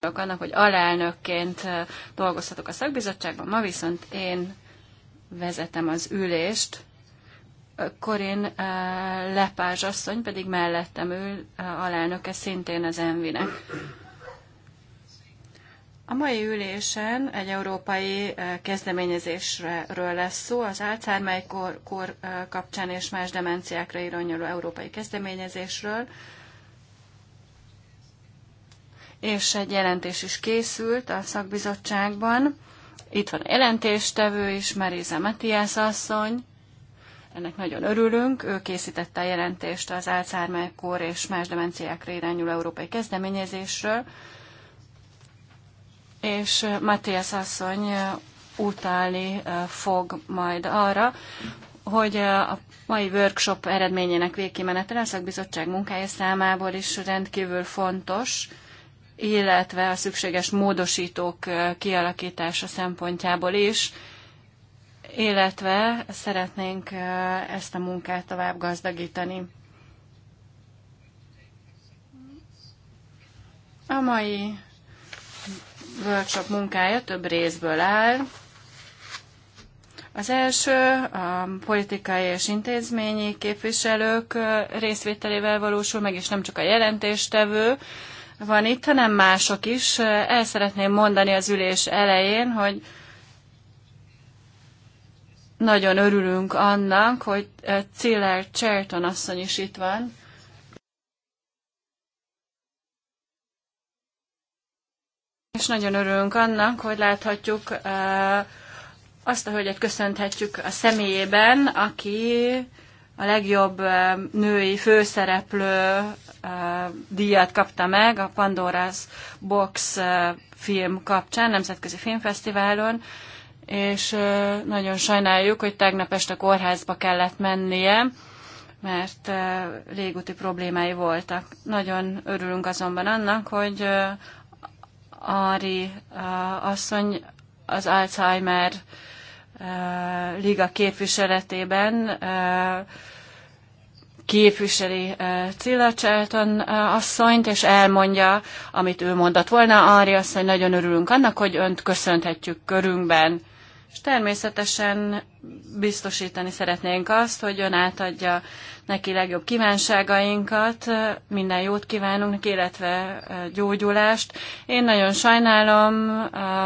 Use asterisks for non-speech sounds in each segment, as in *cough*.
annak, hogy alelnökként dolgozhatok a szakbizottságban, ma viszont én vezetem az ülést, Korin Lepázs asszony pedig mellettem ül, alelnöke szintén az Envinek. A mai ülésen egy európai kezdeményezésről lesz szó, az Alzheimer kor, kor kapcsán és más demenciákra irányuló európai kezdeményezésről, és egy jelentés is készült a szakbizottságban. Itt van a jelentéstevő is, Maríza Matthias asszony. Ennek nagyon örülünk. Ő készítette a jelentést az Alzheimer kór és más demenciákra irányuló európai kezdeményezésről. És Matthias asszony utálni fog majd arra, hogy a mai workshop eredményének végkimenetele a szakbizottság munkája számából is rendkívül fontos, illetve a szükséges módosítók kialakítása szempontjából is, illetve szeretnénk ezt a munkát tovább gazdagítani. A mai workshop munkája több részből áll. Az első a politikai és intézményi képviselők részvételével valósul meg, és nem csak a jelentéstevő, van itt, hanem mások is. El szeretném mondani az ülés elején, hogy nagyon örülünk annak, hogy eh, Ciller Cserton asszony is itt van. És nagyon örülünk annak, hogy láthatjuk eh, azt a hölgyet köszönhetjük a személyében, aki a legjobb női főszereplő díjat kapta meg a Pandora's Box film kapcsán, Nemzetközi Filmfesztiválon, és nagyon sajnáljuk, hogy tegnap este kórházba kellett mennie, mert légúti problémái voltak. Nagyon örülünk azonban annak, hogy Ari asszony az Alzheimer Eh, liga képviseletében eh, képviseli eh, Cilla Cselton asszonyt, és elmondja, amit ő mondott volna. Ari asszony, nagyon örülünk annak, hogy önt köszönhetjük körünkben. És természetesen biztosítani szeretnénk azt, hogy ön átadja neki legjobb kívánságainkat, minden jót kívánunk neki, illetve gyógyulást. Én nagyon sajnálom,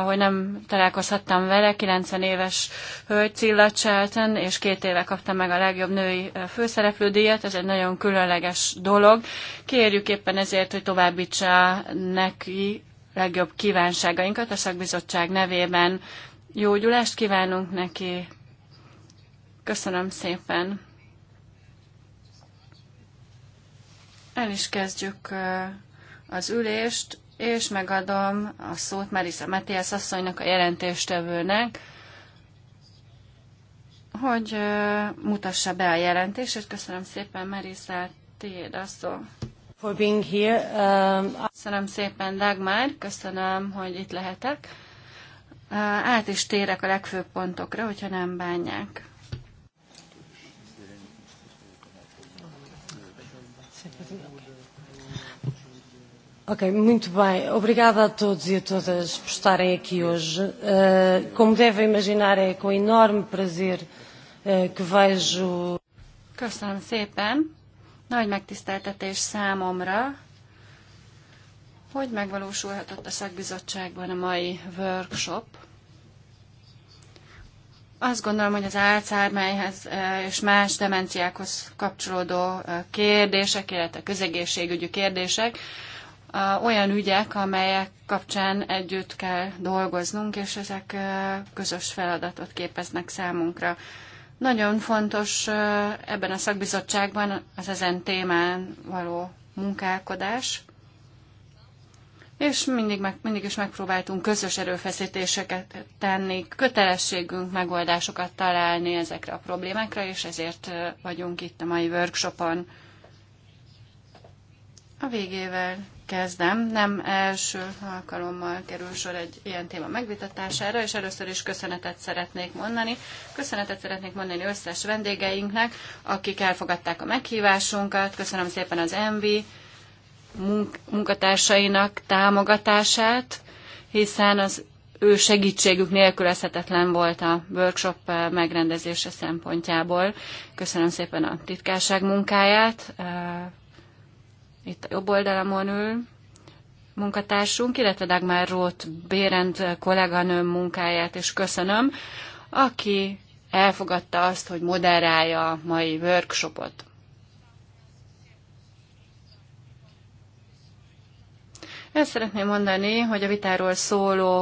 hogy nem találkozhattam vele, 90 éves hölgy Cillacsáten, és két éve kaptam meg a legjobb női főszereplődíjat, ez egy nagyon különleges dolog. Kérjük éppen ezért, hogy továbbítsa neki legjobb kívánságainkat a szakbizottság nevében. Jó gyulást kívánunk neki! Köszönöm szépen! El is kezdjük az ülést, és megadom a szót Marisa Matthias asszonynak, a jelentéstevőnek, hogy mutassa be a jelentését. Köszönöm szépen, Marisa, tiéd a szó. For being here, um... Köszönöm szépen, Dagmar, köszönöm, hogy itt lehetek. Át is térek a legfőbb pontokra, hogyha nem bánják. Ok, muito bem. Obrigada a todos e a todas por estarem aqui hoje. Uh, como devem imaginar, é com enorme prazer uh, que vejo. Köszönöm szépen. Nagy megtiszteltetés számomra, hogy megvalósulhatott a szakbizottságban a mai workshop. Azt gondolom, hogy az álcármelyhez eh, és más demenciákhoz kapcsolódó kérdések, illetve közegészségügyi kérdések, olyan ügyek, amelyek kapcsán együtt kell dolgoznunk, és ezek közös feladatot képeznek számunkra. Nagyon fontos ebben a szakbizottságban az ezen témán való munkálkodás, és mindig, meg, mindig is megpróbáltunk közös erőfeszítéseket tenni, kötelességünk megoldásokat találni ezekre a problémákra, és ezért vagyunk itt a mai workshopon. A végével kezdem. Nem első alkalommal kerül sor egy ilyen téma megvitatására, és először is köszönetet szeretnék mondani. Köszönetet szeretnék mondani összes vendégeinknek, akik elfogadták a meghívásunkat. Köszönöm szépen az MV munkatársainak támogatását, hiszen az ő segítségük nélkülözhetetlen volt a workshop megrendezése szempontjából. Köszönöm szépen a titkárság munkáját, itt a jobb oldalamon ül munkatársunk, illetve Dagmar Rót Bérend kolléganőm munkáját, és köszönöm, aki elfogadta azt, hogy moderálja a mai workshopot. Ezt szeretném mondani, hogy a vitáról szóló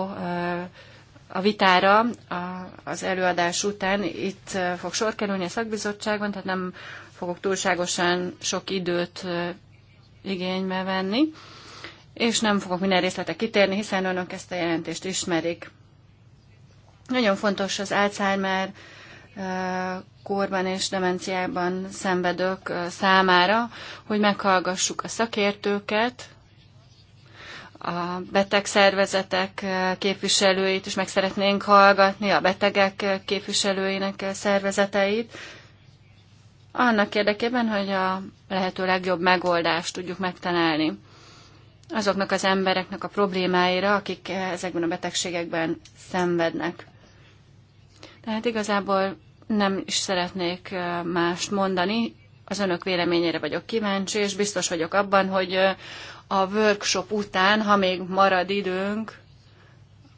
a vitára az előadás után itt fog sor kerülni a szakbizottságban, tehát nem fogok túlságosan sok időt igénybe venni, és nem fogok minden részletre kitérni, hiszen önök ezt a jelentést ismerik. Nagyon fontos az Alzheimer korban és demenciában szenvedők számára, hogy meghallgassuk a szakértőket, a betegszervezetek képviselőit, és meg szeretnénk hallgatni a betegek képviselőinek szervezeteit, annak érdekében, hogy a lehető legjobb megoldást tudjuk megtalálni azoknak az embereknek a problémáira, akik ezekben a betegségekben szenvednek. Tehát igazából nem is szeretnék mást mondani, az önök véleményére vagyok kíváncsi, és biztos vagyok abban, hogy a workshop után, ha még marad időnk,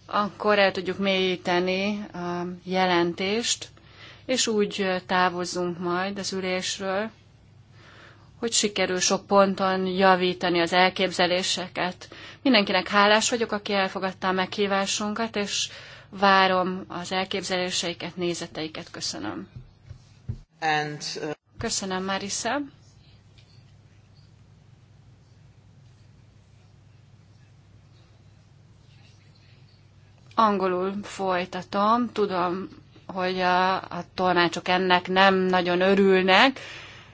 akkor el tudjuk mélyíteni a jelentést, és úgy távozzunk majd az ülésről, hogy sikerül sok ponton javítani az elképzeléseket. Mindenkinek hálás vagyok, aki elfogadta a meghívásunkat, és várom az elképzeléseiket, nézeteiket. Köszönöm. And, uh... Köszönöm, Marisa. Angolul folytatom, tudom, hogy a, a tolmácsok ennek nem nagyon örülnek,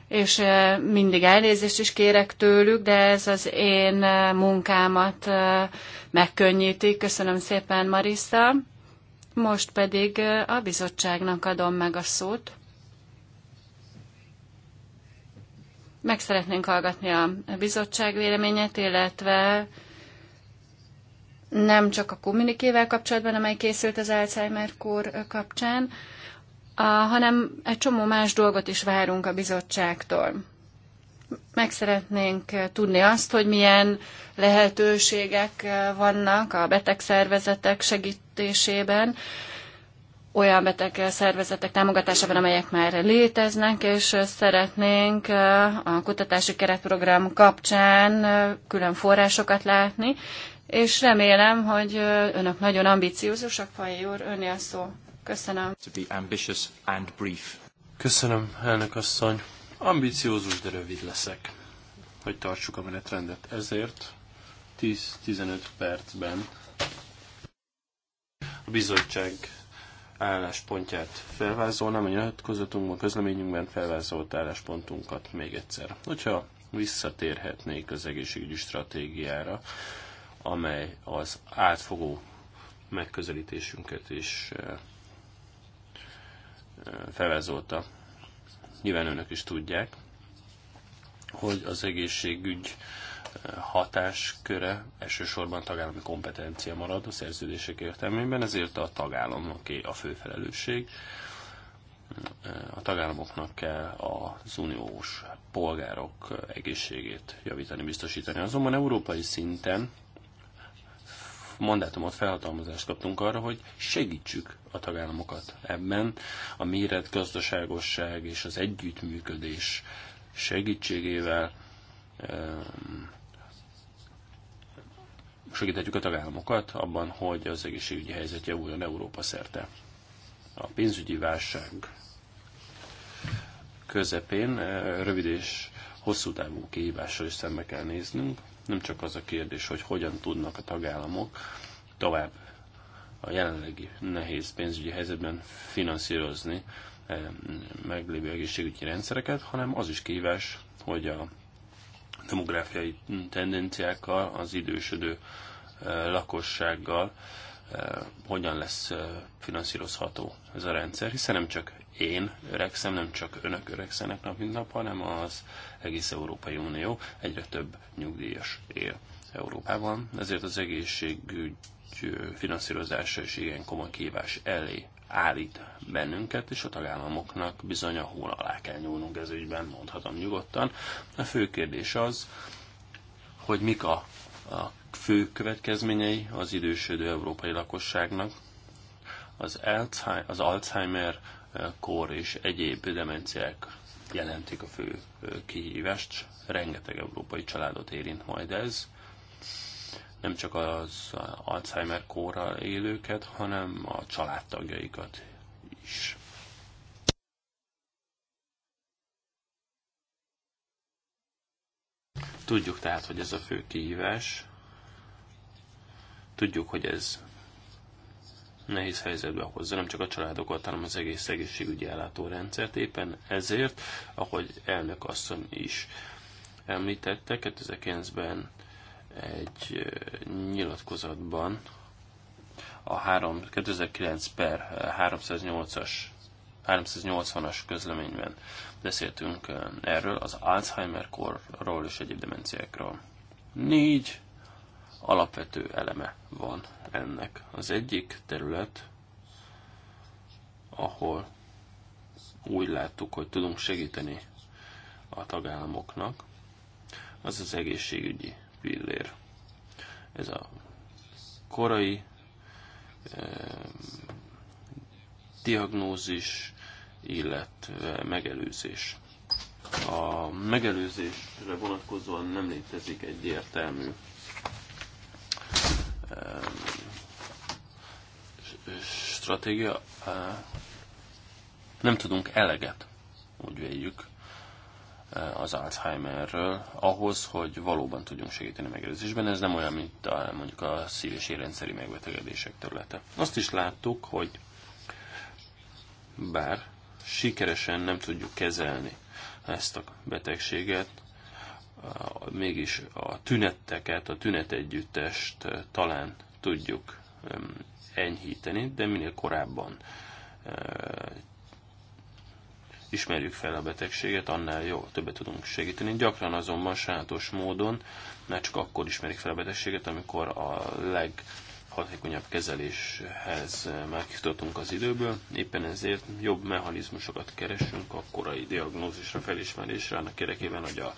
és mindig elnézést is kérek tőlük, de ez az én munkámat megkönnyíti. Köszönöm szépen, Marissa. Most pedig a bizottságnak adom meg a szót. Meg szeretnénk hallgatni a bizottság véleményét, illetve nem csak a kommunikével kapcsolatban, amely készült az Alzheimer-kór kapcsán, hanem egy csomó más dolgot is várunk a bizottságtól. Meg szeretnénk tudni azt, hogy milyen lehetőségek vannak a betegszervezetek segítésében, olyan beteg szervezetek támogatásában, amelyek már léteznek, és szeretnénk a kutatási keretprogram kapcsán külön forrásokat látni, és remélem, hogy önök nagyon ambiciózusak, Fajé úr, önnél szó. Köszönöm. To be ambitious and brief. Köszönöm, elnök asszony. Ambiciózus, de rövid leszek, hogy tartsuk a menetrendet. Ezért 10-15 percben a bizottság álláspontját felvázolnám, a nyilatkozatunkban, a közleményünkben felvázolt álláspontunkat még egyszer. Hogyha visszatérhetnék az egészségügyi stratégiára, amely az átfogó megközelítésünket is eh, eh, felvezolta. Nyilván önök is tudják, hogy az egészségügy eh, hatásköre elsősorban tagállami kompetencia marad a szerződések értelmében, ezért a tagállamoké a fő felelősség. A tagállamoknak kell az uniós polgárok egészségét javítani, biztosítani. Azonban európai szinten mandátumot, felhatalmazást kaptunk arra, hogy segítsük a tagállamokat ebben. A méret, gazdaságosság és az együttműködés segítségével ehm, segíthetjük a tagállamokat abban, hogy az egészségügyi helyzet javuljon Európa szerte. A pénzügyi válság közepén eh, rövid és hosszú távú kihívással is szembe kell néznünk nem csak az a kérdés, hogy hogyan tudnak a tagállamok tovább a jelenlegi nehéz pénzügyi helyzetben finanszírozni eh, meglévő egészségügyi rendszereket, hanem az is kívás, hogy a demográfiai tendenciákkal, az idősödő eh, lakossággal eh, hogyan lesz finanszírozható ez a rendszer, hiszen nem csak én öregszem, nem csak önök öregszenek nap mint nap, hanem az egész Európai Unió egyre több nyugdíjas él Európában, ezért az egészségügy finanszírozása is igen komoly kívás elé állít bennünket, és a tagállamoknak bizony a hón alá kell nyúlnunk ez ügyben, mondhatom nyugodtan. A fő kérdés az, hogy mik a, a fő következményei az idősödő európai lakosságnak, az Alzheimer kor és egyéb demenciák jelentik a fő kihívást. Rengeteg európai családot érint majd ez. Nem csak az Alzheimer kóra élőket, hanem a családtagjaikat is. Tudjuk tehát, hogy ez a fő kihívás. Tudjuk, hogy ez nehéz helyzetbe hozza nem csak a családokat, hanem az egész egészségügyi ellátórendszert. Éppen ezért, ahogy elnök asszony is említette, 2009-ben egy nyilatkozatban a 3, 2009 per 308-as 380-as közleményben beszéltünk erről, az Alzheimer-korról és egyéb demenciákról. Négy alapvető eleme van ennek. Az egyik terület, ahol úgy láttuk, hogy tudunk segíteni a tagállamoknak, az az egészségügyi pillér. Ez a korai eh, diagnózis, illetve megelőzés. A megelőzésre vonatkozóan nem létezik egyértelmű stratégia, nem tudunk eleget, úgy véljük, az Alzheimerről, ahhoz, hogy valóban tudjunk segíteni megelőzésben. Ez nem olyan, mint a, mondjuk a szív- és érrendszeri megbetegedések területe. Azt is láttuk, hogy bár sikeresen nem tudjuk kezelni ezt a betegséget, mégis a tüneteket, a tünetegyüttest eh, talán tudjuk enyhíteni, de minél korábban eh, ismerjük fel a betegséget, annál jó, többet tudunk segíteni. Gyakran azonban sajátos módon már csak akkor ismerik fel a betegséget, amikor a leghatékonyabb kezeléshez eh, már kifutottunk az időből. Éppen ezért jobb mechanizmusokat keresünk a korai diagnózisra, felismerésre, annak érdekében, hogy a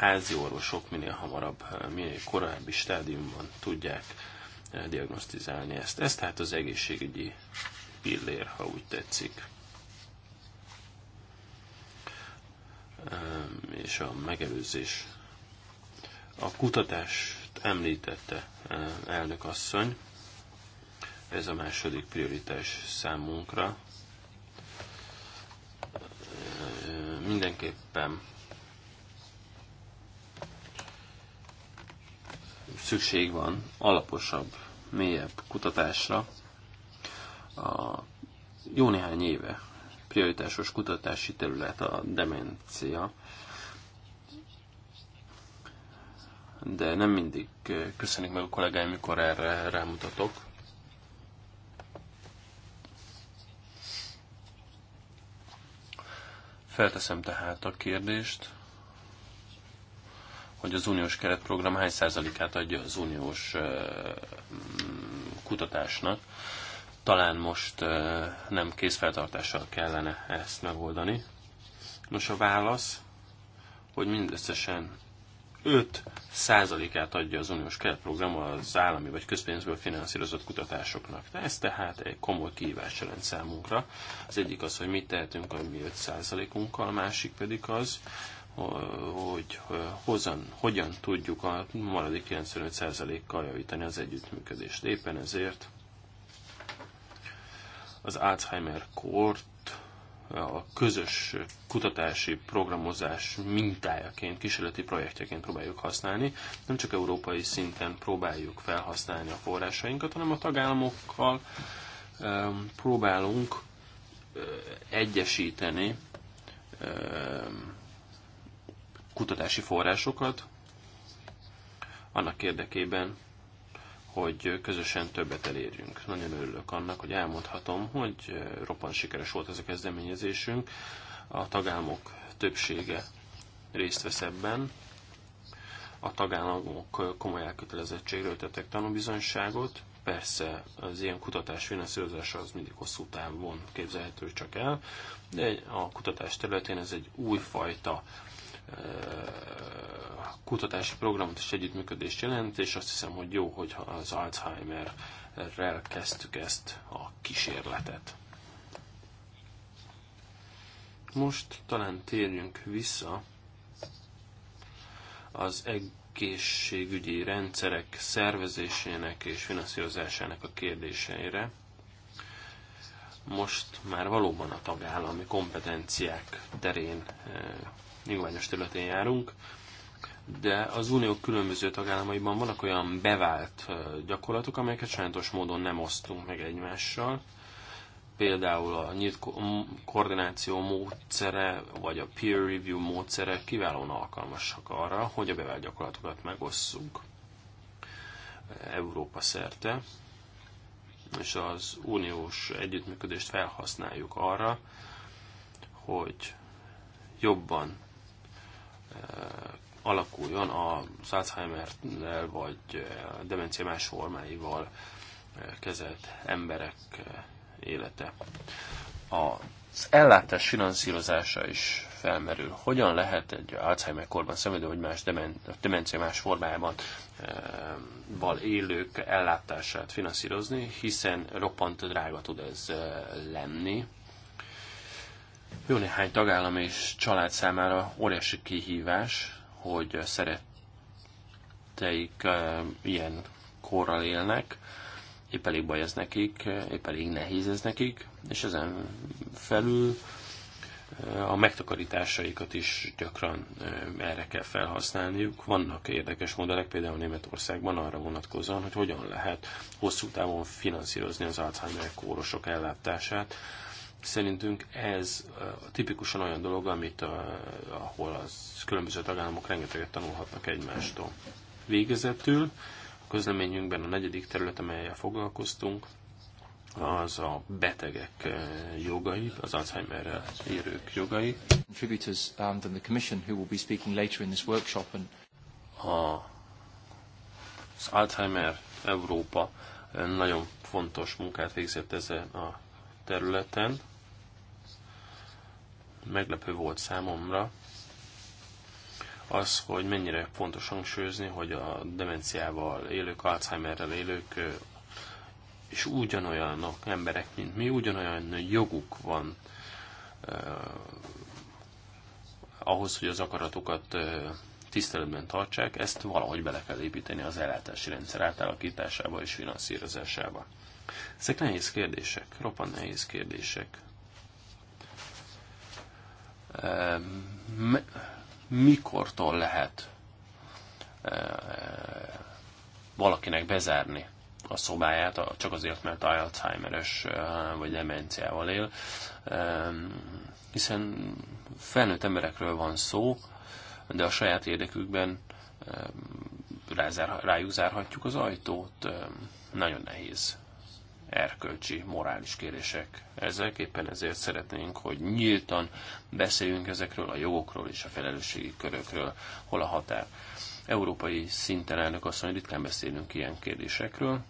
házi orvosok minél hamarabb, eh, minél korábbi stádiumban tudják eh, diagnosztizálni ezt. Ez tehát az egészségügyi pillér, ha úgy tetszik. Ehm, és a megelőzés. A kutatást említette eh, elnök asszony. Ez a második prioritás számunkra. Mindenképpen szükség van alaposabb, mélyebb kutatásra. A jó néhány éve prioritásos kutatási terület a demencia, de nem mindig eh, köszönik meg a kollégáim, mikor erre rámutatok. Felteszem tehát a kérdést, hogy az uniós keretprogram hány százalékát adja az uniós kutatásnak. Talán most nem készfeltartással kellene ezt megoldani. Nos, a válasz, hogy mindösszesen 5 százalékát adja az uniós keretprogram az állami vagy közpénzből finanszírozott kutatásoknak. De ez tehát egy komoly kihívás jelent számunkra. Az egyik az, hogy mit tehetünk a mi 5 százalékunkkal, a másik pedig az, hogy hozan, hogyan tudjuk a maradék 95%-kal javítani az együttműködést. Éppen ezért az Alzheimer kort a közös kutatási programozás mintájaként, kísérleti projektjeként próbáljuk használni. Nem csak európai szinten próbáljuk felhasználni a forrásainkat, hanem a tagállamokkal próbálunk egyesíteni kutatási forrásokat annak érdekében, hogy közösen többet elérjünk. Nagyon örülök annak, hogy elmondhatom, hogy eh, roppan sikeres volt ez a kezdeményezésünk. A tagállamok többsége részt vesz ebben. A tagállamok komoly elkötelezettségről tettek tanúbizonyságot. Persze az ilyen kutatás finanszírozása az mindig hosszú távon képzelhető csak el, de a kutatás területén ez egy újfajta Eh, kutatási programot és együttműködést jelent, és azt hiszem, hogy jó, hogy az Alzheimer-rel kezdtük ezt a kísérletet. Most talán térjünk vissza az egészségügyi rendszerek szervezésének és finanszírozásának a kérdéseire. Most már valóban a tagállami kompetenciák terén eh, jogványos területén járunk, de az unió különböző tagállamaiban vannak olyan bevált gyakorlatok, amelyeket sajátos módon nem osztunk meg egymással. Például a nyílt ko- koordináció módszere, vagy a peer review módszere kiválóan alkalmasak arra, hogy a bevált gyakorlatokat megosszunk Európa szerte, és az uniós együttműködést felhasználjuk arra, hogy jobban alakuljon a alzheimer vagy eh, demencia más formáival eh, kezelt emberek eh, élete. Az ellátás finanszírozása is felmerül. Hogyan lehet egy Alzheimer korban szenvedő, vagy más demencia más formájában val élők ellátását finanszírozni, hiszen roppant drága tud ez lenni. Jó néhány tagállam és család számára óriási kihívás, hogy szeretteik ilyen korral élnek, épp elég baj ez nekik, épp elég nehéz ez nekik, és ezen felül a megtakarításaikat is gyakran erre kell felhasználniuk. Vannak érdekes modellek, például Németországban arra vonatkozóan, hogy hogyan lehet hosszú távon finanszírozni az Alzheimer kórosok ellátását, Szerintünk ez tipikusan olyan dolog, amit ahol az különböző tagállamok rengeteget tanulhatnak egymástól. Végezetül a közleményünkben a negyedik terület, amelyel foglalkoztunk, az a betegek jogai, az Alzheimerrel érők jogai. Contributors than um, the Commission, who will be speaking later in this workshop. And... A, az Alzheimer Európa nagyon fontos munkát végzett ezen a területen meglepő volt számomra az, hogy mennyire fontos hangsúlyozni, hogy a demenciával élők, Alzheimerrel élők és ugyanolyanok emberek, mint mi, ugyanolyan joguk van eh, ahhoz, hogy az akaratokat eh, tiszteletben tartsák, ezt valahogy bele kell építeni az ellátási rendszer átalakításába és finanszírozásába. Ezek nehéz kérdések, roppan nehéz kérdések mikortól lehet valakinek bezárni a szobáját, csak azért, mert Alzheimeres vagy demenciával él, hiszen felnőtt emberekről van szó, de a saját érdekükben rájuk zárhatjuk az ajtót, nagyon nehéz erkölcsi, morális kérések ezek, éppen ezért szeretnénk, hogy nyíltan beszéljünk ezekről a jogokról és a felelősségi körökről, hol a határ. Európai szinten elnök asszony, ritkán beszélünk ilyen kérdésekről,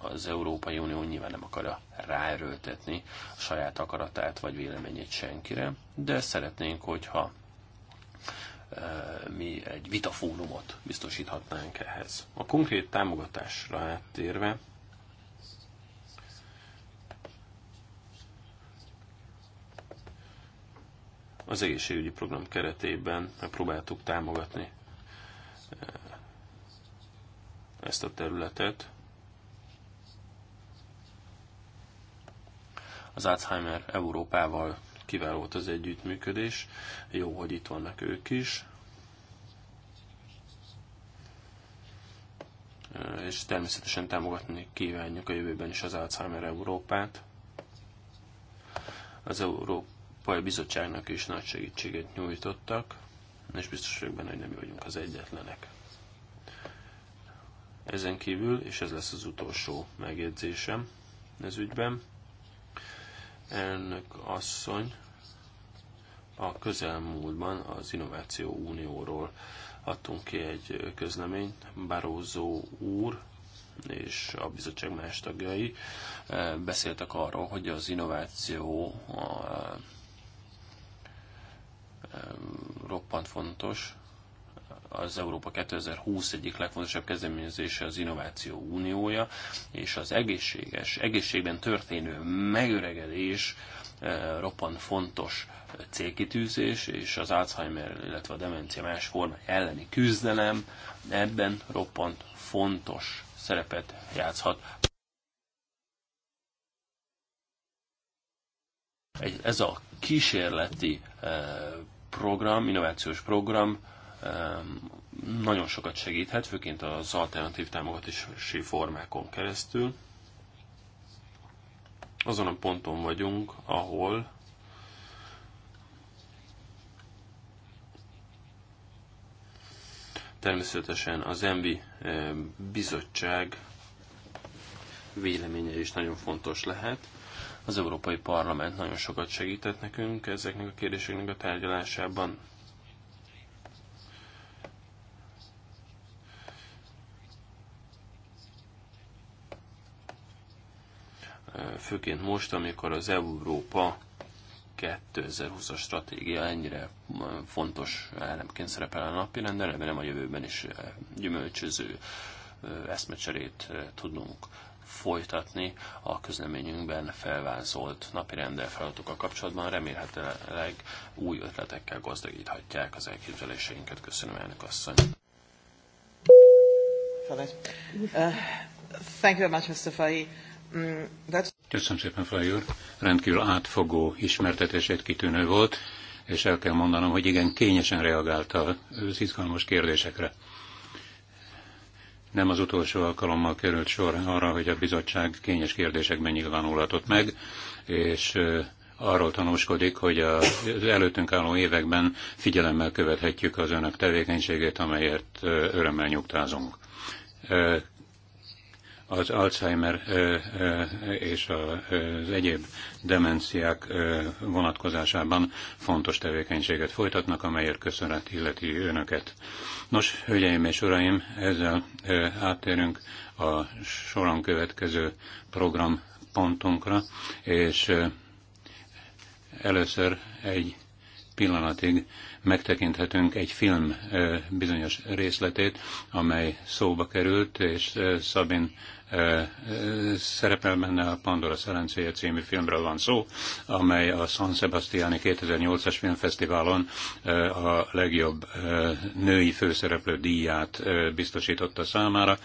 az Európai Unió nyilván nem akarja ráerőltetni a saját akaratát vagy véleményét senkire, de szeretnénk, hogyha mi egy vitafórumot biztosíthatnánk ehhez. A konkrét támogatásra áttérve az egészségügyi program keretében megpróbáltuk támogatni eh, ezt a területet. Az Alzheimer Európával kiváló volt az együttműködés. Jó, hogy itt vannak ők is. Eh, és természetesen támogatni kívánjuk a jövőben is az Alzheimer Európát. Az Európa Európai Bizottságnak is nagy segítséget nyújtottak, és biztos vagyok benne, hogy nem vagyunk az egyetlenek. Ezen kívül, és ez lesz az utolsó megjegyzésem ez ügyben, elnök asszony a közelmúltban az Innováció Unióról adtunk ki egy közleményt, Barózó úr és a bizottság más tagjai eh, beszéltek arról, hogy az innováció a eh, roppant fontos. Az Európa 2020 egyik legfontosabb kezdeményezése az Innováció Uniója, és az egészséges, egészségben történő megöregedés e, roppant fontos célkitűzés, és az Alzheimer, illetve a demencia más forma elleni küzdelem ebben roppant fontos szerepet játszhat. ez a kísérleti e, program, innovációs program nagyon sokat segíthet, főként az alternatív támogatási formákon keresztül. Azon a ponton vagyunk, ahol természetesen az ENVI bizottság véleménye is nagyon fontos lehet. Az Európai Parlament nagyon sokat segített nekünk ezeknek a kérdéseknek a tárgyalásában. Főként most, amikor az Európa 2020-as stratégia ennyire fontos elemként szerepel a napirenden, nem a jövőben is gyümölcsöző eszmecserét tudunk folytatni a közleményünkben felvázolt rendel feladatokkal kapcsolatban. Remélhetőleg új ötletekkel gazdagíthatják az elképzeléseinket. Köszönöm, elnök asszony. Mm, Köszönöm szépen, Fai úr. Rendkívül átfogó ismertetését kitűnő volt, és el kell mondanom, hogy igen, kényesen reagált az izgalmas kérdésekre nem az utolsó alkalommal került sor arra, hogy a bizottság kényes kérdésekben nyilvánulhatott meg, és arról tanúskodik, hogy az előttünk álló években figyelemmel követhetjük az önök tevékenységét, amelyért örömmel nyugtázunk az Alzheimer és az egyéb demenciák vonatkozásában fontos tevékenységet folytatnak, amelyért köszönet illeti önöket. Nos, hölgyeim és uraim, ezzel áttérünk a soron következő program pontunkra, és először egy pillanatig megtekinthetünk egy film bizonyos részletét, amely szóba került, és Szabin szerepel menne a Pandora szerencéje című filmről van szó, amely a San Sebastiani 2008-as filmfesztiválon a legjobb női főszereplő díját biztosította számára,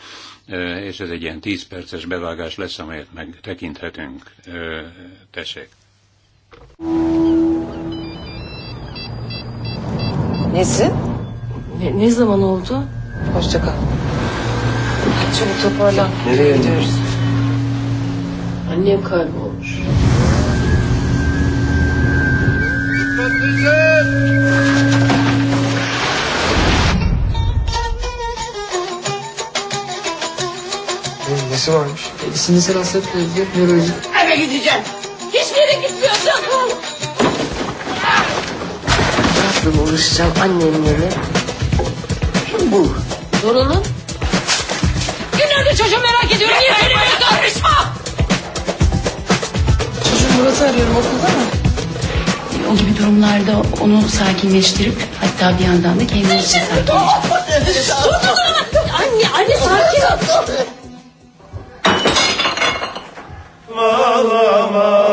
és ez egy ilyen 10 perces bevágás lesz, amelyet megtekinthetünk. Tessék! Nesi? a ne Most csak a... Çabuk toparlan. Nereye gidiyoruz? Annem kaybolmuş. Dikkatlisin! Nesi varmış? E, sinirse hastalıkla ilgili nöroloji. Eve gideceğim. Hiçbir yere gitmiyorsun. Ne yapayım uğraşacağım annemle. Bu. Zorunun nerede çocuğu merak ediyorum. Niye seni böyle Karışma! Çocuğu burası arıyorum okulda mı? O gibi durumlarda onu sakinleştirip hatta bir yandan da kendini de sakinleştirip. Dur Anne, anne sakin ol. Ağlama,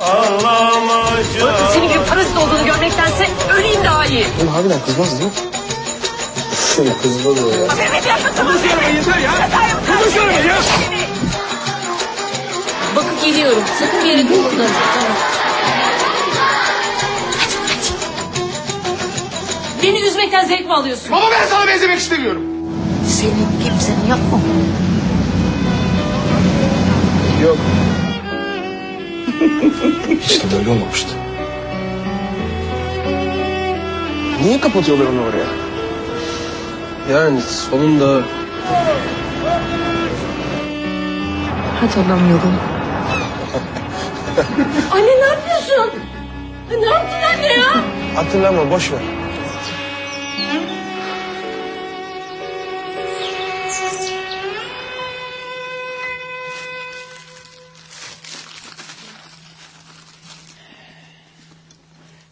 ağlama. Murat'ın senin gibi parazit olduğunu görmektense öleyim daha iyi. Oğlum harbiden kızmaz değil mi? Şimdi üzmekten zevk mi alıyorsun? Baba ben sana benzemek istemiyorum. Senin kimsenin yok mu? Yok. Hiç *laughs* de öyle olmamıştı. Niye kapatıyorlar onu oraya? Yani sonunda... Hadi Hatırlamıyorum. *laughs* anne ne yapıyorsun? Ne yaptın anne ya? Hatırlama boş ver.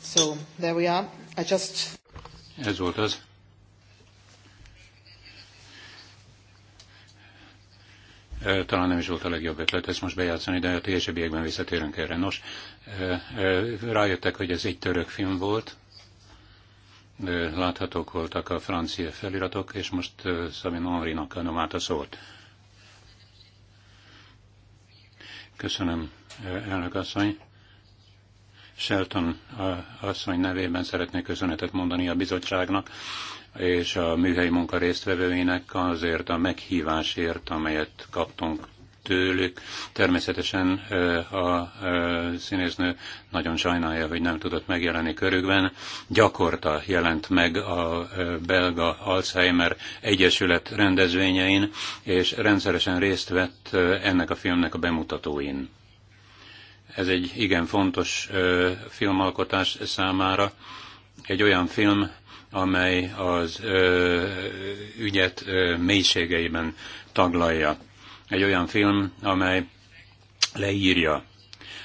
So there we are. I just... Ez volt az. talán nem is volt a legjobb ötlet ezt most bejátszani, de a későbbiekben visszatérünk erre. Nos, rájöttek, hogy ez egy török film volt, láthatók voltak a francia feliratok, és most Szabin Henrinak adom át a szót. Köszönöm, elnök asszony. Shelton asszony nevében szeretnék köszönetet mondani a bizottságnak és a műhelyi munka résztvevőinek azért a meghívásért, amelyet kaptunk tőlük. Természetesen a színésznő nagyon sajnálja, hogy nem tudott megjelenni körükben. Gyakorta jelent meg a belga Alzheimer Egyesület rendezvényein, és rendszeresen részt vett ennek a filmnek a bemutatóin. Ez egy igen fontos filmalkotás számára. Egy olyan film, amely az ö, ügyet ö, mélységeiben taglalja. Egy olyan film, amely leírja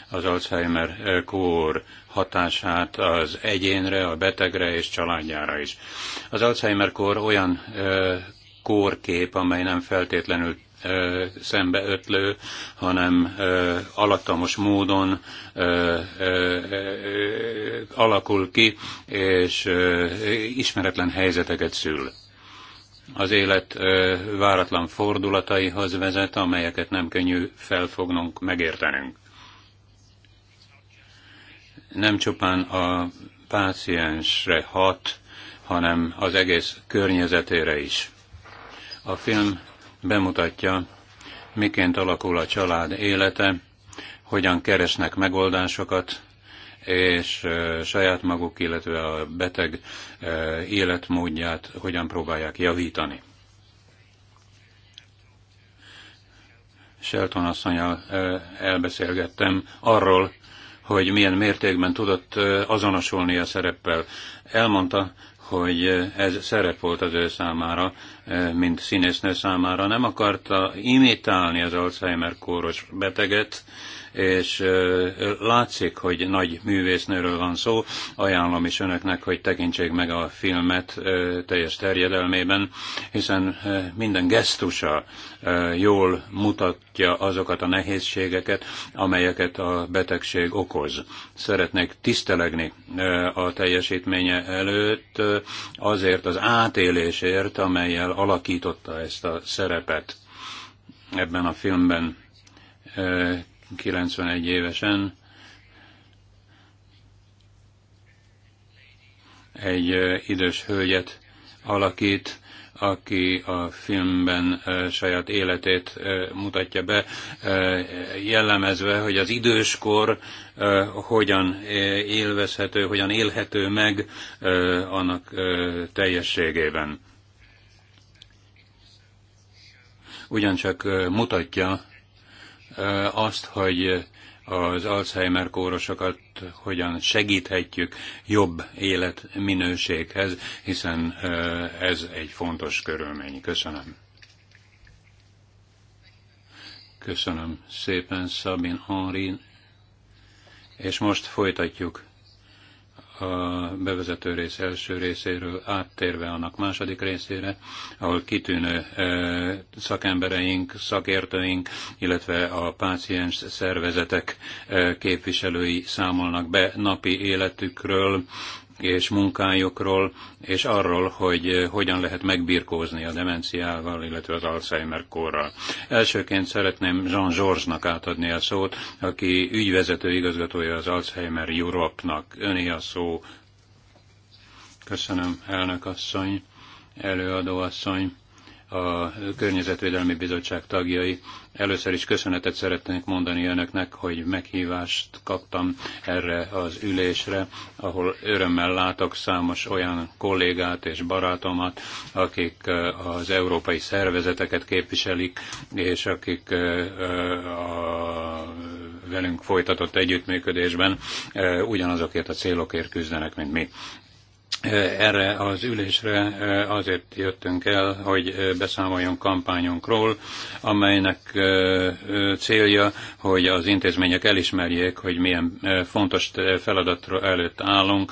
az Alzheimer kór hatását az egyénre, a betegre és családjára is. Az Alzheimer kór olyan ö, kórkép, amely nem feltétlenül szembeötlő, hanem alattamos módon alakul ki, és ismeretlen helyzeteket szül az élet váratlan fordulataihoz vezet, amelyeket nem könnyű felfognunk, megértenünk. Nem csupán a páciensre hat, hanem az egész környezetére is. A film bemutatja, miként alakul a család élete, hogyan keresnek megoldásokat, és saját maguk, illetve a beteg életmódját hogyan próbálják javítani. Shelton asszonyal elbeszélgettem arról, hogy milyen mértékben tudott azonosulni a szereppel. Elmondta, hogy eh, ez szerep volt az ő számára, eh, mint színésznő számára. Nem akarta imitálni az Alzheimer kóros beteget, és látszik, hogy nagy művésznőről van szó. Ajánlom is önöknek, hogy tekintsék meg a filmet teljes terjedelmében, hiszen minden gesztusa jól mutatja azokat a nehézségeket, amelyeket a betegség okoz. Szeretnék tisztelegni a teljesítménye előtt azért az átélésért, amelyel alakította ezt a szerepet ebben a filmben 91 évesen egy idős hölgyet alakít, aki a filmben saját életét mutatja be, jellemezve, hogy az időskor hogyan élvezhető, hogyan élhető meg annak teljességében. Ugyancsak mutatja, azt, hogy az Alzheimer kórosokat hogyan segíthetjük jobb életminőséghez, hiszen ez egy fontos körülmény. Köszönöm. Köszönöm szépen, Szabin Henri. És most folytatjuk a bevezető rész első részéről áttérve annak második részére, ahol kitűnő e, szakembereink, szakértőink, illetve a páciens szervezetek e, képviselői számolnak be napi életükről, és munkájukról, és arról, hogy eh, hogyan lehet megbirkózni a demenciával, illetve az Alzheimer korral. Elsőként szeretném Jean Georgesnak átadni a szót, aki ügyvezető igazgatója az Alzheimer Europe-nak. Öné a szó. Köszönöm, elnök asszony, előadó asszony, a Környezetvédelmi Bizottság tagjai, Először is köszönetet szeretnék mondani önöknek, hogy meghívást kaptam erre az ülésre, ahol örömmel látok számos olyan kollégát és barátomat, akik az európai szervezeteket képviselik, és akik a velünk folytatott együttműködésben ugyanazokért a célokért küzdenek, mint mi erre az ülésre azért jöttünk el, hogy beszámoljon kampányunkról, amelynek célja, hogy az intézmények elismerjék, hogy milyen fontos feladatról előtt állunk,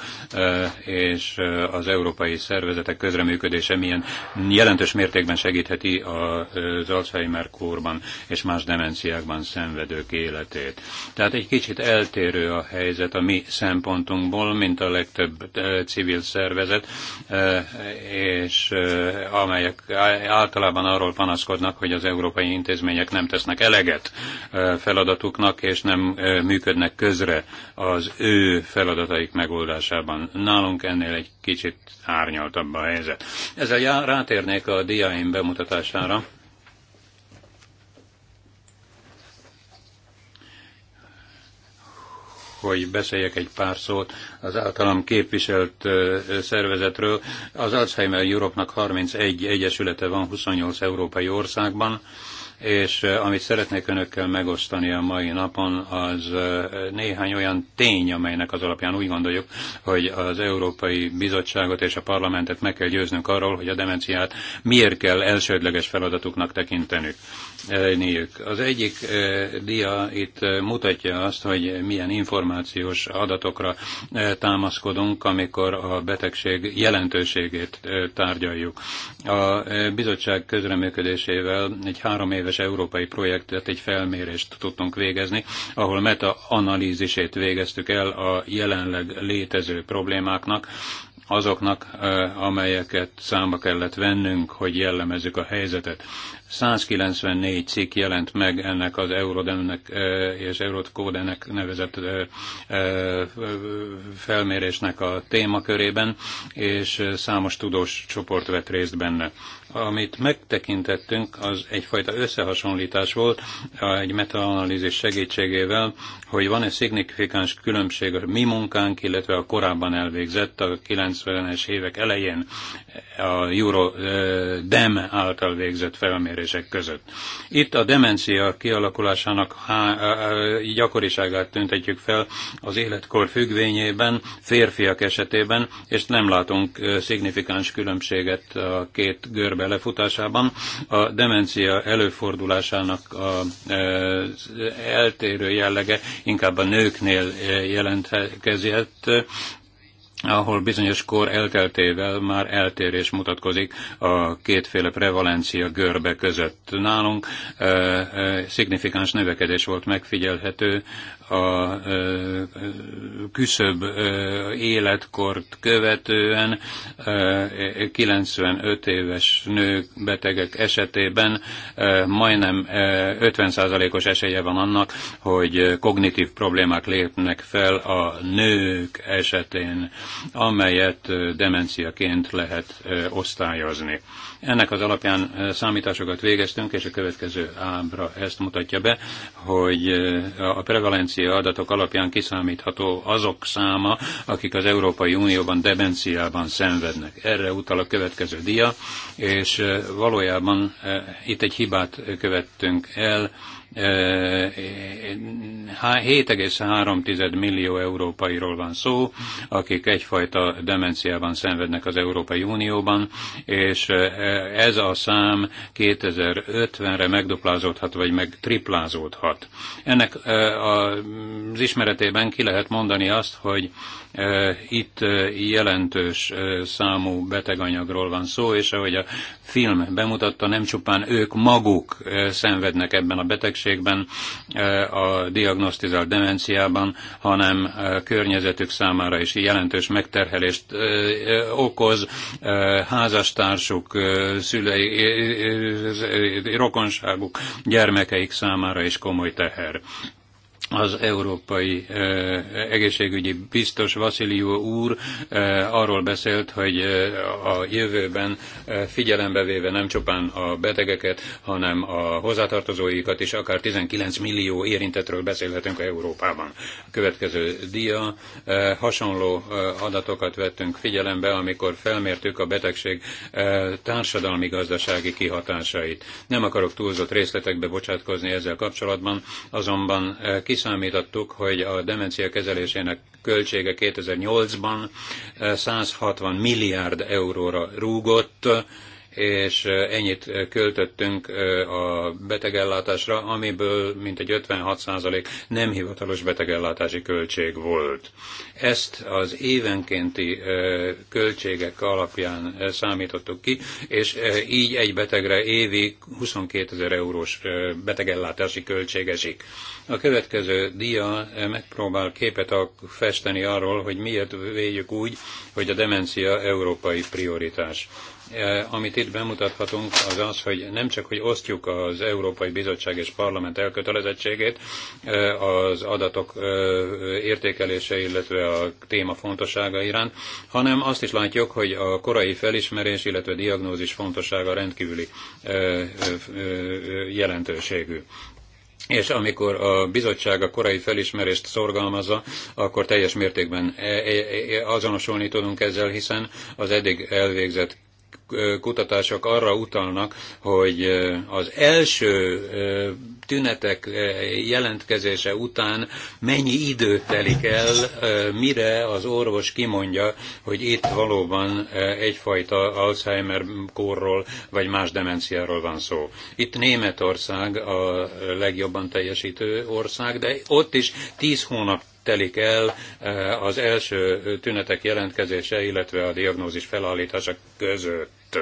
és az európai szervezetek közreműködése milyen jelentős mértékben segítheti az Alzheimer kórban és más demenciákban szenvedők életét. Tehát egy kicsit eltérő a helyzet a mi szempontunkból, mint a legtöbb civil szervezet, szervezet, e, és e, amelyek általában arról panaszkodnak, hogy az európai intézmények nem tesznek eleget e, feladatuknak, és nem működnek közre az ő feladataik megoldásában. Nálunk ennél egy kicsit árnyaltabb a helyzet. Ezzel rátérnék a diáim bemutatására. hogy beszéljek egy pár szót az általam képviselt szervezetről. Az Alzheimer Europe-nak 31 egyesülete van 28 európai országban, és amit szeretnék önökkel megosztani a mai napon, az néhány olyan tény, amelynek az alapján úgy gondoljuk, hogy az Európai Bizottságot és a parlamentet meg kell győznünk arról, hogy a demenciát miért kell elsődleges feladatuknak tekintenünk niük. Az egyik dia itt mutatja azt, hogy milyen információs adatokra támaszkodunk, amikor a betegség jelentőségét tárgyaljuk. A bizottság közreműködésével egy három éves európai projektet, egy felmérést tudtunk végezni, ahol meta-analízisét végeztük el a jelenleg létező problémáknak, azoknak, amelyeket számba kellett vennünk, hogy jellemezzük a helyzetet. 194 cikk jelent meg ennek az Eurodemnek és Eurokódenek nevezett felmérésnek a témakörében, és számos tudós csoport vett részt benne. Amit megtekintettünk, az egyfajta összehasonlítás volt egy metaanalízis segítségével, hogy van-e szignifikáns különbség a mi munkánk, illetve a korábban elvégzett a 90-es évek elején a Euro DEM által végzett felmérések között. Itt a demencia kialakulásának gyakoriságát tüntetjük fel az életkor függvényében, férfiak esetében, és nem látunk szignifikáns különbséget a két görbe belefutásában a demencia előfordulásának a, a, e, eltérő jellege inkább a nőknél e, jelentkezett, ahol bizonyos kor elteltével már eltérés mutatkozik a kétféle prevalencia görbe között. Nálunk e, e, szignifikáns növekedés volt megfigyelhető a küszöbb életkort követően 95 éves nők, betegek esetében majdnem 50%-os esélye van annak, hogy kognitív problémák lépnek fel a nők esetén, amelyet demenciaként lehet osztályozni. Ennek az alapján számításokat végeztünk, és a következő ábra ezt mutatja be, hogy a prevalencia adatok alapján kiszámítható azok száma, akik az Európai Unióban demenciában szenvednek. Erre utal a következő dia, és valójában itt egy hibát követtünk el, 7,3 millió európairól van szó, akik egyfajta demenciában szenvednek az Európai Unióban, és ez a szám 2050-re megduplázódhat, vagy meg triplázódhat. Ennek az ismeretében ki lehet mondani azt, hogy itt jelentős számú beteganyagról van szó, és ahogy a film bemutatta, nem csupán ők maguk szenvednek ebben a betegségben, a diagnosztizált demenciában, hanem környezetük számára is jelentős megterhelést okoz, házastársuk, szülei, rokonságuk, gyermekeik számára is komoly teher az európai eh, egészségügyi biztos Vasilió úr eh, arról beszélt, hogy eh, a jövőben figyelembe véve nem csupán a betegeket, hanem a hozzátartozóikat is, akár 19 millió érintetről beszélhetünk Európában. A következő dia hasonló adatokat vettünk figyelembe, amikor felmértük a betegség társadalmi-gazdasági kihatásait. Nem akarok túlzott részletekbe bocsátkozni ezzel kapcsolatban, azonban kis kiszámítottuk, hogy a demencia kezelésének költsége 2008-ban 160 eh, milliárd euróra rúgott, és ennyit költöttünk a betegellátásra, amiből mintegy 56% nem hivatalos betegellátási költség volt. Ezt az évenkénti költségek alapján számítottuk ki, és így egy betegre évi 22 ezer eurós betegellátási költség esik. A következő dia megpróbál képet festeni arról, hogy miért védjük úgy, hogy a demencia európai prioritás. Eh, amit itt bemutathatunk, az az, hogy nem csak, hogy osztjuk az Európai Bizottság és Parlament elkötelezettségét eh, az adatok eh, értékelése, illetve a téma fontossága iránt, hanem azt is látjuk, hogy a korai felismerés, illetve diagnózis fontossága rendkívüli jelentőségű és amikor a bizottság a korai felismerést szorgalmazza, akkor teljes mértékben azonosulni tudunk ezzel, hiszen az eddig elvégzett kutatások arra utalnak, hogy az első tünetek eh, jelentkezése után mennyi idő telik el, eh, mire az orvos kimondja, hogy itt valóban eh, egyfajta Alzheimer kórról vagy más demenciáról van szó. Itt Németország a legjobban teljesítő ország, de ott is tíz hónap telik el az első tünetek jelentkezése, illetve a diagnózis felállítása között.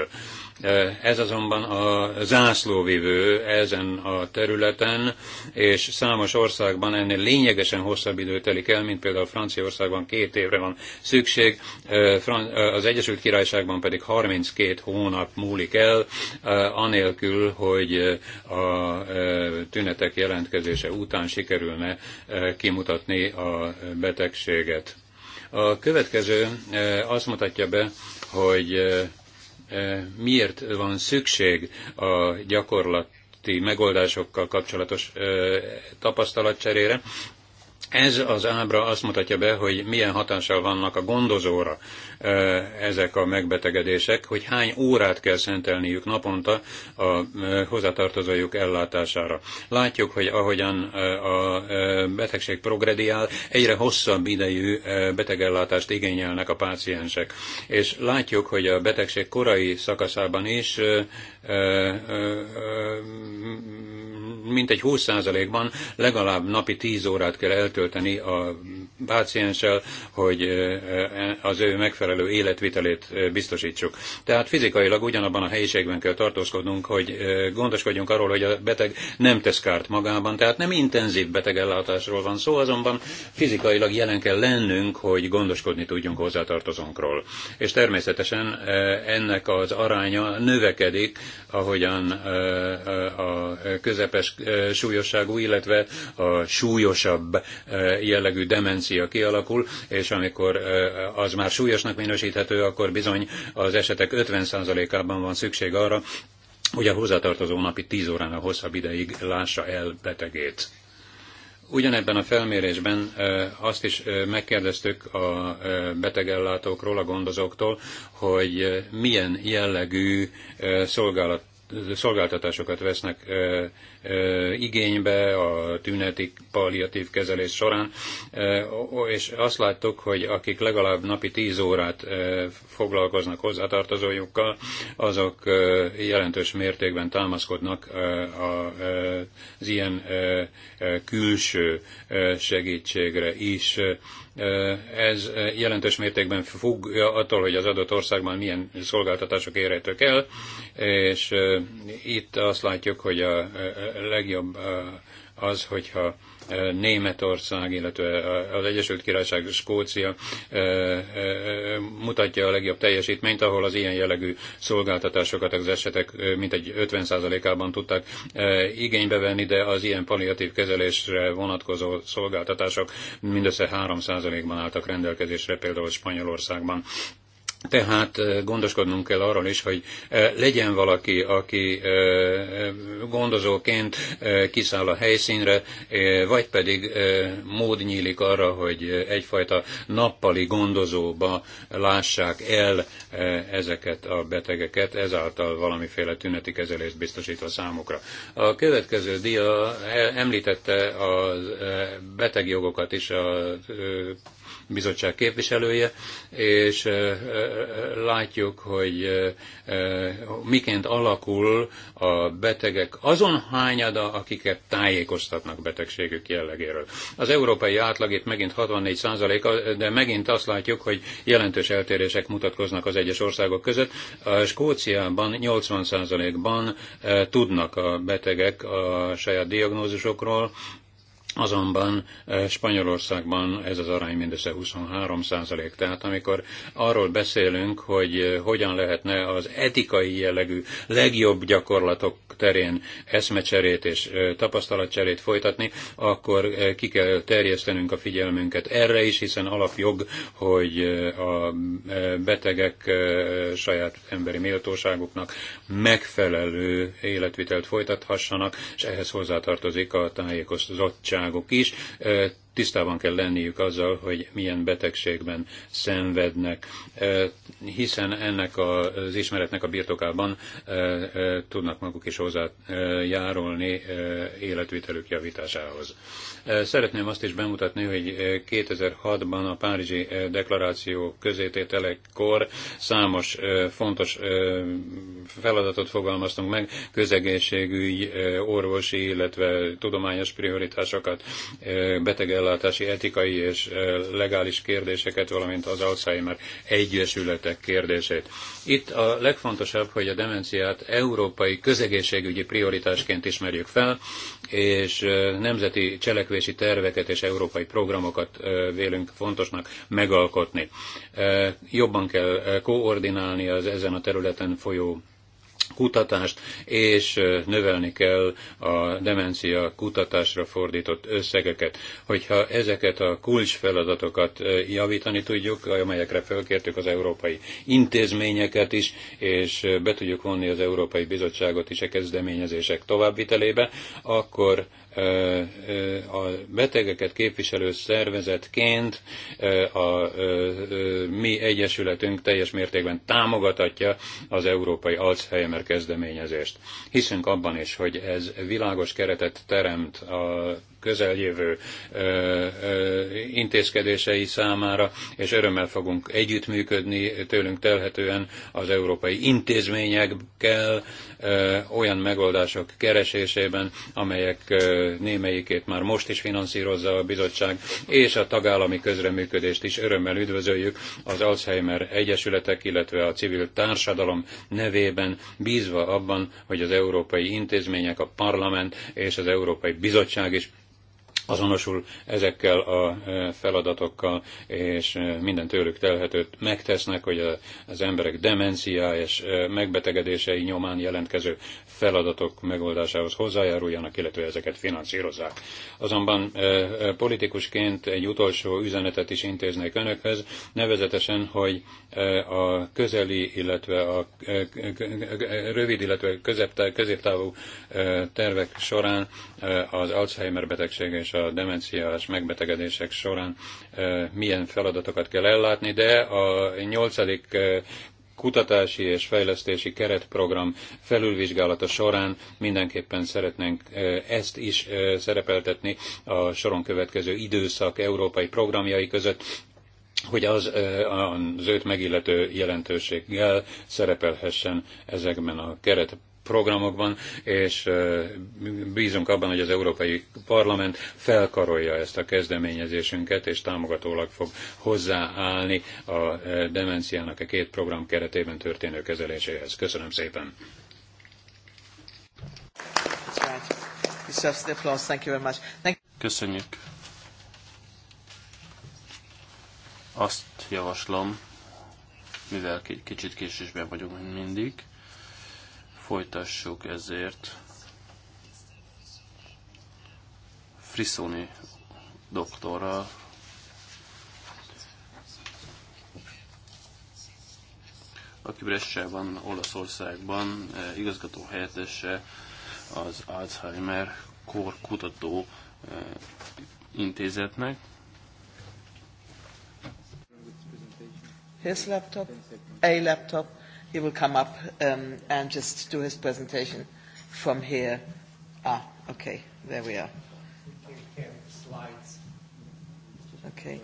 Eh, ez azonban a zászlóvivő ezen a területen, és számos országban ennél lényegesen hosszabb idő telik el, mint például Franciaországban két évre van szükség, eh, eh, az Egyesült Királyságban pedig 32 hónap múlik el, anélkül, hogy a tünetek jelentkezése után sikerülne kimutatni a betegséget. A következő azt mutatja be, hogy miért van szükség a gyakorlati megoldásokkal kapcsolatos tapasztalatcserére. Ez az ábra azt mutatja be, hogy milyen hatással vannak a gondozóra ezek a megbetegedések, hogy hány órát kell szentelniük naponta a hozzátartozójuk ellátására. Látjuk, hogy ahogyan a betegség progrediál, egyre hosszabb idejű betegellátást igényelnek a páciensek. És látjuk, hogy a betegség korai szakaszában is mintegy 20%-ban legalább napi 10 órát kell eltölteni a pácienssel, hogy az ő megfelelő megfelelő életvitelét biztosítsuk. Tehát fizikailag ugyanabban a helyiségben kell tartózkodnunk, hogy gondoskodjunk arról, hogy a beteg nem tesz kárt magában, tehát nem intenzív betegellátásról van szó, azonban fizikailag jelen kell lennünk, hogy gondoskodni tudjunk hozzátartozónkról. És természetesen ennek az aránya növekedik, ahogyan a közepes súlyosságú, illetve a súlyosabb jellegű demencia kialakul, és amikor az már súlyosnak minősíthető, akkor bizony az esetek 50%-ában van szükség arra, hogy a hozzátartozó napi 10 óránál hosszabb ideig lássa el betegét. Ugyanebben a felmérésben azt is megkérdeztük a betegellátókról, a gondozóktól, hogy milyen jellegű szolgálat szolgáltatásokat vesznek igénybe a tüneti palliatív kezelés során, és azt láttuk, hogy akik legalább napi 10 órát foglalkoznak hozzátartozójukkal, azok jelentős mértékben támaszkodnak az ilyen külső segítségre is ez jelentős mértékben függ attól, hogy az adott országban milyen szolgáltatások érhetők el, és itt azt látjuk, hogy a legjobb az, hogyha Németország, illetve az Egyesült Királyság, Skócia mutatja a legjobb teljesítményt, ahol az ilyen jellegű szolgáltatásokat az esetek mintegy 50%-ában tudták igénybe venni, de az ilyen palliatív kezelésre vonatkozó szolgáltatások mindössze 3%-ban álltak rendelkezésre, például Spanyolországban. Tehát eh, gondoskodnunk kell arról is, hogy eh, legyen valaki, aki eh, gondozóként kiszáll a helyszínre, vagy pedig mód nyílik arra, hogy egyfajta nappali gondozóba lássák el ezeket a betegeket, ezáltal valamiféle tüneti kezelést biztosítva számukra. A következő dia említette a betegjogokat is a bizottság képviselője, és látjuk, hogy miként alakul a betegek azon hányada, akiket tájékoztatnak betegségük jellegéről. Az európai átlag itt megint 64 de megint azt látjuk, hogy jelentős eltérések mutatkoznak az egyes országok között. A Skóciában 80 százalékban tudnak a betegek a saját diagnózisokról, Azonban eh, Spanyolországban ez az arány mindössze 23 százalék. Tehát amikor arról beszélünk, hogy eh, hogyan lehetne az etikai jellegű legjobb gyakorlatok terén eszmecserét és eh, tapasztalatcserét folytatni, akkor ki kell terjesztenünk a figyelmünket erre is, hiszen alapjog, hogy a betegek saját emberi méltóságuknak megfelelő életvitelt folytathassanak, és ehhez hozzátartozik a tájékozottság újságok is tisztában kell lenniük azzal, hogy milyen betegségben szenvednek, hiszen ennek az ismeretnek a birtokában tudnak maguk is hozzájárulni életvitelük javításához. Szeretném azt is bemutatni, hogy 2006-ban a Párizsi deklaráció közétételekkor számos fontos feladatot fogalmaztunk meg, közegészségügy, orvosi, illetve tudományos prioritásokat, beteg ellátási etikai és legális kérdéseket, valamint az Alzheimer egyesületek kérdését. Itt a legfontosabb, hogy a demenciát európai közegészségügyi prioritásként ismerjük fel, és nemzeti cselekvési terveket és európai programokat vélünk fontosnak megalkotni. Jobban kell koordinálni az ezen a területen folyó kutatást, és növelni kell a demencia kutatásra fordított összegeket. Hogyha ezeket a kulcsfeladatokat javítani tudjuk, amelyekre felkértük az európai intézményeket is, és be tudjuk vonni az Európai Bizottságot is a kezdeményezések továbbvitelébe, akkor a betegeket képviselő szervezetként a mi egyesületünk teljes mértékben támogatatja az Európai Alzheimer kezdeményezést. Hiszünk abban is, hogy ez világos keretet teremt a közeljövő intézkedései számára, és örömmel fogunk együttműködni tőlünk telhetően az európai intézményekkel olyan megoldások keresésében, amelyek némelyikét már most is finanszírozza a bizottság, és a tagállami közreműködést is örömmel üdvözöljük az Alzheimer Egyesületek, illetve a civil társadalom nevében, bízva abban, hogy az európai intézmények, a parlament és az Európai Bizottság is azonosul ezekkel a e, feladatokkal, és e, minden tőlük telhetőt megtesznek, hogy az emberek demenciá és e, megbetegedései nyomán jelentkező feladatok megoldásához hozzájáruljanak, illetve ezeket finanszírozzák. Azonban politikusként egy utolsó üzenetet is intéznék önökhez, nevezetesen, hogy a közeli, illetve a rövid, illetve középtávú tervek során az Alzheimer betegség és a demenciás megbetegedések során milyen feladatokat kell ellátni, de a nyolcadik kutatási és fejlesztési keretprogram felülvizsgálata során mindenképpen szeretnénk ezt is szerepeltetni a soron következő időszak európai programjai között, hogy az, az őt megillető jelentőséggel szerepelhessen ezekben a keretprogramokban programokban, és bízunk abban, hogy az Európai Parlament felkarolja ezt a kezdeményezésünket, és támogatólag fog hozzáállni a demenciának a két program keretében történő kezeléséhez. Köszönöm szépen! Köszönjük! Azt javaslom, mivel kicsit késésben vagyunk, mint mindig, Folytassuk ezért Friszoni doktorral. aki Bressában, Olaszországban eh, igazgató helyettese az Alzheimer kor kutató eh, intézetnek. His laptop, a laptop. He will come up um, and just do his presentation from here. Ah, okay, there we are. Slides. Okay.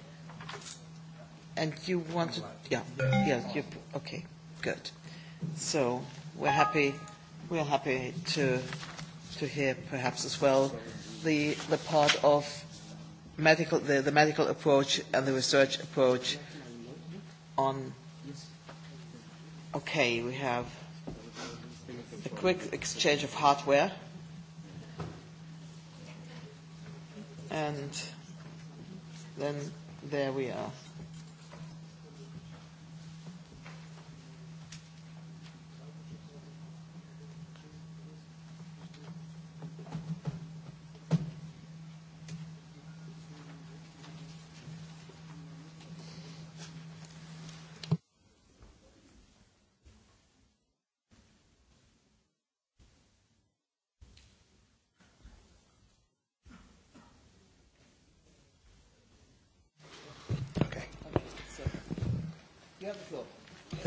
And you want to, yeah, yeah, you, okay, good. So we're happy, we're happy to, to hear perhaps as well the, the part of medical, the, the medical approach and the research approach on Okay, we have a quick exchange of hardware. And then there we are.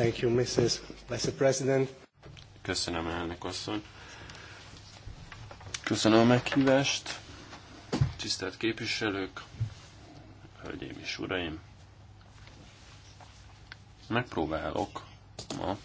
Thank you, Mrs. President. Köszönöm, elnök asszony. Köszönöm a meghívást. Tisztelt képviselők, hölgyeim és uraim. Megpróbálok ma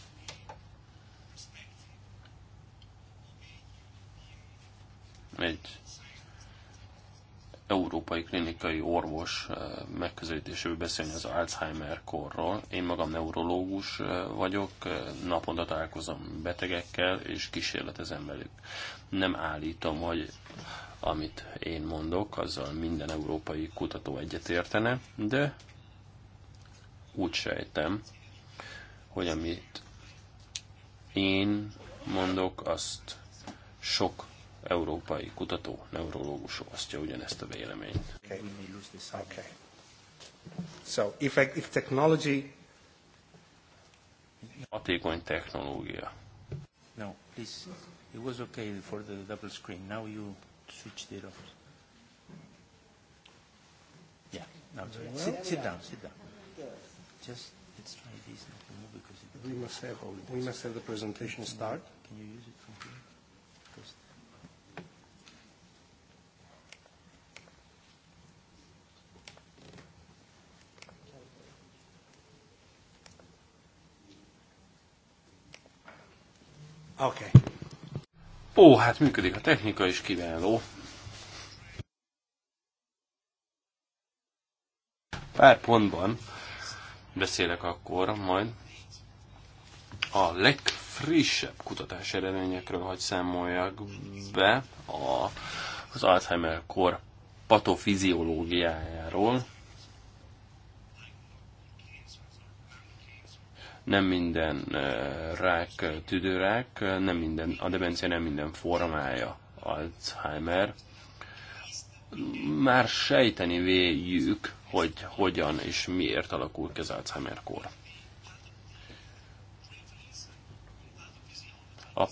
amerikai orvos eh, megközelítésével beszélni az Alzheimer korról. Én magam neurológus eh, vagyok, eh, naponta találkozom betegekkel, és kísérletezem velük. Nem állítom, hogy amit én mondok, azzal minden európai kutató egyetértene, de úgy sejtem, hogy amit én mondok, azt sok európai kutató, neurológus osztja ugyanezt a véleményt. Okay. So, if, if technology... Hatékony technológia. No, please. It was okay for the double screen. Now you switched it off. Yeah, now well, sit, sit down, sit down. Just let's try this now. Because it we must have we must have the presentation start. Can you use it? Oké. Okay. Ó, hát működik a technika is kiváló. Pár pontban beszélek akkor majd a legfrissebb kutatás eredményekről, hogy számoljak be a, az Alzheimer kor patofiziológiájáról, nem minden rák tüdőrák, nem minden, a demencia nem minden formája Alzheimer. Már sejteni véljük, hogy hogyan és miért alakul ki az Alzheimer-kor. A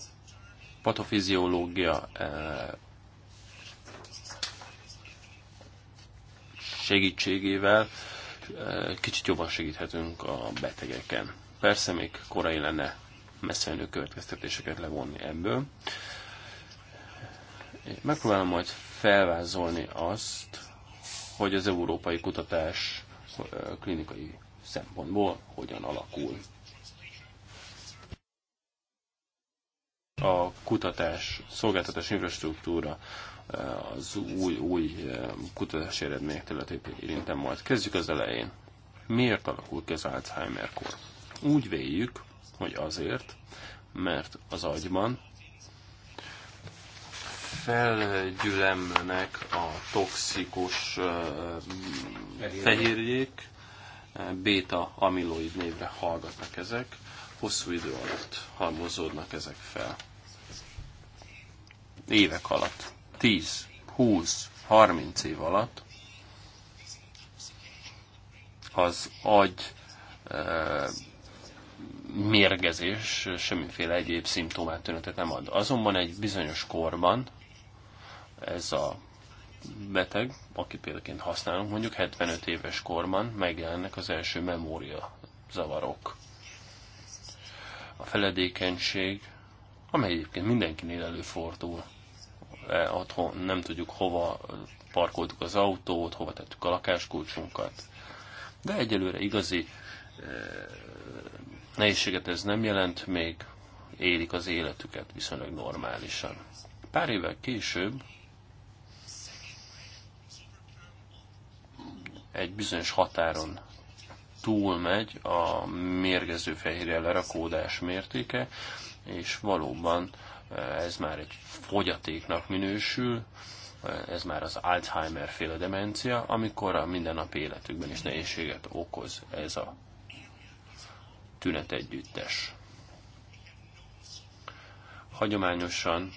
patofiziológia segítségével kicsit jobban segíthetünk a betegeken. Persze még korai lenne messzelenő következtetéseket levonni ebből. Én megpróbálom majd felvázolni azt, hogy az európai kutatás klinikai szempontból hogyan alakul. A kutatás, szolgáltatás infrastruktúra az új, új kutatási eredmények területét érintem majd. Kezdjük az elején. Miért alakul ki az Alzheimer-kor? Úgy véljük, hogy azért, mert az agyban felgyülemlenek a toxikus fehérjék, béta amiloid névre hallgatnak ezek, hosszú idő alatt halmozódnak ezek fel. Évek alatt, 10, 20, 30 év alatt az agy mérgezés semmiféle egyéb szimptomát, tünetet nem ad. Azonban egy bizonyos korban ez a beteg, aki példaként használunk, mondjuk 75 éves korban megjelennek az első memória zavarok. A feledékenység, amely egyébként mindenkinél előfordul, e, otthon nem tudjuk hova parkoltuk az autót, hova tettük a lakáskulcsunkat. De egyelőre igazi e, Nehézséget ez nem jelent, még élik az életüket viszonylag normálisan. Pár évvel később egy bizonyos határon túlmegy a mérgező fehérje lerakódás mértéke, és valóban eh, ez már egy fogyatéknak minősül, eh, ez már az Alzheimer féle demencia, amikor a mindennapi életükben is nehézséget okoz ez a tünetegyüttes. Hagyományosan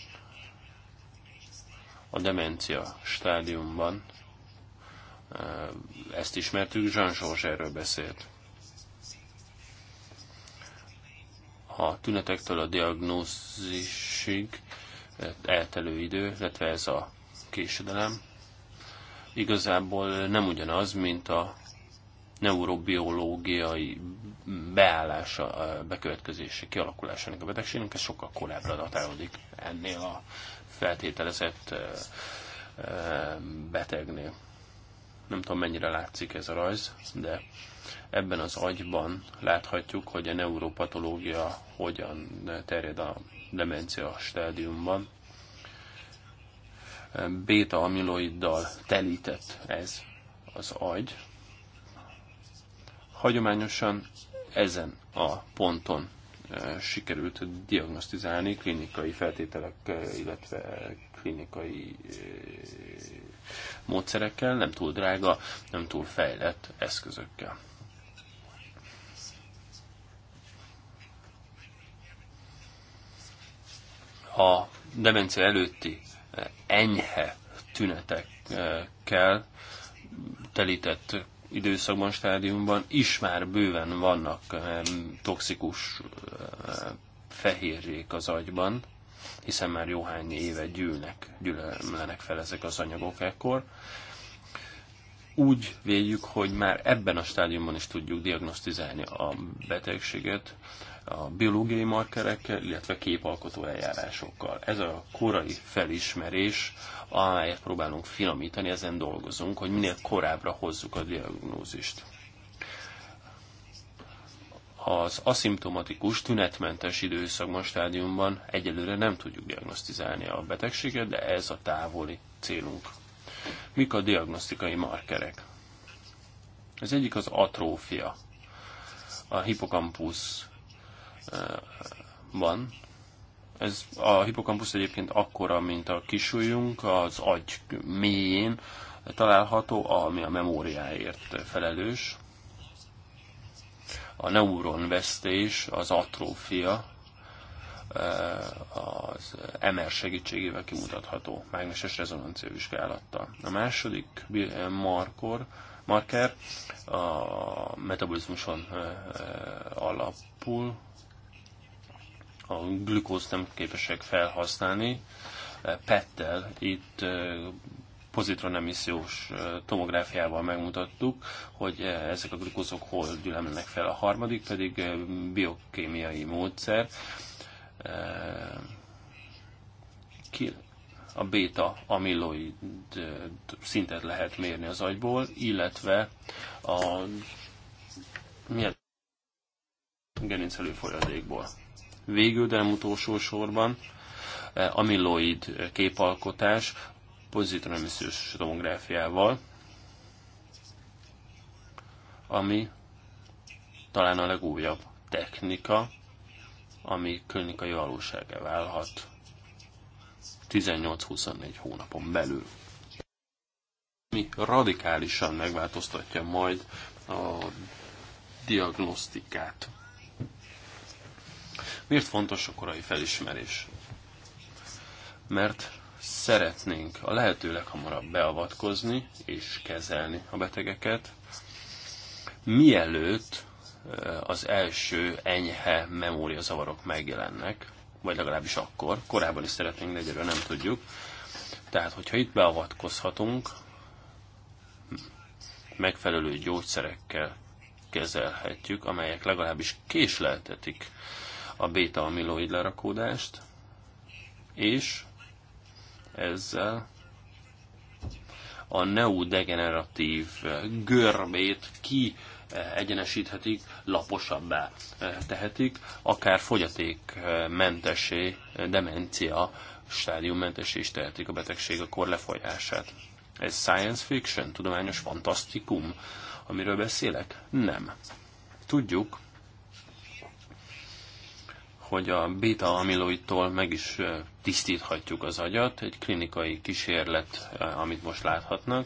a demencia stádiumban eh, ezt ismertük, Jean Sors erről beszélt. A tünetektől a diagnózisig eh, eltelő idő, illetve ez a késedelem, igazából nem ugyanaz, mint a neurobiológiai beállása, bekövetkezése, kialakulásának a betegségnek, ez sokkal korábbra datálódik ennél a feltételezett betegnél. Nem tudom, mennyire látszik ez a rajz, de ebben az agyban láthatjuk, hogy a neuropatológia hogyan terjed a demencia stádiumban. Béta-amiloiddal telített ez az agy, Hagyományosan ezen a ponton eh, sikerült diagnosztizálni klinikai feltételek, eh, illetve eh, klinikai módszerekkel, nem túl drága, nem túl fejlett eszközökkel. a demencia előtti enyhe tünetekkel telített időszakban, stádiumban is már bőven vannak toxikus fehérjék az agyban, hiszen már jó hány éve gyűlnek, gyűlölnek fel ezek az anyagok ekkor. Úgy véljük, hogy már ebben a stádiumban is tudjuk diagnosztizálni a betegséget, a biológiai markerekkel, illetve képalkotó eljárásokkal. Ez a korai felismerés, amelyet próbálunk finomítani, ezen dolgozunk, hogy minél korábbra hozzuk a diagnózist. Az aszimptomatikus tünetmentes időszakban stádiumban egyelőre nem tudjuk diagnosztizálni a betegséget, de ez a távoli célunk. Mik a diagnosztikai markerek? Az egyik az atrófia, a hipokampusz van. Ez a hipokampusz egyébként akkora, mint a kisujjunk, az agy mélyén található, ami a memóriáért felelős. A neuronvesztés, az atrófia, az MR segítségével kimutatható mágneses rezonancia vizsgálattal. A második markor, marker a metabolizmuson alapul, a glükózt nem képesek felhasználni. Pettel itt pozitron emissziós tomográfiával megmutattuk, hogy ezek a glükózok hol gyülemlenek fel. A harmadik pedig biokémiai módszer. Ki a béta amiloid szintet lehet mérni az agyból, illetve a milyen gerincelő folyadékból. Végül, de nem utolsó sorban, e, amiloid képalkotás pozitron emissziós tomográfiával, ami talán a legújabb technika, ami klinikai valósága válhat 18-24 hónapon belül. Mi radikálisan megváltoztatja majd a diagnosztikát. Miért fontos a korai felismerés? Mert szeretnénk a lehető leghamarabb beavatkozni és kezelni a betegeket, mielőtt eh, az első enyhe memóriazavarok megjelennek, vagy legalábbis akkor, korábban is szeretnénk, de egyről nem tudjuk. Tehát, hogyha itt beavatkozhatunk, megfelelő gyógyszerekkel kezelhetjük, amelyek legalábbis késleltetik a beta, amiloid lerakódást, és ezzel a neodegeneratív görbét ki eh, egyenesíthetik, laposabbá eh, tehetik, akár fogyatékmentesé, eh, demencia stádiummentesé is tehetik a betegség a kor lefolyását. Ez science fiction, tudományos fantasztikum, amiről beszélek? Nem. Tudjuk, hogy a beta-amiloidtól meg is tisztíthatjuk az agyat. Egy klinikai kísérlet, amit most láthatnak,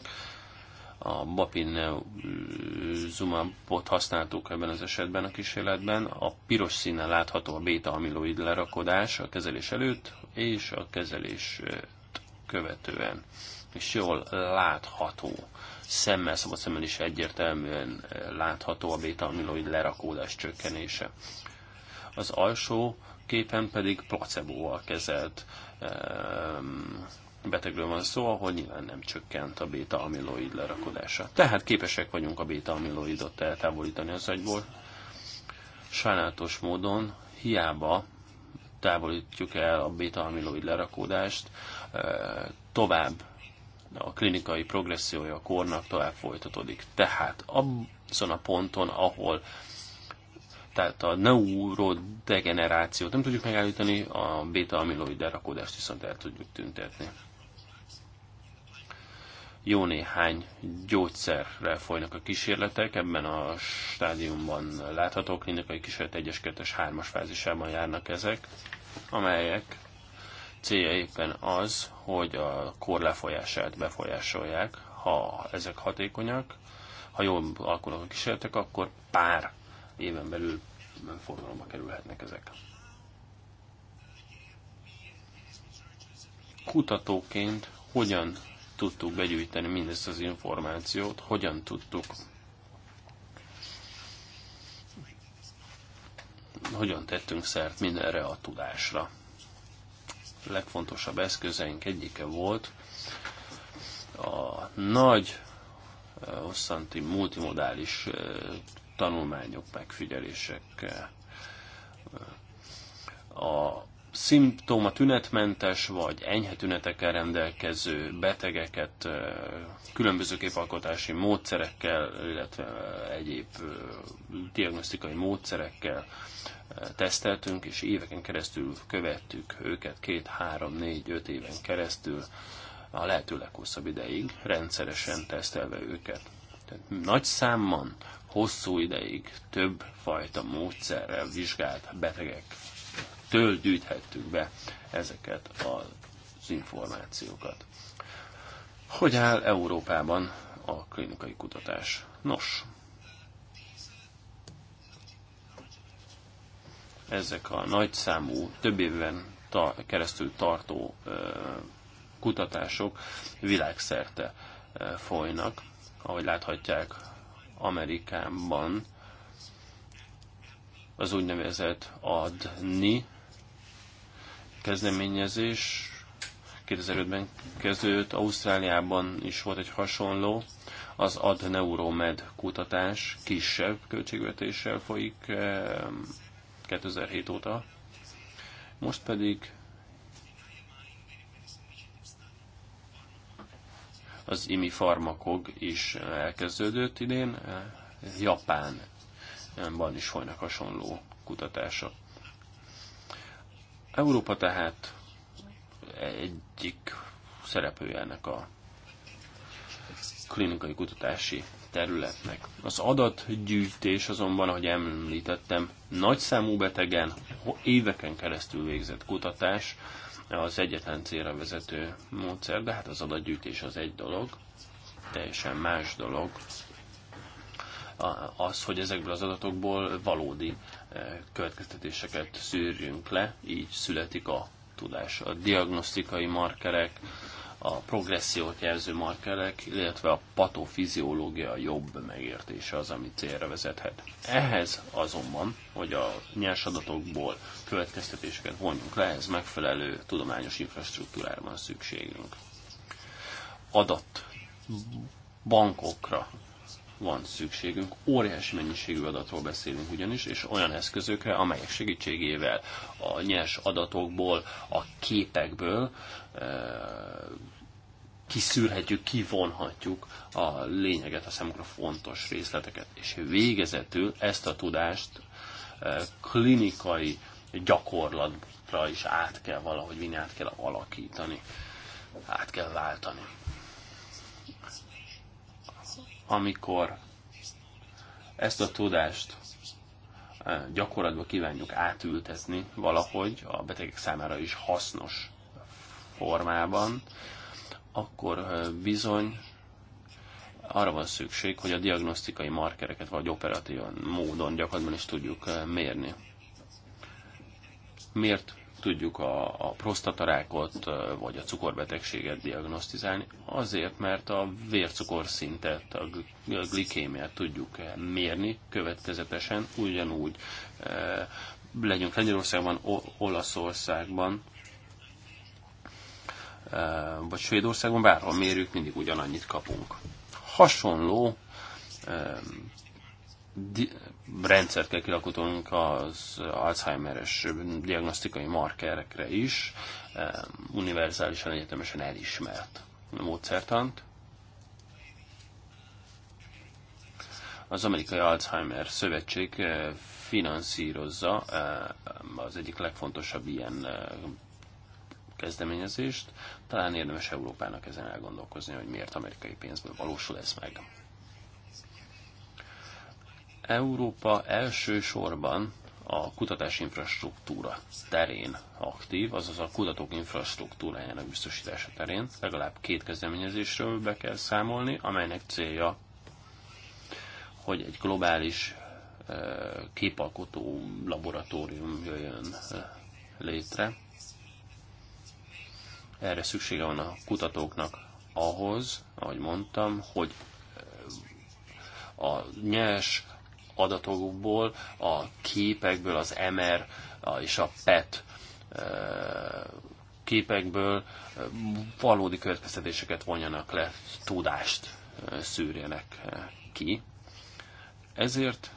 a bapineuzumabot használtuk ebben az esetben a kísérletben. A piros színen látható a beta-amiloid lerakodás a kezelés előtt és a kezelés követően. És jól látható, szemmel, szabad szemmel is egyértelműen látható a beta-amiloid lerakódás csökkenése az alsó képen pedig placebo-val kezelt betegről van szó, ahol nyilván nem csökkent a beta amiloid lerakodása. Tehát képesek vagyunk a beta amiloidot eltávolítani az agyból. Sajnálatos módon hiába távolítjuk el a beta amiloid lerakódást, eh, tovább a klinikai progressziója a kornak tovább folytatódik. Tehát azon a ponton, ahol tehát a neurodegenerációt nem tudjuk megállítani, a beta-amiloid derakódást viszont el tudjuk tüntetni. Jó néhány gyógyszerre folynak a kísérletek, ebben a stádiumban látható klinikai kísérlet 1-es, 2-es, 3-as fázisában járnak ezek, amelyek célja éppen az, hogy a kor lefolyását befolyásolják, ha ezek hatékonyak, ha jól alkulnak a kísérletek, akkor pár éven belül forgalomba kerülhetnek ezek. Kutatóként hogyan tudtuk begyűjteni mindezt az információt, hogyan tudtuk hogyan tettünk szert mindenre a tudásra. A legfontosabb eszközeink egyike volt a nagy eh, hosszanti multimodális eh, tanulmányok, megfigyelések. A szimptoma tünetmentes vagy enyhe tünetekkel rendelkező betegeket különböző képalkotási módszerekkel, illetve egyéb diagnosztikai módszerekkel teszteltünk, és éveken keresztül követtük őket, két, három, négy, öt éven keresztül a lehető leghosszabb ideig rendszeresen tesztelve őket. Tehát nagy számban hosszú ideig több fajta módszerrel vizsgált betegek től gyűjthettük be ezeket az információkat. Hogy áll Európában a klinikai kutatás? Nos, ezek a nagyszámú, több évben ta- keresztül tartó ö, kutatások világszerte ö, folynak. Ahogy láthatják Amerikában az úgynevezett adni kezdeményezés 2005-ben kezdődött, Ausztráliában is volt egy hasonló, az Ad Neuromed kutatás kisebb költségvetéssel folyik 2007 eh, óta. Most pedig az imi farmakog is elkezdődött idén, Japánban is folynak hasonló kutatások. Európa tehát egyik szereplője ennek a klinikai kutatási területnek. Az adatgyűjtés azonban, ahogy említettem, nagyszámú betegen éveken keresztül végzett kutatás, az egyetlen célra vezető módszer, de hát az adatgyűjtés az egy dolog, teljesen más dolog az, hogy ezekből az adatokból valódi e, következtetéseket szűrjünk le, így születik a tudás, a diagnosztikai markerek, a progressziót jelző markerek, illetve a patofiziológia jobb megértése az, ami célra vezethet. Ehhez azonban, hogy a nyers adatokból következtetéseket vonjunk le, ehhez megfelelő tudományos infrastruktúrára van szükségünk. Adat bankokra van szükségünk, óriási mennyiségű adatról beszélünk ugyanis, és olyan eszközökre, amelyek segítségével a nyers adatokból, a képekből eh, kiszűrhetjük, kivonhatjuk a lényeget, a számunkra fontos részleteket. És végezetül ezt a tudást eh, klinikai gyakorlatra is át kell valahogy vinni, át kell alakítani, át kell váltani. Amikor ezt a tudást eh, gyakorlatba kívánjuk átültetni valahogy a betegek számára is hasznos formában, akkor bizony arra van szükség, hogy a diagnosztikai markereket vagy operatív módon gyakorlatban is tudjuk mérni. Miért tudjuk a, a prostatarákot vagy a cukorbetegséget diagnosztizálni? Azért, mert a vércukorszintet, a glikémiát tudjuk mérni következetesen, ugyanúgy legyünk Lengyelországban, Olaszországban, Eh, vagy Svédországon, bárhol mérjük, mindig ugyanannyit kapunk. Hasonló eh, rendszert kell kilakotanunk az Alzheimeres diagnosztikai markerekre is, eh, univerzálisan egyetemesen elismert módszertant. Az Amerikai Alzheimer Szövetség finanszírozza az egyik legfontosabb ilyen kezdeményezést. Talán érdemes Európának ezen elgondolkozni, hogy miért amerikai pénzből valósul ez meg. Európa elsősorban a kutatási infrastruktúra terén aktív, azaz a kutatók infrastruktúrájának biztosítása terén legalább két kezdeményezésről be kell számolni, amelynek célja, hogy egy globális képalkotó laboratórium jöjjön létre, erre szüksége van a kutatóknak ahhoz, ahogy mondtam, hogy eh, a nyers adatokból, a képekből, az MR és a PET eh, képekből eh, valódi következtetéseket vonjanak le, tudást szűrjenek ki. Ezért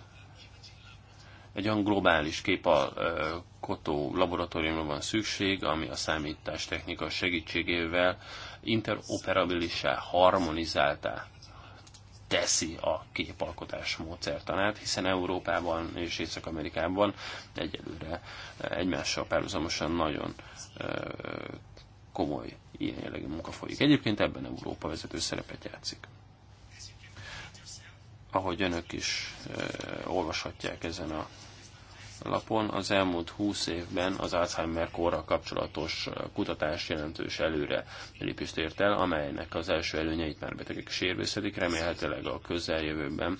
egy olyan globális képalkotó laboratóriumra van szükség, ami a számítástechnika segítségével interoperabilisá, harmonizáltá teszi a képalkotás módszertanát, hiszen Európában és Észak-Amerikában egyelőre egymással párhuzamosan nagyon komoly ilyen jellegű munka folyik. Egyébként ebben Európa vezető szerepet játszik. Ahogy önök is olvashatják ezen a alapon az elmúlt 20 évben az Alzheimer korra kapcsolatos kutatás jelentős előre lépést ért el, amelynek az első előnyeit már betegek sérvészedik, remélhetőleg a közeljövőben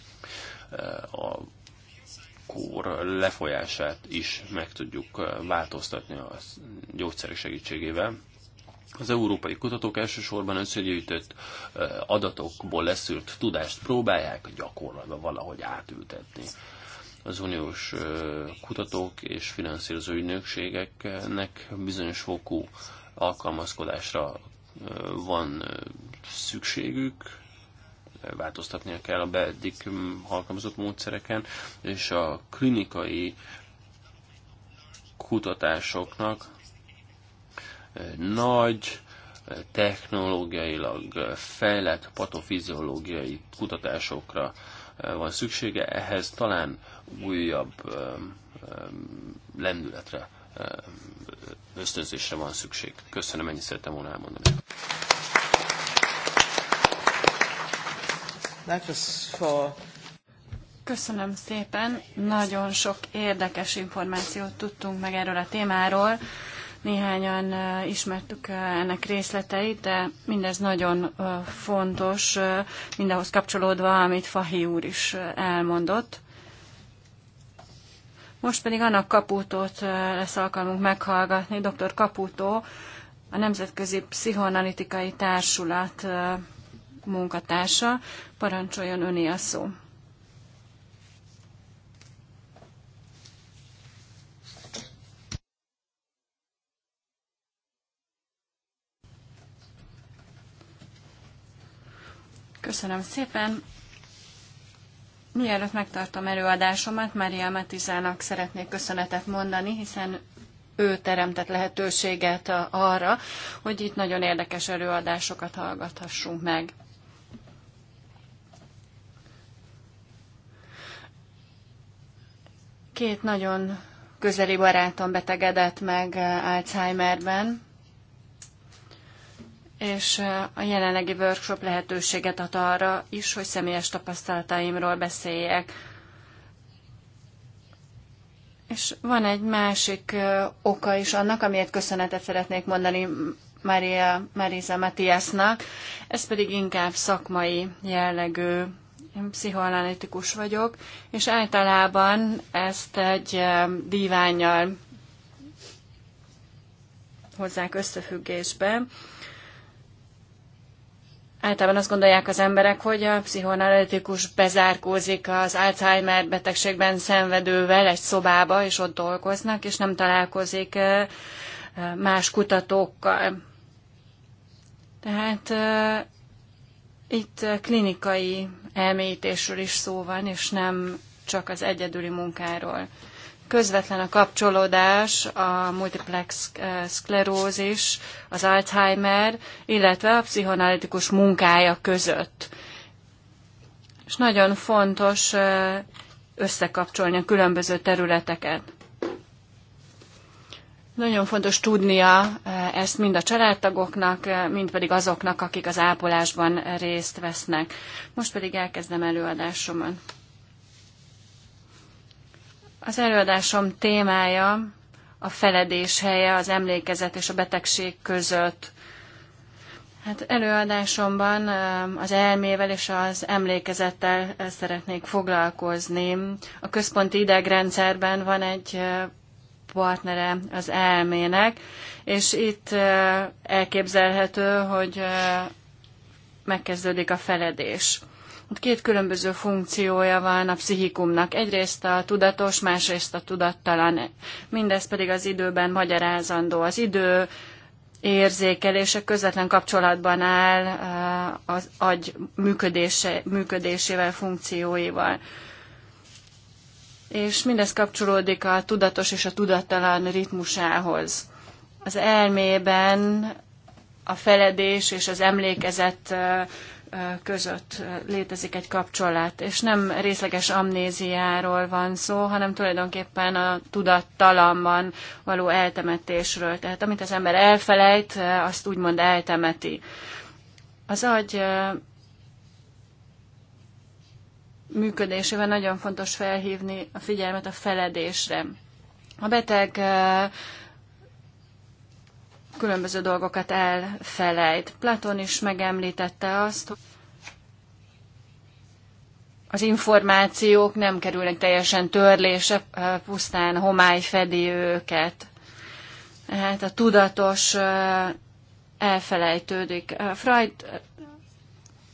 eh, a kór lefolyását is meg tudjuk eh, változtatni a gyógyszerek segítségével. Az európai kutatók elsősorban összegyűjtött eh, adatokból leszűrt tudást próbálják gyakorlatban valahogy átültetni az uniós kutatók és finanszírozó ügynökségeknek bizonyos fokú alkalmazkodásra van szükségük, változtatnia kell a eddig alkalmazott módszereken, és a klinikai kutatásoknak nagy technológiailag fejlett patofiziológiai kutatásokra van szüksége, ehhez talán újabb lendületre, ösztönzésre van szükség. Köszönöm, ennyit szerettem volna elmondani. Köszönöm szépen, nagyon sok érdekes információt tudtunk meg erről a témáról. Néhányan ismertük ennek részleteit, de mindez nagyon fontos, mindenhoz kapcsolódva, amit Fahi úr is elmondott. Most pedig annak Kaputót lesz alkalmunk meghallgatni, dr. Kaputó, a Nemzetközi Pszichoanalitikai Társulat munkatársa. Parancsoljon öné a szó. Köszönöm szépen. Mielőtt megtartom előadásomat, Mária Matizának szeretnék köszönetet mondani, hiszen ő teremtett lehetőséget arra, hogy itt nagyon érdekes előadásokat hallgathassunk meg. Két nagyon közeli barátom betegedett meg Alzheimerben, és a jelenlegi workshop lehetőséget ad arra is, hogy személyes tapasztalataimról beszéljek. És van egy másik oka is annak, amiért köszönetet szeretnék mondani Maria, Marisa Matiasnak, ez pedig inkább szakmai jellegű én pszichoanalitikus vagyok, és általában ezt egy díványjal hozzák összefüggésbe. Általában azt gondolják az emberek, hogy a pszichoanalitikus bezárkózik az Alzheimer betegségben szenvedővel egy szobába, és ott dolgoznak, és nem találkozik más kutatókkal. Tehát itt klinikai elmélyítésről is szó van, és nem csak az egyedüli munkáról közvetlen a kapcsolódás, a multiplex eh, szklerózis, az Alzheimer, illetve a pszichoanalitikus munkája között. És nagyon fontos eh, összekapcsolni a különböző területeket. Nagyon fontos tudnia eh, ezt mind a családtagoknak, mind pedig azoknak, akik az ápolásban részt vesznek. Most pedig elkezdem előadásomat. Az előadásom témája a feledés helye, az emlékezet és a betegség között. Hát előadásomban az elmével és az emlékezettel szeretnék foglalkozni. A központi idegrendszerben van egy partnere az elmének, és itt elképzelhető, hogy megkezdődik a feledés. Két különböző funkciója van a pszichikumnak. Egyrészt a tudatos, másrészt a tudattalan. Mindez pedig az időben magyarázandó. Az idő érzékelése közvetlen kapcsolatban áll eh, az agy működése, működésével, funkcióival. És mindez kapcsolódik a tudatos és a tudattalan ritmusához. Az elmében a feledés és az emlékezet eh, között létezik egy kapcsolat, és nem részleges amnéziáról van szó, hanem tulajdonképpen a tudattalamban való eltemetésről. Tehát amit az ember elfelejt, azt úgymond eltemeti. Az agy működésével nagyon fontos felhívni a figyelmet a feledésre. A beteg különböző dolgokat elfelejt. Platon is megemlítette azt, hogy az információk nem kerülnek teljesen törlése, pusztán homály fedi őket. Hát a tudatos elfelejtődik. Freud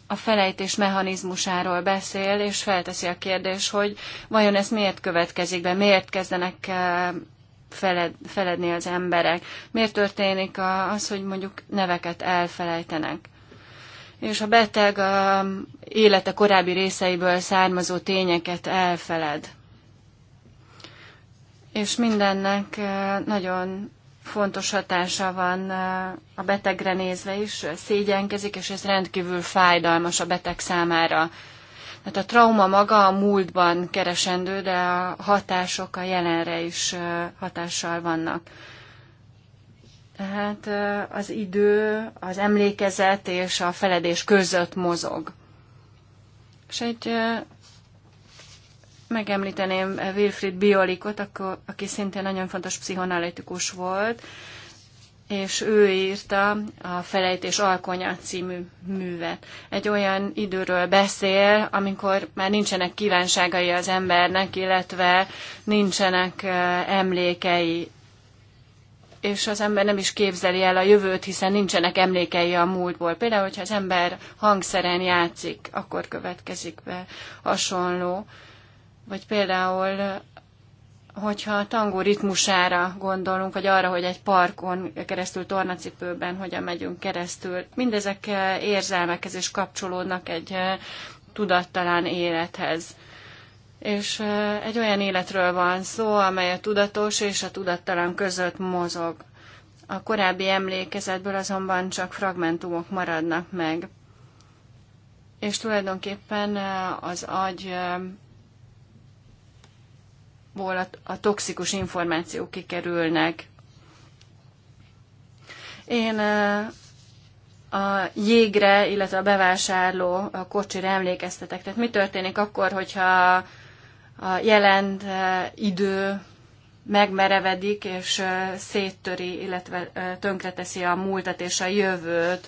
a felejtés mechanizmusáról beszél, és felteszi a kérdés, hogy vajon ez miért következik be, miért kezdenek feled, feledni az emberek. Miért történik az, hogy mondjuk neveket elfelejtenek? És a beteg a élete korábbi részeiből származó tényeket elfeled. És mindennek nagyon fontos hatása van a betegre nézve is, szégyenkezik, és ez rendkívül fájdalmas a beteg számára. Hát a trauma maga a múltban keresendő, de a hatások a jelenre is hatással vannak. Tehát az idő, az emlékezet és a feledés között mozog. És egy megemlíteném Wilfried Biolikot, aki szintén nagyon fontos pszichoanalitikus volt, és ő írta a Felejtés Alkonya című művet. Egy olyan időről beszél, amikor már nincsenek kívánságai az embernek, illetve nincsenek emlékei, és az ember nem is képzeli el a jövőt, hiszen nincsenek emlékei a múltból. Például, hogyha az ember hangszeren játszik, akkor következik be hasonló. Vagy például hogyha a tangó ritmusára gondolunk, vagy arra, hogy egy parkon keresztül tornacipőben hogyan megyünk keresztül, mindezek eh, érzelmekhez is kapcsolódnak egy eh, tudattalan élethez. És eh, egy olyan életről van szó, amely a tudatos és a tudattalan között mozog. A korábbi emlékezetből azonban csak fragmentumok maradnak meg. És tulajdonképpen az agy a, a toxikus információk kikerülnek. Én a jégre, illetve a bevásárló a kocsira emlékeztetek. Tehát mi történik akkor, hogyha a jelent idő megmerevedik és széttöri, illetve tönkreteszi a múltat és a jövőt.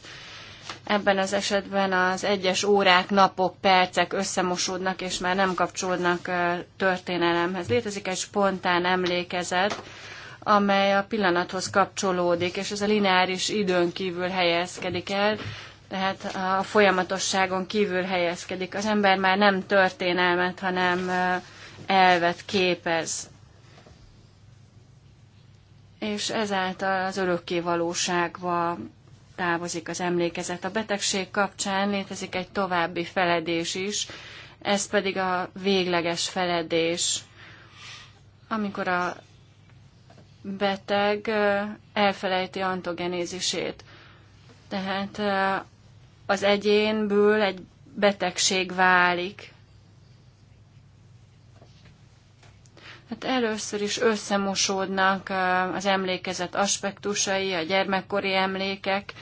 Ebben az esetben az egyes órák, napok, percek összemosódnak, és már nem kapcsolódnak történelemhez. Létezik egy spontán emlékezet, amely a pillanathoz kapcsolódik, és ez a lineáris időn kívül helyezkedik el, tehát a folyamatosságon kívül helyezkedik. Az ember már nem történelmet, hanem elvet képez. És ezáltal az örökké valóságba távozik az emlékezet. A betegség kapcsán létezik egy további feledés is, ez pedig a végleges feledés, amikor a beteg elfelejti antogenézisét. Tehát az egyénből egy betegség válik, Hát először is összemosódnak az emlékezet aspektusai, a gyermekkori emlékek,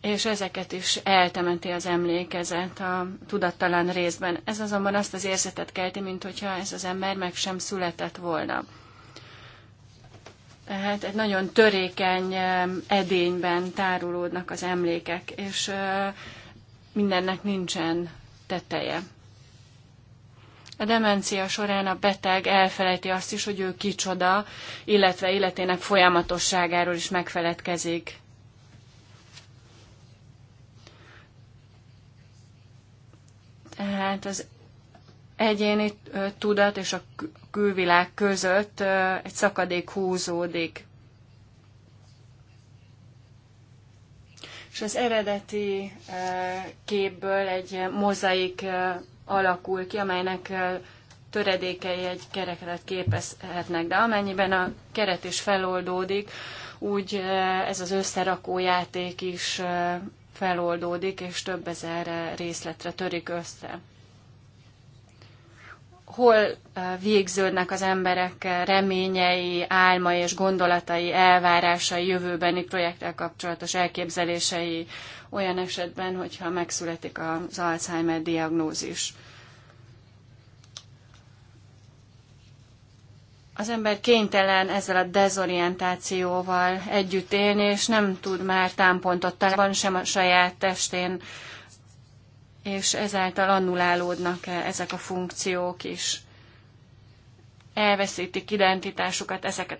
és ezeket is eltemeti az emlékezet a tudattalan részben. Ez azonban azt az érzetet kelti, mint hogyha ez az ember meg sem született volna. Tehát egy nagyon törékeny edényben tárulódnak az emlékek, és mindennek nincsen teteje. A demencia során a beteg elfelejti azt is, hogy ő kicsoda, illetve életének folyamatosságáról is megfeledkezik. Tehát az egyéni tudat és a külvilág között egy szakadék húzódik. És az eredeti képből egy mozaik alakul ki, amelynek töredékei egy kerekeret képezhetnek, de amennyiben a keret is feloldódik, úgy ez az összerakó játék is feloldódik, és több ezer részletre törik össze. Hol végződnek az emberek reményei, álmai és gondolatai, elvárásai, jövőbeni projekttel kapcsolatos elképzelései, olyan esetben, hogyha megszületik az Alzheimer diagnózis. az ember kénytelen ezzel a dezorientációval együtt élni, és nem tud már támpontot találni, sem a saját testén, és ezáltal annulálódnak ezek a funkciók is. Elveszítik identitásukat ezek,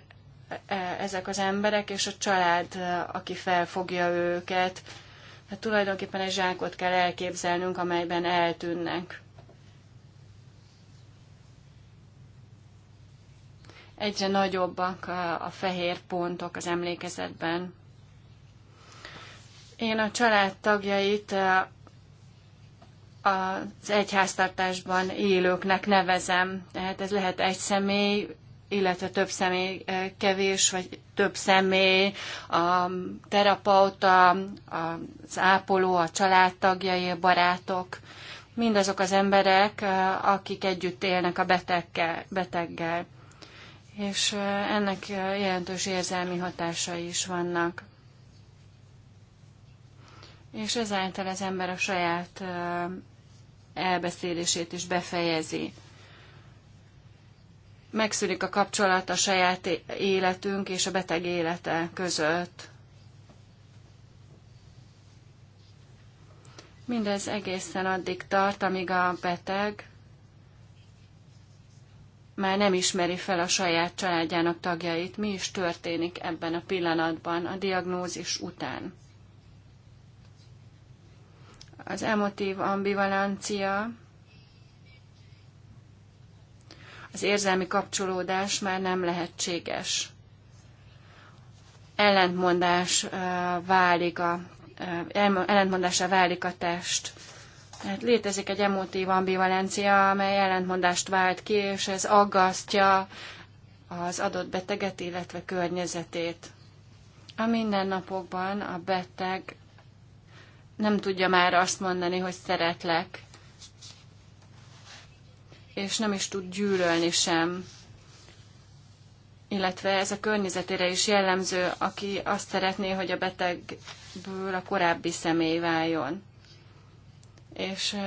e, ezek az emberek, és a család, aki felfogja őket, Hát tulajdonképpen egy zsákot kell elképzelnünk, amelyben eltűnnek. Egyre nagyobbak a fehér pontok az emlékezetben. Én a családtagjait az egyháztartásban élőknek nevezem. Tehát ez lehet egy személy, illetve több személy eh, kevés, vagy több személy, a terapeuta, az ápoló, a családtagjai, a barátok, mindazok az emberek, eh, akik együtt élnek a beteggel. beteggel. És eh, ennek jelentős érzelmi hatásai is vannak. És ezáltal az ember a saját elbeszélését is befejezi megszűnik a kapcsolat a saját életünk és a beteg élete között. Mindez egészen addig tart, amíg a beteg már nem ismeri fel a saját családjának tagjait, mi is történik ebben a pillanatban, a diagnózis után. Az emotív ambivalencia az érzelmi kapcsolódás már nem lehetséges. Ellentmondás válik a, ellentmondásra válik a test. Tehát létezik egy emotív ambivalencia, amely ellentmondást vált ki, és ez aggasztja az adott beteget, illetve környezetét. A mindennapokban a beteg nem tudja már azt mondani, hogy szeretlek, és nem is tud gyűlölni sem. Illetve ez a környezetére is jellemző, aki azt szeretné, hogy a betegből a korábbi személy váljon. És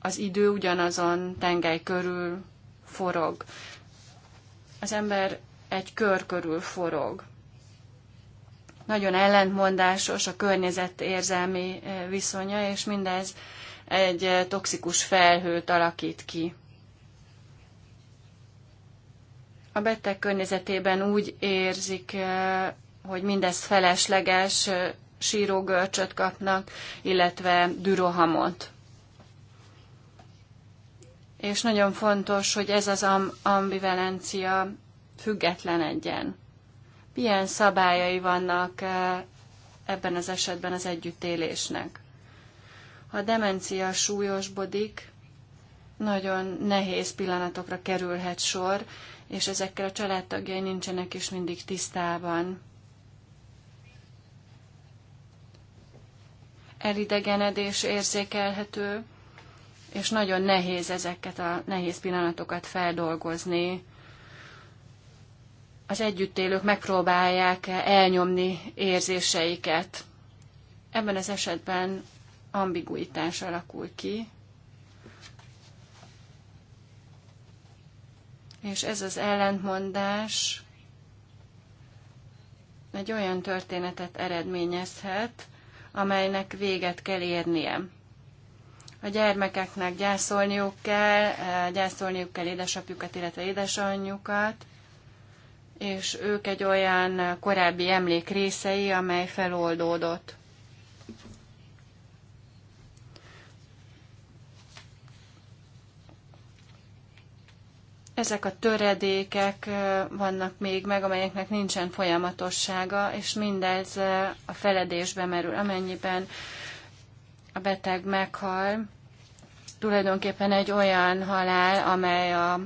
az idő ugyanazon tengely körül forog. Az ember egy kör körül forog. Nagyon ellentmondásos a környezet érzelmi viszonya, és mindez egy toxikus felhőt alakít ki. a beteg környezetében úgy érzik, eh, hogy mindez felesleges, eh, sírógörcsöt kapnak, illetve dürohamot. És nagyon fontos, hogy ez az ambivalencia független egyen. Milyen szabályai vannak eh, ebben az esetben az együttélésnek? Ha a demencia súlyosbodik, nagyon nehéz pillanatokra kerülhet sor, és ezekkel a családtagjai nincsenek is mindig tisztában. Elidegenedés érzékelhető, és nagyon nehéz ezeket a nehéz pillanatokat feldolgozni. Az együttélők megpróbálják elnyomni érzéseiket. Ebben az esetben ambiguitás alakul ki, És ez az ellentmondás egy olyan történetet eredményezhet, amelynek véget kell érnie. A gyermekeknek gyászolniuk kell, eh, gyászolniuk kell édesapjukat, illetve édesanyjukat, és ők egy olyan korábbi emlék részei, amely feloldódott. ezek a töredékek vannak még meg, amelyeknek nincsen folyamatossága, és mindez a feledésbe merül, amennyiben a beteg meghal. Tulajdonképpen egy olyan halál, amely a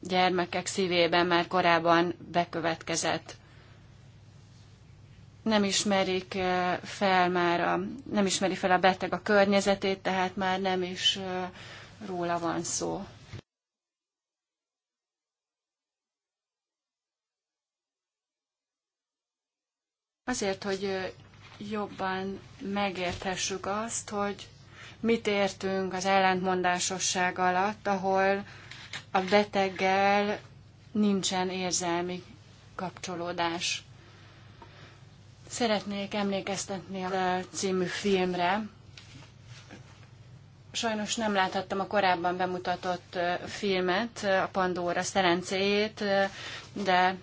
gyermekek szívében már korábban bekövetkezett. Nem ismerik fel már a, nem ismeri fel a beteg a környezetét, tehát már nem is róla van szó. Azért, hogy jobban megérthessük azt, hogy mit értünk az ellentmondásosság alatt, ahol a beteggel nincsen érzelmi kapcsolódás. Szeretnék emlékeztetni a című filmre. Sajnos nem láthattam a korábban bemutatott filmet, a Pandóra szerencéjét, de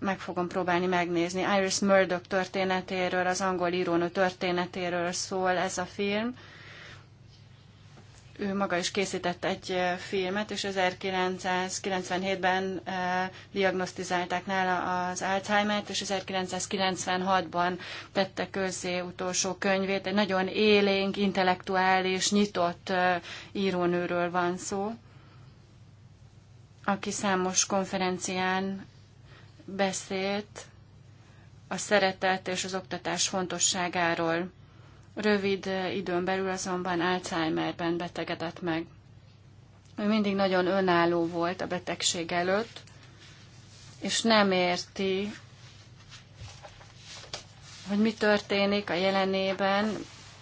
meg fogom próbálni megnézni. Iris Murdoch történetéről, az angol írónő történetéről szól ez a film. Ő maga is készített egy filmet, és 1997-ben diagnosztizálták nála az Alzheimer-t, és 1996-ban tette közzé utolsó könyvét. Egy nagyon élénk, intellektuális, nyitott írónőről van szó aki számos konferencián beszélt a szeretet és az oktatás fontosságáról. Rövid időn belül azonban Alzheimerben betegedett meg. Ő mindig nagyon önálló volt a betegség előtt, és nem érti, hogy mi történik a jelenében,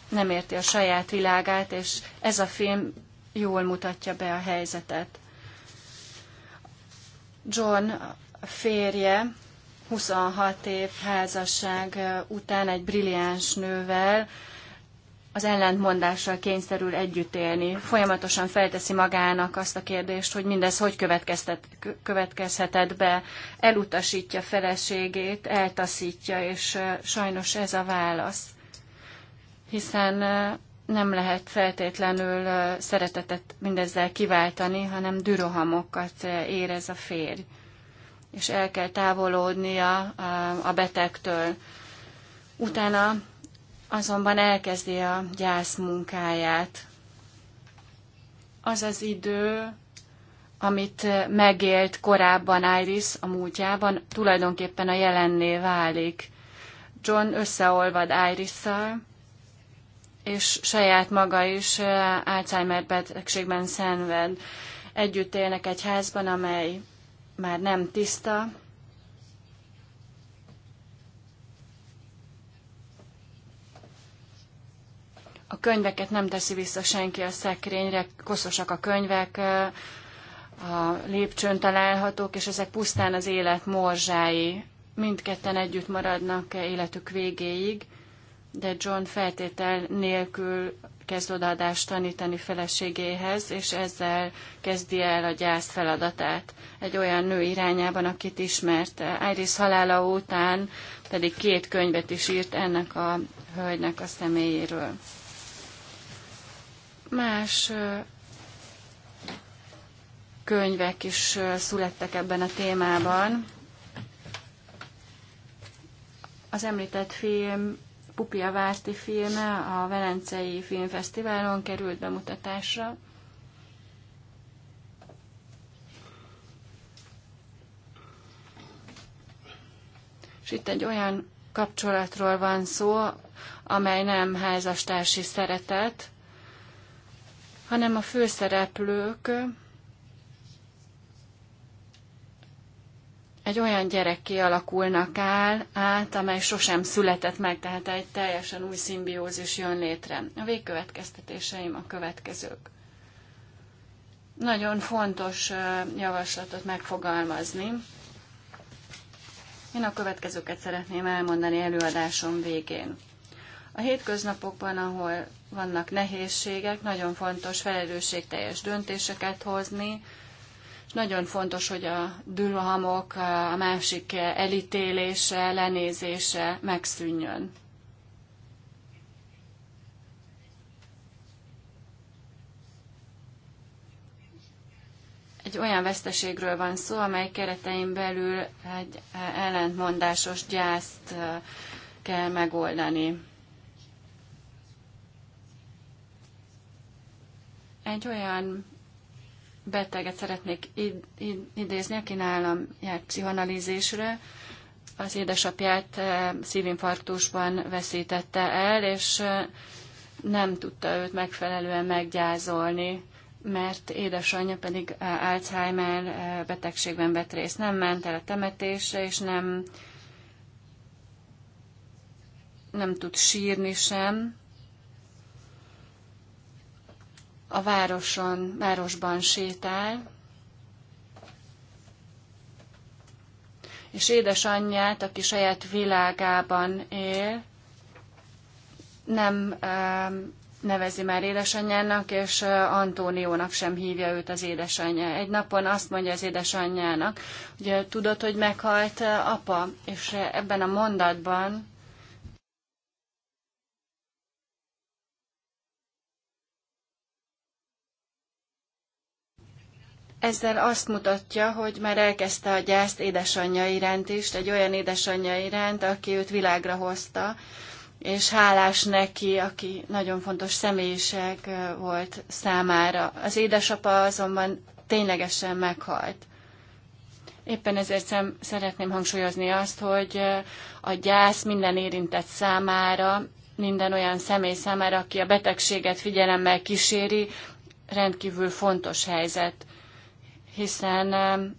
nem érti a saját világát, és ez a film jól mutatja be a helyzetet. John férje 26 év házasság után egy brilliáns nővel az ellentmondással kényszerül együtt élni. Folyamatosan felteszi magának azt a kérdést, hogy mindez hogy következhetett be, elutasítja feleségét, eltaszítja, és sajnos ez a válasz. Hiszen nem lehet feltétlenül szeretetet mindezzel kiváltani, hanem dürohamokat érez a férj és el kell távolodnia a betegtől. Utána azonban elkezdi a gyász munkáját. Az az idő, amit megélt korábban Iris a múltjában, tulajdonképpen a jelenné válik. John összeolvad Iris-szal, és saját maga is eh, Alzheimer betegségben szenved. Együtt élnek egy házban, amely már nem tiszta, a könyveket nem teszi vissza senki a szekrényre, koszosak a könyvek, a lépcsőn találhatók, és ezek pusztán az élet morzsái. Mindketten együtt maradnak életük végéig, de John feltétel nélkül kezd odaadást tanítani feleségéhez, és ezzel kezdi el a gyász feladatát egy olyan nő irányában, akit ismert. Iris halála után pedig két könyvet is írt ennek a hölgynek a személyéről. Más könyvek is születtek ebben a témában. Az említett film Kupia Várti filme a Velencei Filmfesztiválon került bemutatásra. És itt egy olyan kapcsolatról van szó, amely nem házastársi szeretet, hanem a főszereplők egy olyan gyerek kialakulnak áll, át, amely sosem született meg, tehát egy teljesen új szimbiózis jön létre. A végkövetkeztetéseim a következők. Nagyon fontos javaslatot megfogalmazni. Én a következőket szeretném elmondani előadásom végén. A hétköznapokban, ahol vannak nehézségek, nagyon fontos felelősségteljes döntéseket hozni, nagyon fontos, hogy a dülhamok, a másik elítélése, lenézése megszűnjön. egy olyan veszteségről van szó, amely keretein belül egy ellentmondásos gyászt kell megoldani. Egy olyan beteget szeretnék idézni, aki nálam járt pszichoanalízésre. Az édesapját eh, szívinfarktusban veszítette el, és eh, nem tudta őt megfelelően meggyázolni, mert édesanyja pedig eh, Alzheimer betegségben vett részt. Nem ment el a temetésre, és nem, nem tud sírni sem a városon, városban sétál, és édesanyját, aki saját világában él, nem nevezi már édesanyjának, és Antóniónak sem hívja őt az édesanyja. Egy napon azt mondja az édesanyjának, hogy tudod, hogy meghalt apa, és ebben a mondatban Ezzel azt mutatja, hogy már elkezdte a gyászt édesanyja iránt is, egy olyan édesanyja iránt, aki őt világra hozta, és hálás neki, aki nagyon fontos személyiség volt számára. Az édesapa azonban ténylegesen meghalt. Éppen ezért szem, szeretném hangsúlyozni azt, hogy a gyász minden érintett számára, minden olyan személy számára, aki a betegséget figyelemmel kíséri, rendkívül fontos helyzet hiszen um,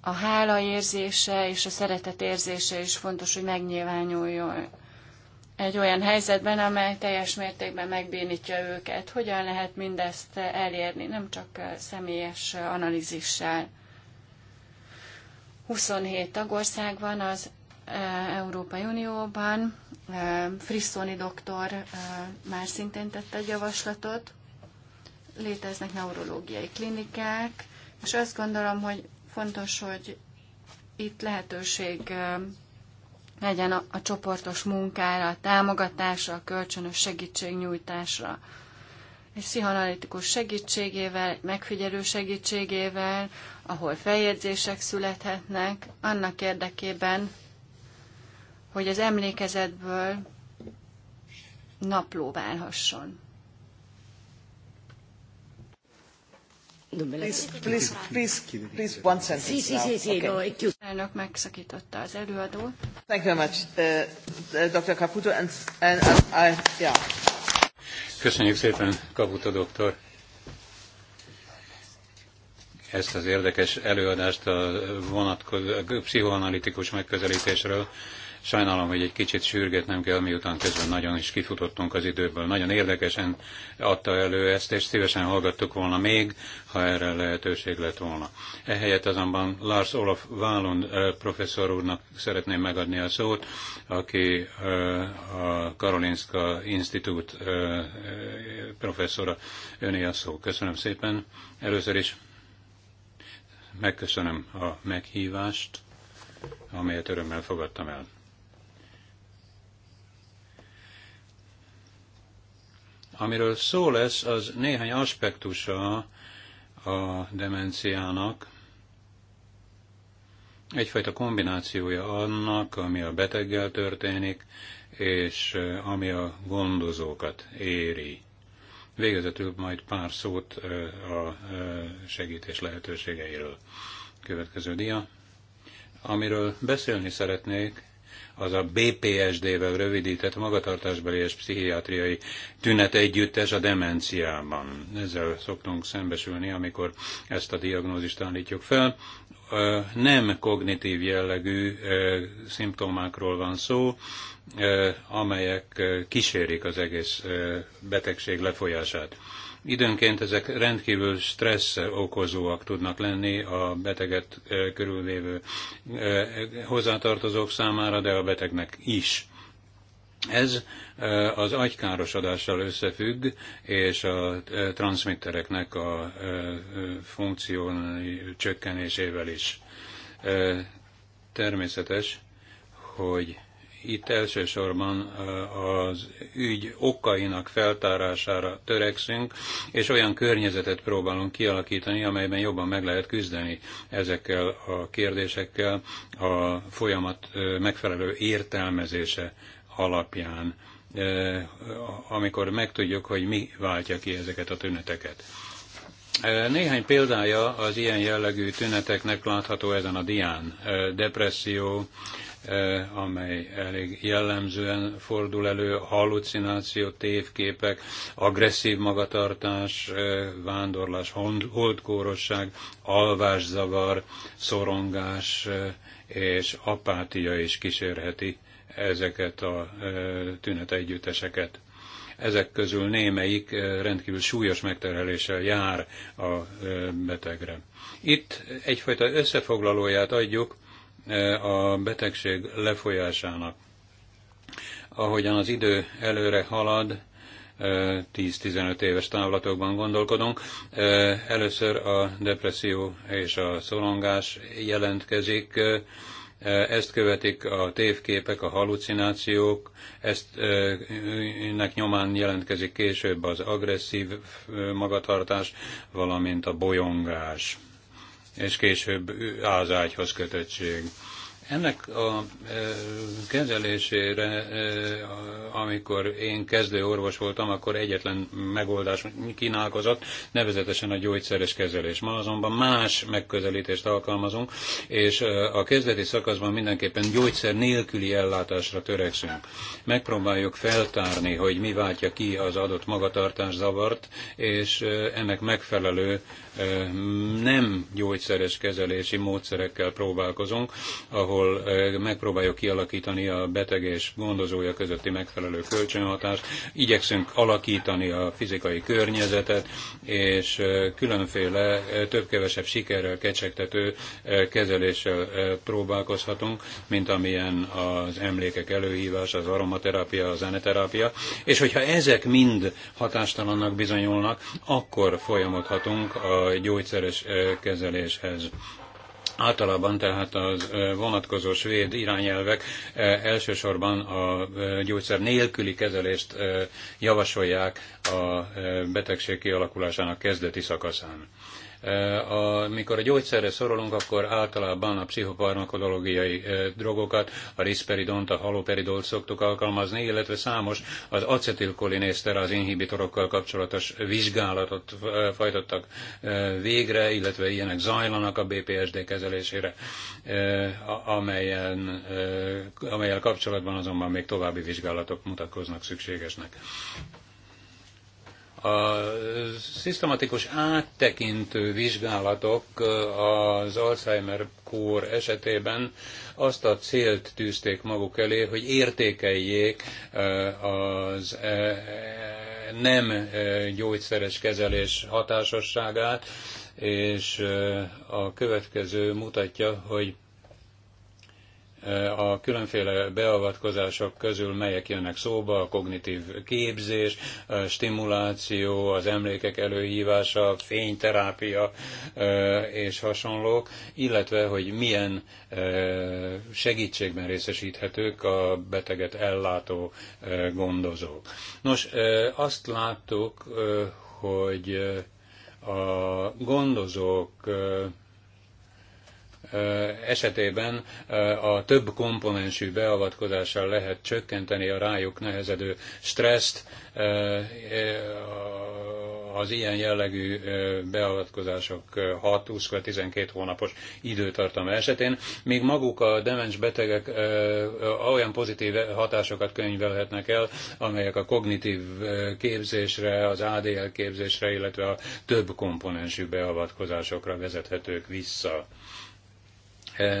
a hála érzése és a szeretet érzése is fontos, hogy megnyilvánuljon egy olyan helyzetben, amely teljes mértékben megbénítja őket. Hogyan lehet mindezt elérni, nem csak uh, személyes uh, analízissel. 27 tagország van az uh, Európai Unióban. Frissoni doktor már szintén tett egy javaslatot léteznek neurológiai klinikák, és azt gondolom, hogy fontos, hogy itt lehetőség legyen a, a csoportos munkára, a támogatásra, a kölcsönös segítségnyújtásra. Egy pszichoanalitikus segítségével, megfigyelő segítségével, ahol feljegyzések születhetnek, annak érdekében, hogy az emlékezetből napló válhasson. Please, please, please, please, one sentence. Sí, sí, sí, sí, okay. megszakította az előadót. Thank you very much, uh, uh Dr. Caputo, and, and, and uh, I, yeah. Köszönjük szépen, Kaputa doktor, ezt az érdekes előadást a vonatkozó a pszichoanalitikus megközelítésről. Sajnálom, hogy egy kicsit sürgetnem kell, miután közben nagyon is kifutottunk az időből. Nagyon érdekesen adta elő ezt, és szívesen hallgattuk volna még, ha erre lehetőség lett volna. Ehelyett azonban Lars Olaf Wallon eh, professzor úrnak szeretném megadni a szót, aki eh, a Karolinska Institút eh, professzora. Öné a szó. Köszönöm szépen. Először is megköszönöm a meghívást, amelyet örömmel fogadtam el. Amiről szó lesz, az néhány aspektusa a demenciának, egyfajta kombinációja annak, ami a beteggel történik, és eh, ami a gondozókat éri. Végezetül majd pár szót eh, a eh, segítés lehetőségeiről. Következő dia. Amiről beszélni szeretnék, az a BPSD-vel rövidített magatartásbeli és pszichiátriai tünet együttes a demenciában. Ezzel szoktunk szembesülni, amikor ezt a diagnózist állítjuk fel. Nem kognitív jellegű szimptomákról van szó, amelyek kísérik az egész betegség lefolyását Időnként ezek rendkívül stressz okozóak tudnak lenni a beteget körülvévő hozzátartozók számára, de a betegnek is. Ez az agykárosodással összefügg, és a transmittereknek a funkciói csökkenésével is. Természetes, hogy itt elsősorban eh, az ügy okainak feltárására törekszünk, és olyan környezetet próbálunk kialakítani, amelyben jobban meg lehet küzdeni ezekkel a kérdésekkel a folyamat eh, megfelelő értelmezése alapján, eh, amikor megtudjuk, hogy mi váltja ki ezeket a tüneteket. Néhány példája az ilyen jellegű tüneteknek látható ezen a dián. Depresszió, amely elég jellemzően fordul elő, hallucináció, tévképek, agresszív magatartás, vándorlás, holdkórosság, alvászavar, szorongás és apátia is kísérheti ezeket a tünetegyütteseket. Ezek közül némelyik rendkívül súlyos megterheléssel jár a betegre. Itt egyfajta összefoglalóját adjuk E, a betegség lefolyásának. Ahogyan az idő előre halad, 10-15 e, éves távlatokban gondolkodunk. E, először a depresszió és a szorongás jelentkezik, ezt követik a tévképek, a halucinációk, ezt ennek nyomán jelentkezik később az agresszív magatartás, valamint a bolyongás és később az ágyhoz kötöttség. Ennek a e, kezelésére, e, amikor én kezdő orvos voltam, akkor egyetlen megoldás kínálkozott, nevezetesen a gyógyszeres kezelés. Ma azonban más megközelítést alkalmazunk, és e, a kezdeti szakaszban mindenképpen gyógyszer nélküli ellátásra törekszünk. Megpróbáljuk feltárni, hogy mi váltja ki az adott magatartás zavart, és ennek megfelelő nem gyógyszeres kezelési módszerekkel próbálkozunk, ahol ahol megpróbáljuk kialakítani a beteg és gondozója közötti megfelelő kölcsönhatást, igyekszünk alakítani a fizikai környezetet, és különféle több-kevesebb sikerrel kecsegtető kezeléssel próbálkozhatunk, mint amilyen az emlékek előhívás, az aromaterápia, a zeneterápia, és hogyha ezek mind hatástalannak bizonyulnak, akkor folyamodhatunk a gyógyszeres kezeléshez. Általában tehát az vonatkozó svéd irányelvek elsősorban a gyógyszer nélküli kezelést javasolják a betegség kialakulásának kezdeti szakaszán. Eh, Amikor a gyógyszerre szorolunk, akkor általában a pszichofarmakológiai eh, drogokat, a risperidont, a haloperidolt szoktuk alkalmazni, illetve számos az acetilkolinészter az inhibitorokkal kapcsolatos vizsgálatot eh, fajtottak végre, illetve ilyenek zajlanak a BPSD kezelésére, amelyen, amelyel kapcsolatban azonban még további vizsgálatok mutatkoznak szükségesnek. A szisztematikus áttekintő vizsgálatok az Alzheimer kór esetében azt a célt tűzték maguk elé, hogy értékeljék az e, e, nem e, gyógyszeres kezelés hatásosságát, és a következő mutatja, hogy a különféle beavatkozások közül melyek jönnek szóba, a kognitív képzés, a stimuláció, az emlékek előhívása, fényterápia és hasonlók, illetve hogy milyen segítségben részesíthetők a beteget ellátó gondozók. Nos, azt láttuk, hogy a gondozók esetében a több komponensű beavatkozással lehet csökkenteni a rájuk nehezedő stresszt, az ilyen jellegű beavatkozások 6-20-12 hónapos időtartama esetén, míg maguk a demens betegek olyan pozitív hatásokat könyvelhetnek el, amelyek a kognitív képzésre, az ADL képzésre, illetve a több komponensű beavatkozásokra vezethetők vissza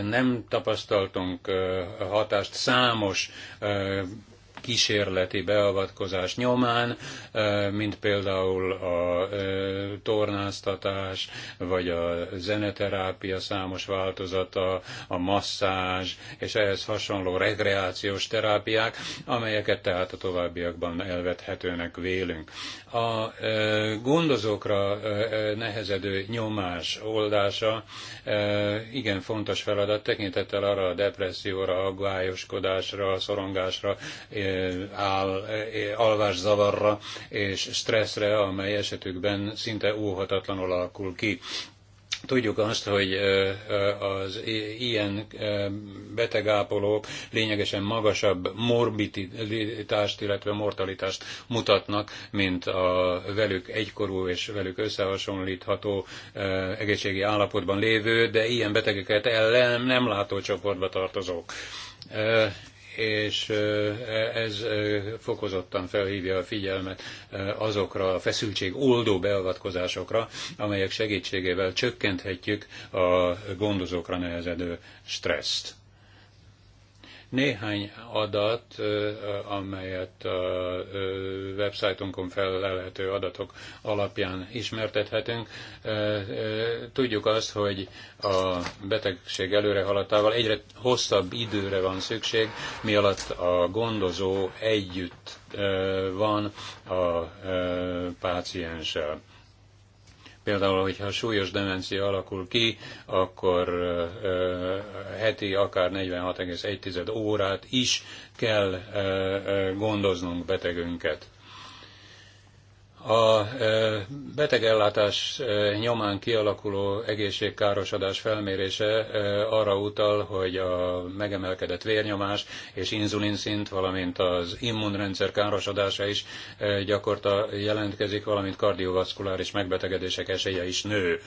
nem tapasztaltunk hatást számos kísérleti beavatkozás nyomán, mint például a tornáztatás, vagy a zeneterápia számos változata, a masszázs, és ehhez hasonló rekreációs terápiák, amelyeket tehát a továbbiakban elvethetőnek vélünk. A gondozókra nehezedő nyomás oldása igen fontos feladat, tekintettel arra a depresszióra, aggályoskodásra, szorongásra, áll e, e, alvászavarra és stresszre, amely esetükben szinte óhatatlanul alakul ki. Tudjuk azt, hogy e, az ilyen betegápolók lényegesen magasabb morbiditást, illetve mortalitást mutatnak, mint a velük egykorú és velük összehasonlítható egészségi állapotban lévő, de ilyen betegeket ellen nem látó csoportba tartozók és e, ez fokozottan felhívja a figyelmet azokra a feszültség oldó beavatkozásokra, amelyek segítségével csökkenthetjük a gondozókra nehezedő stresszt. Néhány adat, amelyet a websájtunkon felelhető adatok alapján ismertethetünk. Tudjuk azt, hogy a betegség előrehaladtával egyre hosszabb időre van szükség, mi alatt a gondozó együtt van a pácienssel Például, hogyha súlyos demencia alakul ki, akkor heti akár 46,1 órát is kell gondoznunk betegünket a e, betegellátás e, nyomán kialakuló egészségkárosodás felmérése e, arra utal, hogy a megemelkedett vérnyomás és inzulinszint, valamint az immunrendszer károsodása is gyakorta jelentkezik, valamint kardiovaszkuláris megbetegedések esélye is nő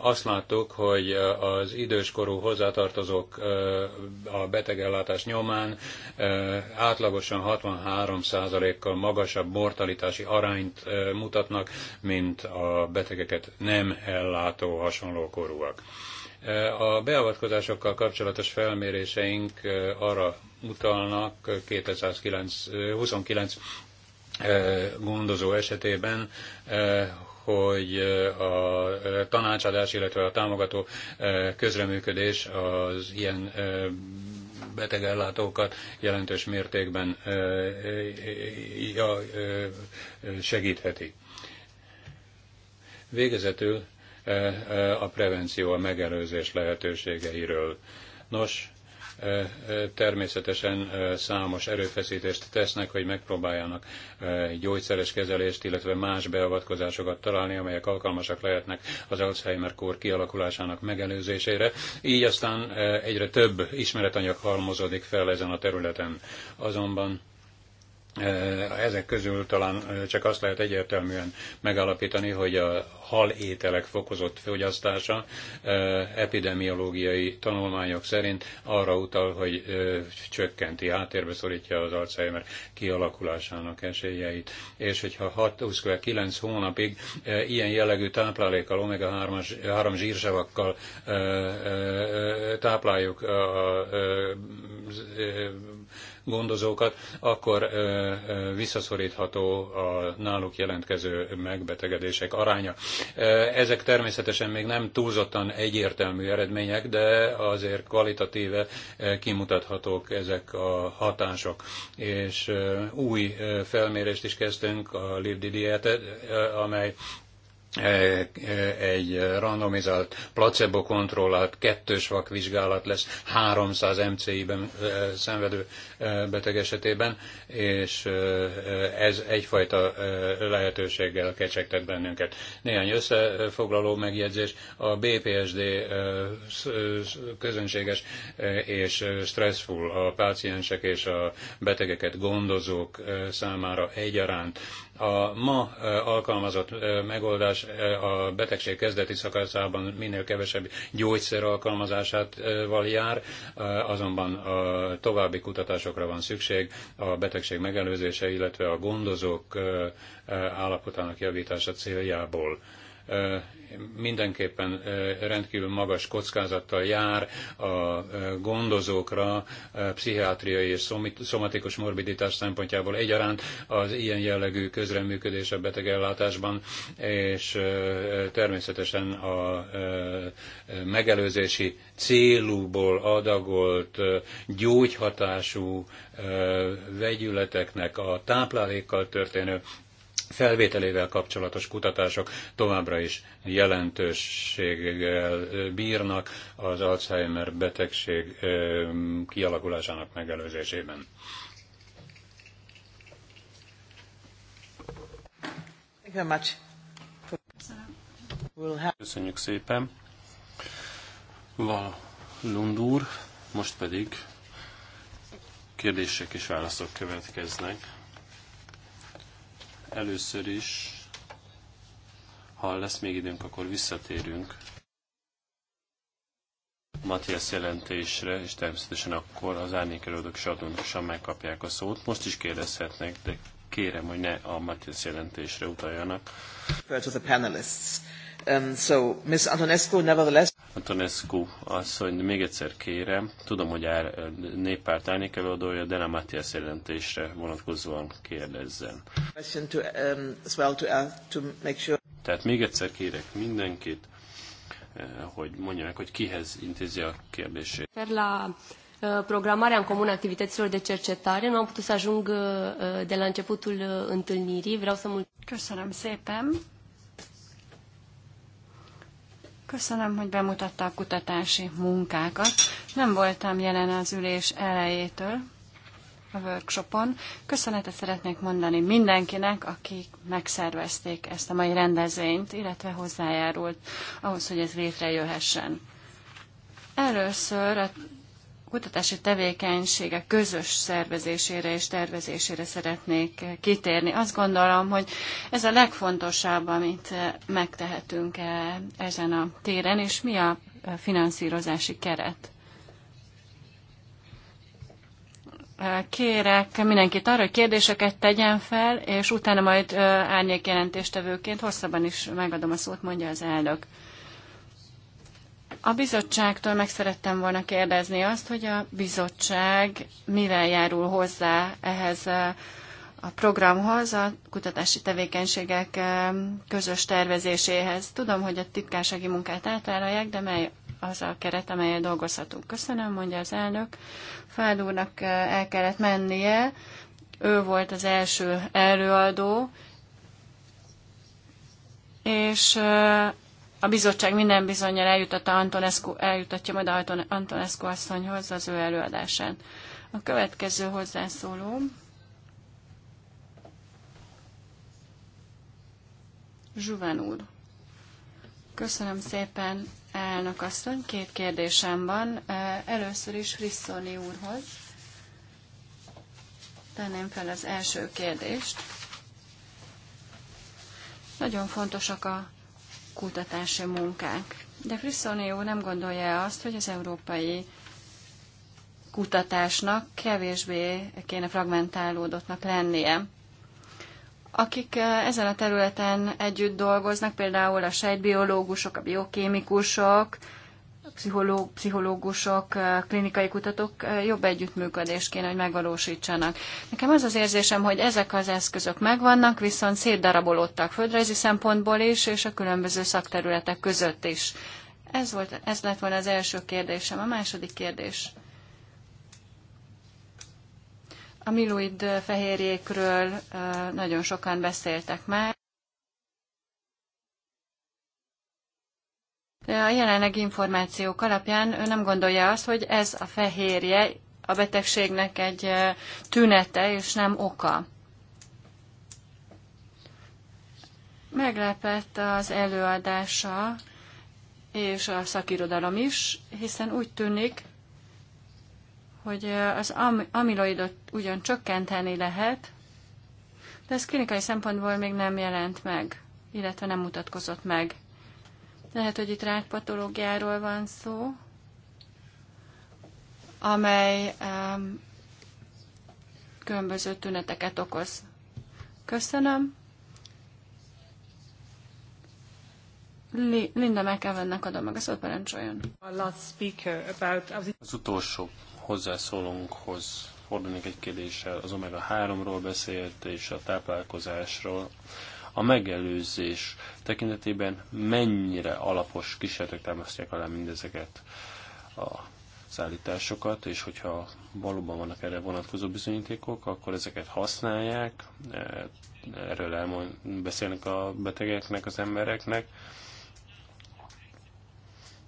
azt láttuk, hogy az időskorú hozzátartozók a betegellátás nyomán átlagosan 63%-kal magasabb mortalitási arányt mutatnak, mint a betegeket nem ellátó hasonló korúak. A beavatkozásokkal kapcsolatos felméréseink arra utalnak 229 gondozó esetében, hogy a tanácsadás, illetve a támogató közreműködés az ilyen betegellátókat jelentős mértékben segítheti. Végezetül a prevenció, a megelőzés lehetőségeiről. Nos, természetesen számos erőfeszítést tesznek, hogy megpróbáljanak gyógyszeres kezelést, illetve más beavatkozásokat találni, amelyek alkalmasak lehetnek az Alzheimer kór kialakulásának megelőzésére. Így aztán egyre több ismeretanyag halmozódik fel ezen a területen. Azonban Eh, ezek közül talán eh, csak azt lehet egyértelműen megállapítani, hogy a halételek fokozott fogyasztása eh, epidemiológiai tanulmányok szerint arra utal, hogy csökkenti, háttérbe szorítja az Alzheimer kialakulásának esélyeit. És hogyha 6-29 hónapig ilyen jellegű táplálékkal, omega-3 zsírsavakkal tápláljuk a gondozókat, akkor visszaszorítható a náluk jelentkező megbetegedések aránya. Ezek természetesen még nem túlzottan egyértelmű eredmények, de azért kvalitatíve kimutathatók ezek a hatások. És új felmérést is kezdtünk, a Live amely E, e, egy randomizált placebo kontrollált kettős vakvizsgálat lesz 300 MCI-ben e, szenvedő beteg esetében, és ez egyfajta lehetőséggel kecsegtet bennünket. Néhány összefoglaló megjegyzés, a BPSD közönséges és stressful a páciensek és a betegeket gondozók számára egyaránt a ma alkalmazott megoldás a betegség kezdeti szakaszában minél kevesebb gyógyszer alkalmazásával jár, azonban a további kutatásokra van szükség a betegség megelőzése, illetve a gondozók állapotának javítása céljából mindenképpen rendkívül magas kockázattal jár a gondozókra pszichiátriai és szomatikus morbiditás szempontjából egyaránt az ilyen jellegű közreműködés a betegellátásban, és természetesen a megelőzési célúból adagolt gyógyhatású vegyületeknek a táplálékkal történő felvételével kapcsolatos kutatások továbbra is jelentőséggel bírnak az Alzheimer betegség kialakulásának megelőzésében. Köszönjük szépen. Val Lundúr, most pedig kérdések és válaszok következnek. Először is, ha lesz még időnk, akkor visszatérünk Matthias jelentésre, és természetesen akkor az árnyékelődök is automatikusan megkapják a szót. Most is kérdezhetnek, de kérem, hogy ne a Matthias jelentésre utaljanak. To the panelists. Um, so, Ms. Antonescu, nevertheless... Antonescu asszony, még egyszer kérem, tudom, hogy ár, néppárt árnyék előadója, de nem Matthias jelentésre vonatkozóan kérdezzen. Tehát még egyszer kérek mindenkit, eh, hogy meg, hogy kihez intézi a kérdését. Perla, eh, programarea în comun activităților de cercetare. Nu am putut să ajung eh, de la începutul întâlnirii. Vreau să mulțumesc. Köszönöm szépen. Köszönöm, hogy bemutatta a kutatási munkákat. Nem voltam jelen az ülés elejétől a workshopon. Köszönetet szeretnék mondani mindenkinek, akik megszervezték ezt a mai rendezvényt, illetve hozzájárult ahhoz, hogy ez létrejöhessen. Először a kutatási tevékenysége közös szervezésére és tervezésére szeretnék kitérni. Azt gondolom, hogy ez a legfontosabb, amit megtehetünk e, ezen a téren, és mi a finanszírozási keret. E, kérek mindenkit arra, hogy kérdéseket tegyen fel, és utána majd e, jelentéstevőként hosszabban is megadom a szót, mondja az elnök. A bizottságtól meg szerettem volna kérdezni azt, hogy a bizottság mivel járul hozzá ehhez a programhoz, a kutatási tevékenységek közös tervezéséhez. Tudom, hogy a titkársági munkát átvállalják, de mely az a keret, amelyet dolgozhatunk. Köszönöm, mondja az elnök. Fád úrnak el kellett mennie. Ő volt az első előadó, és a bizottság minden bizonyal eljutatja, Antonescu, eljutatja majd Antonescu asszonyhoz az ő előadását. A következő hozzászóló. Zsuván úr. Köszönöm szépen, elnök asszony. Két kérdésem van. Először is Frisszoni úrhoz. Tenném fel az első kérdést. Nagyon fontosak a kutatási munkák. De Frissoni úr nem gondolja azt, hogy az európai kutatásnak kevésbé kéne fragmentálódottnak lennie. Akik eh, ezen a területen együtt dolgoznak, például a sejtbiológusok, a biokémikusok, pszichológ, pszichológusok, eh, klinikai kutatók eh, jobb együttműködést kéne, hogy megvalósítsanak. Nekem az az érzésem, hogy ezek az eszközök megvannak, viszont szétdarabolódtak földrajzi szempontból is, és a különböző szakterületek között is. Ez, volt, ez lett volna az első kérdésem. A második kérdés. A miloid fehérjékről eh, nagyon sokan beszéltek már. De a jelenleg információk alapján ő nem gondolja azt, hogy ez a fehérje a betegségnek egy tünete és nem oka. Meglepett az előadása és a szakirodalom is, hiszen úgy tűnik, hogy az amiloidot ugyan csökkenteni lehet, de ez klinikai szempontból még nem jelent meg, illetve nem mutatkozott meg. Lehet, hogy itt rákpatológiáról van szó, amely um, különböző tüneteket okoz. Köszönöm. Linda McEvennek adom meg a szót, parancsoljon. Az utolsó hozzászólónkhoz fordulnék egy kérdéssel. Az Omega 3-ról beszélt és a táplálkozásról a megelőzés tekintetében mennyire alapos kísérletek támasztják alá mindezeket a szállításokat, és hogyha valóban vannak erre vonatkozó bizonyítékok, akkor ezeket használják, e, erről elmond, beszélnek a betegeknek, az embereknek,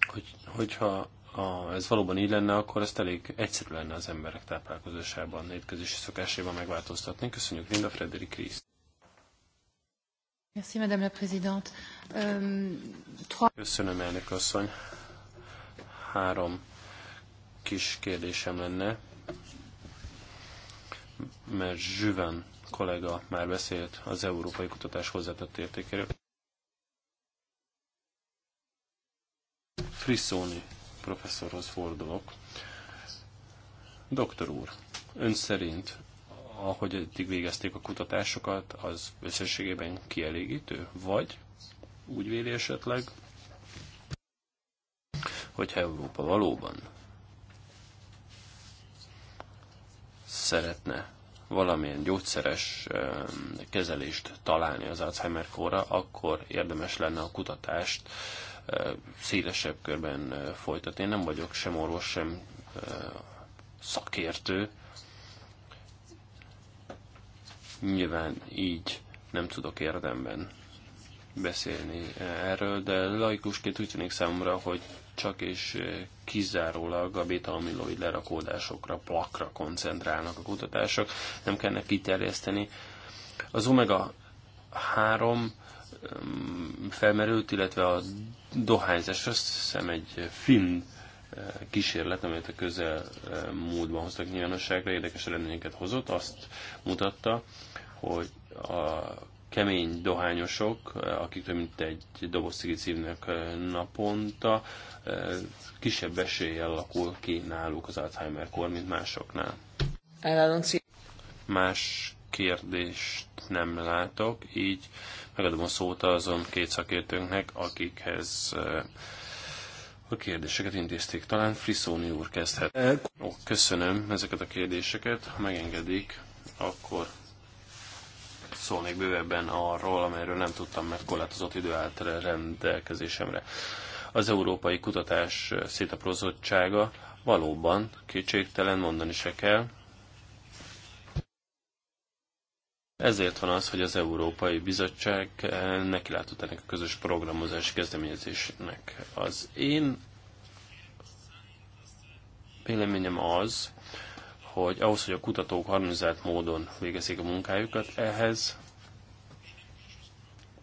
hogy, hogyha a, ez valóban így lenne, akkor ezt elég egyszerű lenne az emberek táplálkozásában, étkezési szokásában megváltoztatni. Köszönjük Linda Frederik Kriszt! Merci, Madame la Présidente. Euh, Köszönöm, elnök asszony. Három kis kérdésem lenne, mert Zsüven kollega már beszélt az európai kutatás hozzátett értékéről. Frissoni professzorhoz fordulok. Doktor úr, ön szerint ahogy eddig végezték a kutatásokat, az összességében kielégítő? Vagy úgy véli esetleg, hogyha Európa valóban szeretne valamilyen gyógyszeres kezelést találni az Alzheimer kóra, akkor érdemes lenne a kutatást szélesebb körben folytatni. Én nem vagyok sem orvos, sem szakértő, Nyilván így nem tudok érdemben beszélni erről, de laikusként úgy tűnik számomra, hogy csak és kizárólag a beta-amiloid lerakódásokra, plakra koncentrálnak a kutatások, nem kellene kiterjeszteni. Az omega 3 mm, felmerült, illetve a dohányzás, azt hiszem egy finn e, kísérlet, amelyet a közel múltban hoztak nyilvánosságra, érdekes eredményeket hozott, azt mutatta, hogy a kemény dohányosok, akik több mint egy doboz cigit szívnak naponta, kisebb eséllyel alakul ki náluk az Alzheimer-kor, mint másoknál. Más kérdést nem látok, így megadom a szót azon két szakértőnknek, akikhez a kérdéseket intézték. Talán Friszóni úr kezdhet. Ó, köszönöm ezeket a kérdéseket, ha megengedik, akkor szólnék bővebben arról, amelyről nem tudtam, mert korlátozott idő állt rendelkezésemre. Az Európai Kutatás szétaprózottsága valóban kétségtelen mondani se kell. Ezért van az, hogy az Európai Bizottság eh, nekilátott ennek a közös programozási kezdeményezésnek. Az én véleményem az, hogy ahhoz, hogy a kutatók harmonizált módon végezzék a munkájukat, ehhez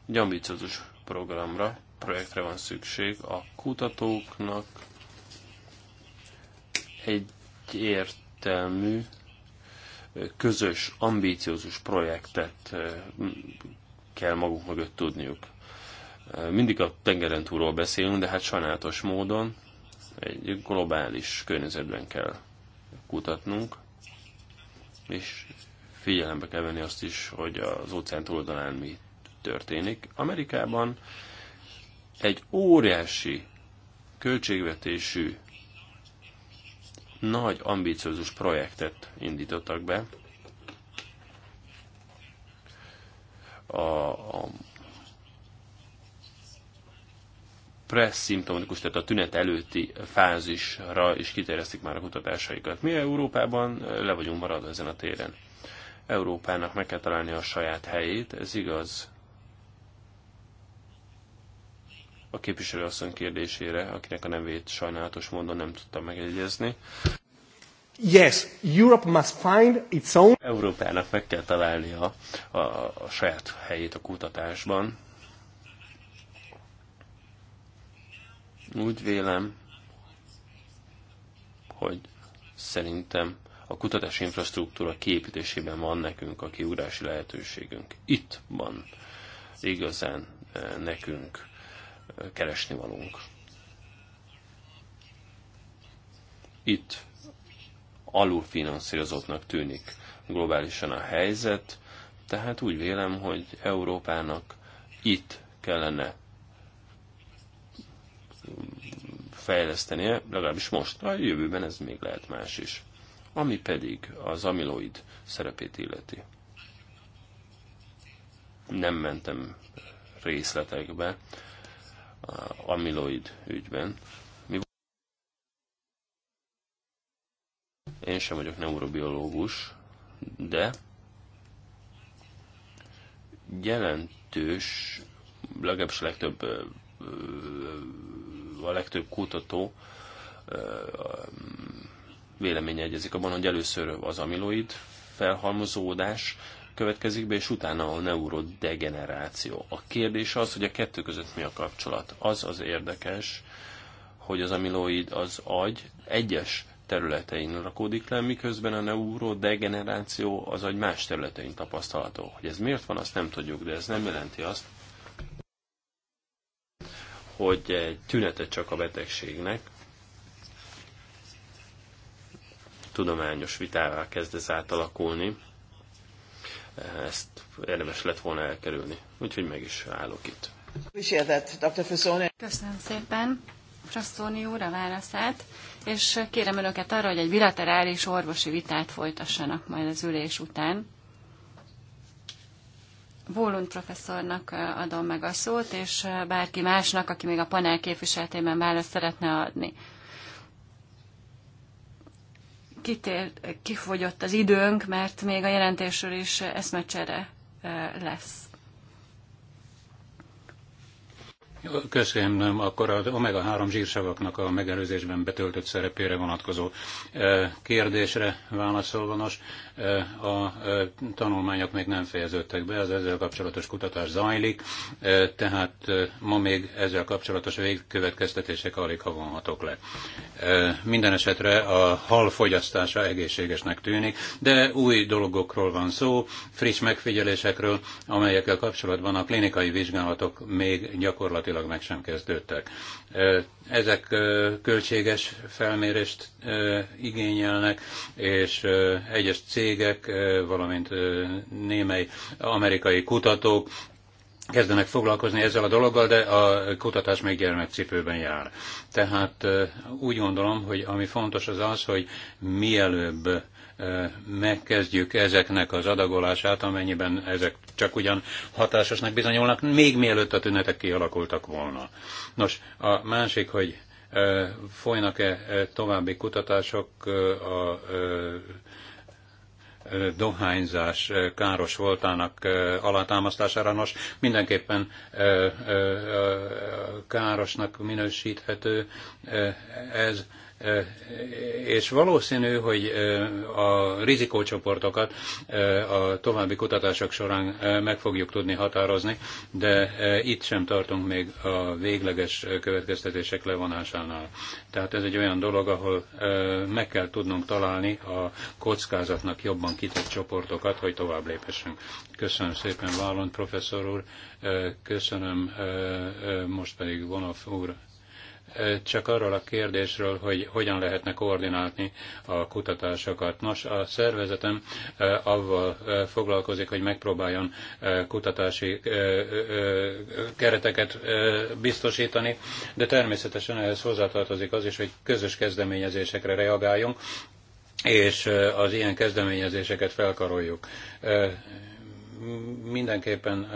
egy ambiciózus programra, projektre van szükség. A kutatóknak egy értelmű, közös, ambíciózus projektet kell maguk mögött tudniuk. Mindig a tengeren túlról beszélünk, de hát sajnálatos módon egy globális környezetben kell kutatnunk és figyelembe kell venni azt is, hogy az óceán túloldalán mi történik. Amerikában egy óriási költségvetésű nagy ambíciózus projektet indítottak be. A, a preszimptomatikus, tehát a tünet előtti fázisra is kiterjesztik már a kutatásaikat. Mi Európában le vagyunk maradva ezen a téren. Európának meg kell találni a saját helyét, ez igaz. A képviselőasszony kérdésére, akinek a nevét sajnálatos módon nem tudtam megegyezni. Yes, Europe must find its own... Európának meg kell találnia a, a, a saját helyét a kutatásban, Úgy vélem, hogy szerintem a kutatási infrastruktúra kiépítésében van nekünk a kiugrási lehetőségünk. Itt van igazán eh, nekünk eh, keresni valunk. Itt alulfinanszírozottnak tűnik globálisan a helyzet, tehát úgy vélem, hogy Európának itt kellene fejlesztenie, legalábbis most, a jövőben ez még lehet más is. Ami pedig az amiloid szerepét illeti. Nem mentem részletekbe a amiloid ügyben. Mi Én sem vagyok neurobiológus, de jelentős, legalábbis legtöbb a legtöbb kutató véleménye egyezik abban, hogy először az amiloid felhalmozódás következik be, és utána a neurodegeneráció. A kérdés az, hogy a kettő között mi a kapcsolat. Az az érdekes, hogy az amiloid az agy egyes területein rakódik le, miközben a neurodegeneráció az agy más területein tapasztalható. Hogy ez miért van, azt nem tudjuk, de ez nem jelenti azt, hogy egy tünete csak a betegségnek, tudományos vitává kezd ez átalakulni. Ezt érdemes lett volna elkerülni. Úgyhogy meg is állok itt. Köszönöm szépen Frasztóni úr a válaszát, és kérem önöket arra, hogy egy bilaterális orvosi vitát folytassanak majd az ülés után. Bólund professzornak adom meg a szót, és bárki másnak, aki még a panel képviseletében választ szeretne adni. Kitér, kifogyott az időnk, mert még a jelentésről is eszmecsere lesz. Köszönöm. Akkor az omega-3 zsírsavaknak a megelőzésben betöltött szerepére vonatkozó kérdésre válaszolva nos, a tanulmányok még nem fejeződtek be, az ezzel kapcsolatos kutatás zajlik, e, tehát e, ma még ezzel kapcsolatos végkövetkeztetések alig ha vonhatók le. E, minden esetre a hal fogyasztása egészségesnek tűnik, de új dologokról van szó, friss megfigyelésekről, amelyekkel kapcsolatban a klinikai vizsgálatok még gyakorlatilag meg sem kezdődtek. Ezek költséges felmérést igényelnek, és egyes cégek, valamint némely amerikai kutatók kezdenek foglalkozni ezzel a dologgal, de a kutatás még gyermekcipőben jár. Tehát úgy gondolom, hogy ami fontos az az, hogy mielőbb megkezdjük ezeknek az adagolását, amennyiben ezek csak ugyan hatásosnak bizonyulnak, még mielőtt a tünetek kialakultak volna. Nos, a másik, hogy folynak-e további kutatások a dohányzás káros voltának alátámasztására. Nos, mindenképpen károsnak minősíthető ez és valószínű, hogy a rizikócsoportokat a további kutatások során meg fogjuk tudni határozni, de itt sem tartunk még a végleges következtetések levonásánál. Tehát ez egy olyan dolog, ahol meg kell tudnunk találni a kockázatnak jobban kitett csoportokat, hogy tovább lépessünk. Köszönöm szépen Válon professzor úr, köszönöm most pedig Vonov úr csak arról a kérdésről, hogy hogyan lehetne koordinálni a kutatásokat. Nos, a szervezetem avval foglalkozik, hogy megpróbáljon kutatási kereteket biztosítani, de természetesen ehhez hozzátartozik az is, hogy közös kezdeményezésekre reagáljunk, és az ilyen kezdeményezéseket felkaroljuk mindenképpen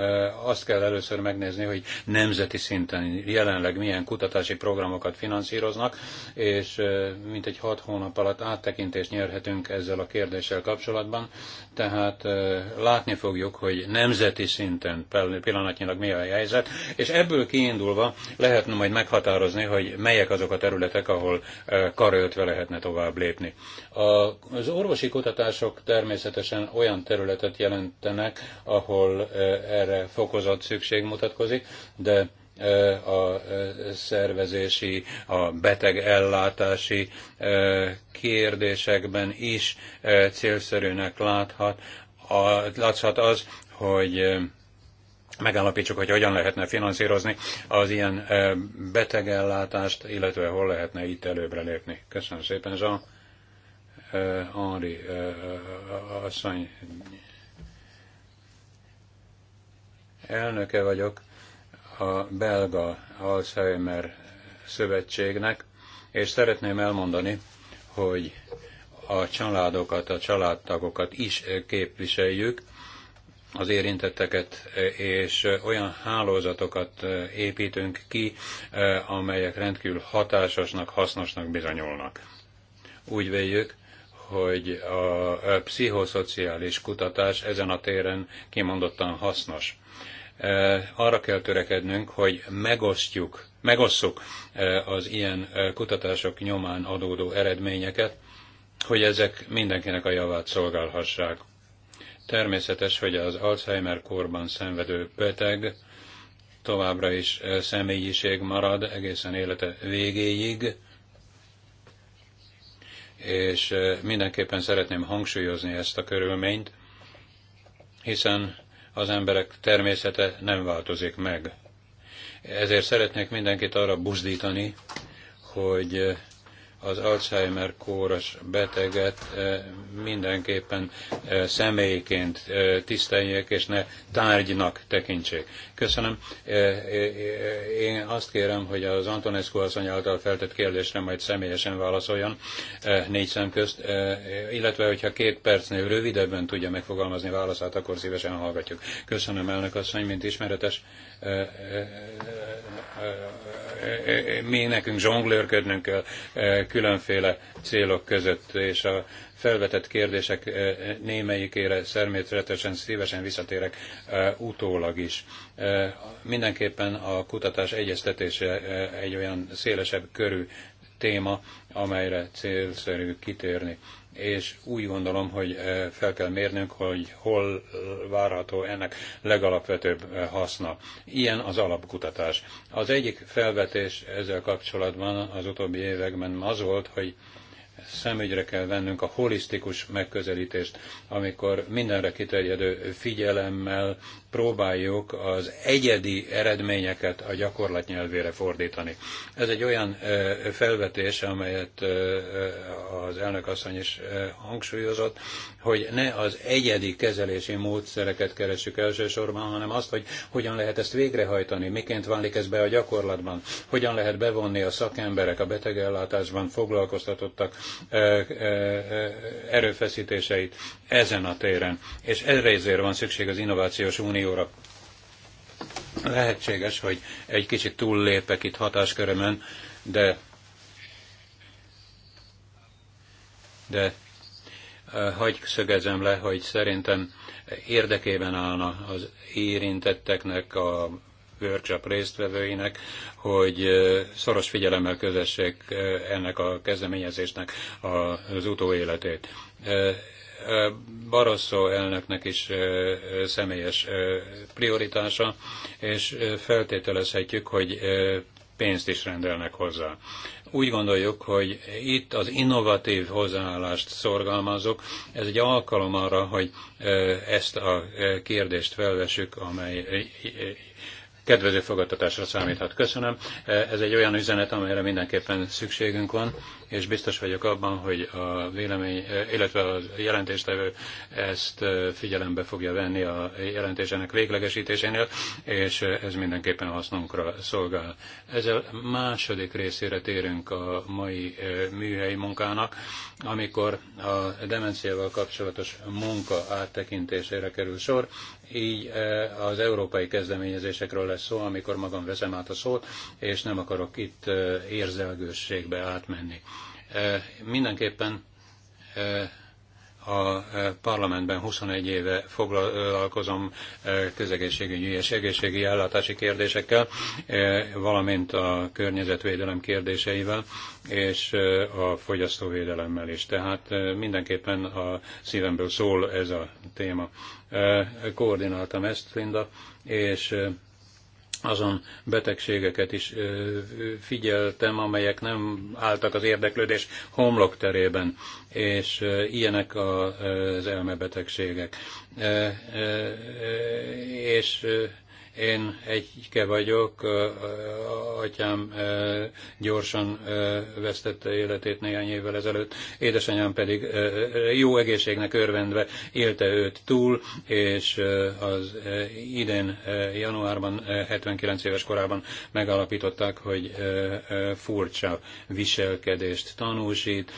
azt kell először megnézni, hogy nemzeti szinten jelenleg milyen kutatási programokat finanszíroznak, és mintegy hat hónap alatt áttekintést nyerhetünk ezzel a kérdéssel kapcsolatban, tehát látni fogjuk, hogy nemzeti szinten pillanatnyilag mi a helyzet, és ebből kiindulva lehetne majd meghatározni, hogy melyek azok a területek, ahol karöltve lehetne tovább lépni. Az orvosi kutatások természetesen olyan területet jelentenek, ahol eh, erre fokozott szükség mutatkozik, de eh, a eh, szervezési, a beteg ellátási kérdésekben is célszerűnek láthat, a, látszhat az, hogy megállapítsuk, hogy hogyan lehetne finanszírozni az ilyen betegellátást, illetve hol lehetne itt előbbre lépni. Köszönöm szépen, Jean. Henri asszony elnöke vagyok a belga Alzheimer szövetségnek, és szeretném elmondani, hogy a családokat, a családtagokat is képviseljük, az érintetteket, és olyan hálózatokat építünk ki, amelyek rendkívül hatásosnak, hasznosnak bizonyulnak. Úgy véljük, hogy a pszichoszociális kutatás ezen a téren kimondottan hasznos arra kell törekednünk, hogy megosztjuk, megosszuk az ilyen kutatások nyomán adódó eredményeket, hogy ezek mindenkinek a javát szolgálhassák. Természetes, hogy az Alzheimer korban szenvedő beteg továbbra is személyiség marad egészen élete végéig, és mindenképpen szeretném hangsúlyozni ezt a körülményt, hiszen az emberek természete nem változik meg. Ezért szeretnék mindenkit arra buzdítani, hogy az Alzheimer kóros beteget eh, mindenképpen eh, személyként eh, tiszteljék, és ne tárgynak tekintsék. Köszönöm. Én azt kérem, hogy az Antonescu asszony által feltett kérdésre majd személyesen válaszoljon négy szem közt, illetve hogyha két percnél rövidebben tudja megfogalmazni válaszát, akkor szívesen hallgatjuk. Köszönöm elnök asszony, mint ismeretes mi nekünk zsonglőrködnünk kell különféle célok között, és a felvetett kérdések eh, némelyikére természetesen szívesen visszatérek eh, utólag is. Eh, mindenképpen a kutatás egyeztetése egy olyan szélesebb körű téma, amelyre célszerű kitérni és úgy gondolom, hogy fel kell mérnünk, hogy hol várható ennek legalapvetőbb haszna. Ilyen az alapkutatás. Az egyik felvetés ezzel kapcsolatban az utóbbi években az volt, hogy szemügyre kell vennünk a holisztikus megközelítést, amikor mindenre kiterjedő figyelemmel próbáljuk az egyedi eredményeket a gyakorlat nyelvére fordítani. Ez egy olyan felvetés, amelyet az elnök asszony is hangsúlyozott, hogy ne az egyedi kezelési módszereket keressük elsősorban, hanem azt, hogy hogyan lehet ezt végrehajtani, miként válik ez be a gyakorlatban, hogyan lehet bevonni a szakemberek, a betegellátásban foglalkoztatottak erőfeszítéseit ezen a téren. És erre ezért van szükség az Innovációs Unió Unióra. Lehetséges, hogy egy kicsit túllépek itt hatáskörömön, de de hagyj szögezem le, hogy szerintem érdekében állna az érintetteknek, a workshop résztvevőinek, hogy szoros figyelemmel kövessék ennek a kezdeményezésnek az utóéletét. Barroso elnöknek is személyes prioritása, és feltételezhetjük, hogy pénzt is rendelnek hozzá. Úgy gondoljuk, hogy itt az innovatív hozzáállást szorgalmazok. Ez egy alkalom arra, hogy ezt a kérdést felvessük, amely kedvező fogadtatásra számíthat. Köszönöm. Ez egy olyan üzenet, amelyre mindenképpen szükségünk van, és biztos vagyok abban, hogy a vélemény, illetve a jelentéstevő ezt figyelembe fogja venni a jelentésének véglegesítésénél, és ez mindenképpen hasznunkra szolgál. Ezzel második részére térünk a mai eh, műhelyi munkának, amikor a demenciával kapcsolatos munka áttekintésére kerül sor, így az európai kezdeményezésekről lesz szó, amikor magam veszem át a szót, és nem akarok itt érzelgősségbe átmenni. Mindenképpen a e, parlamentben 21 éve foglalkozom e, közegészségügyi és egészségi ellátási kérdésekkel, e, valamint a környezetvédelem kérdéseivel és a fogyasztóvédelemmel is. Tehát mindenképpen a szívemből szól ez a téma. Koordináltam ezt, Linda, és azon betegségeket is figyeltem, amelyek nem álltak az érdeklődés homlokterében, és ilyenek az elmebetegségek. És én egyke vagyok, atyám gyorsan vesztette életét néhány évvel ezelőtt, édesanyám pedig jó egészségnek örvendve élte őt túl, és az idén januárban, 79 éves korában megalapították, hogy furcsa viselkedést tanúsít.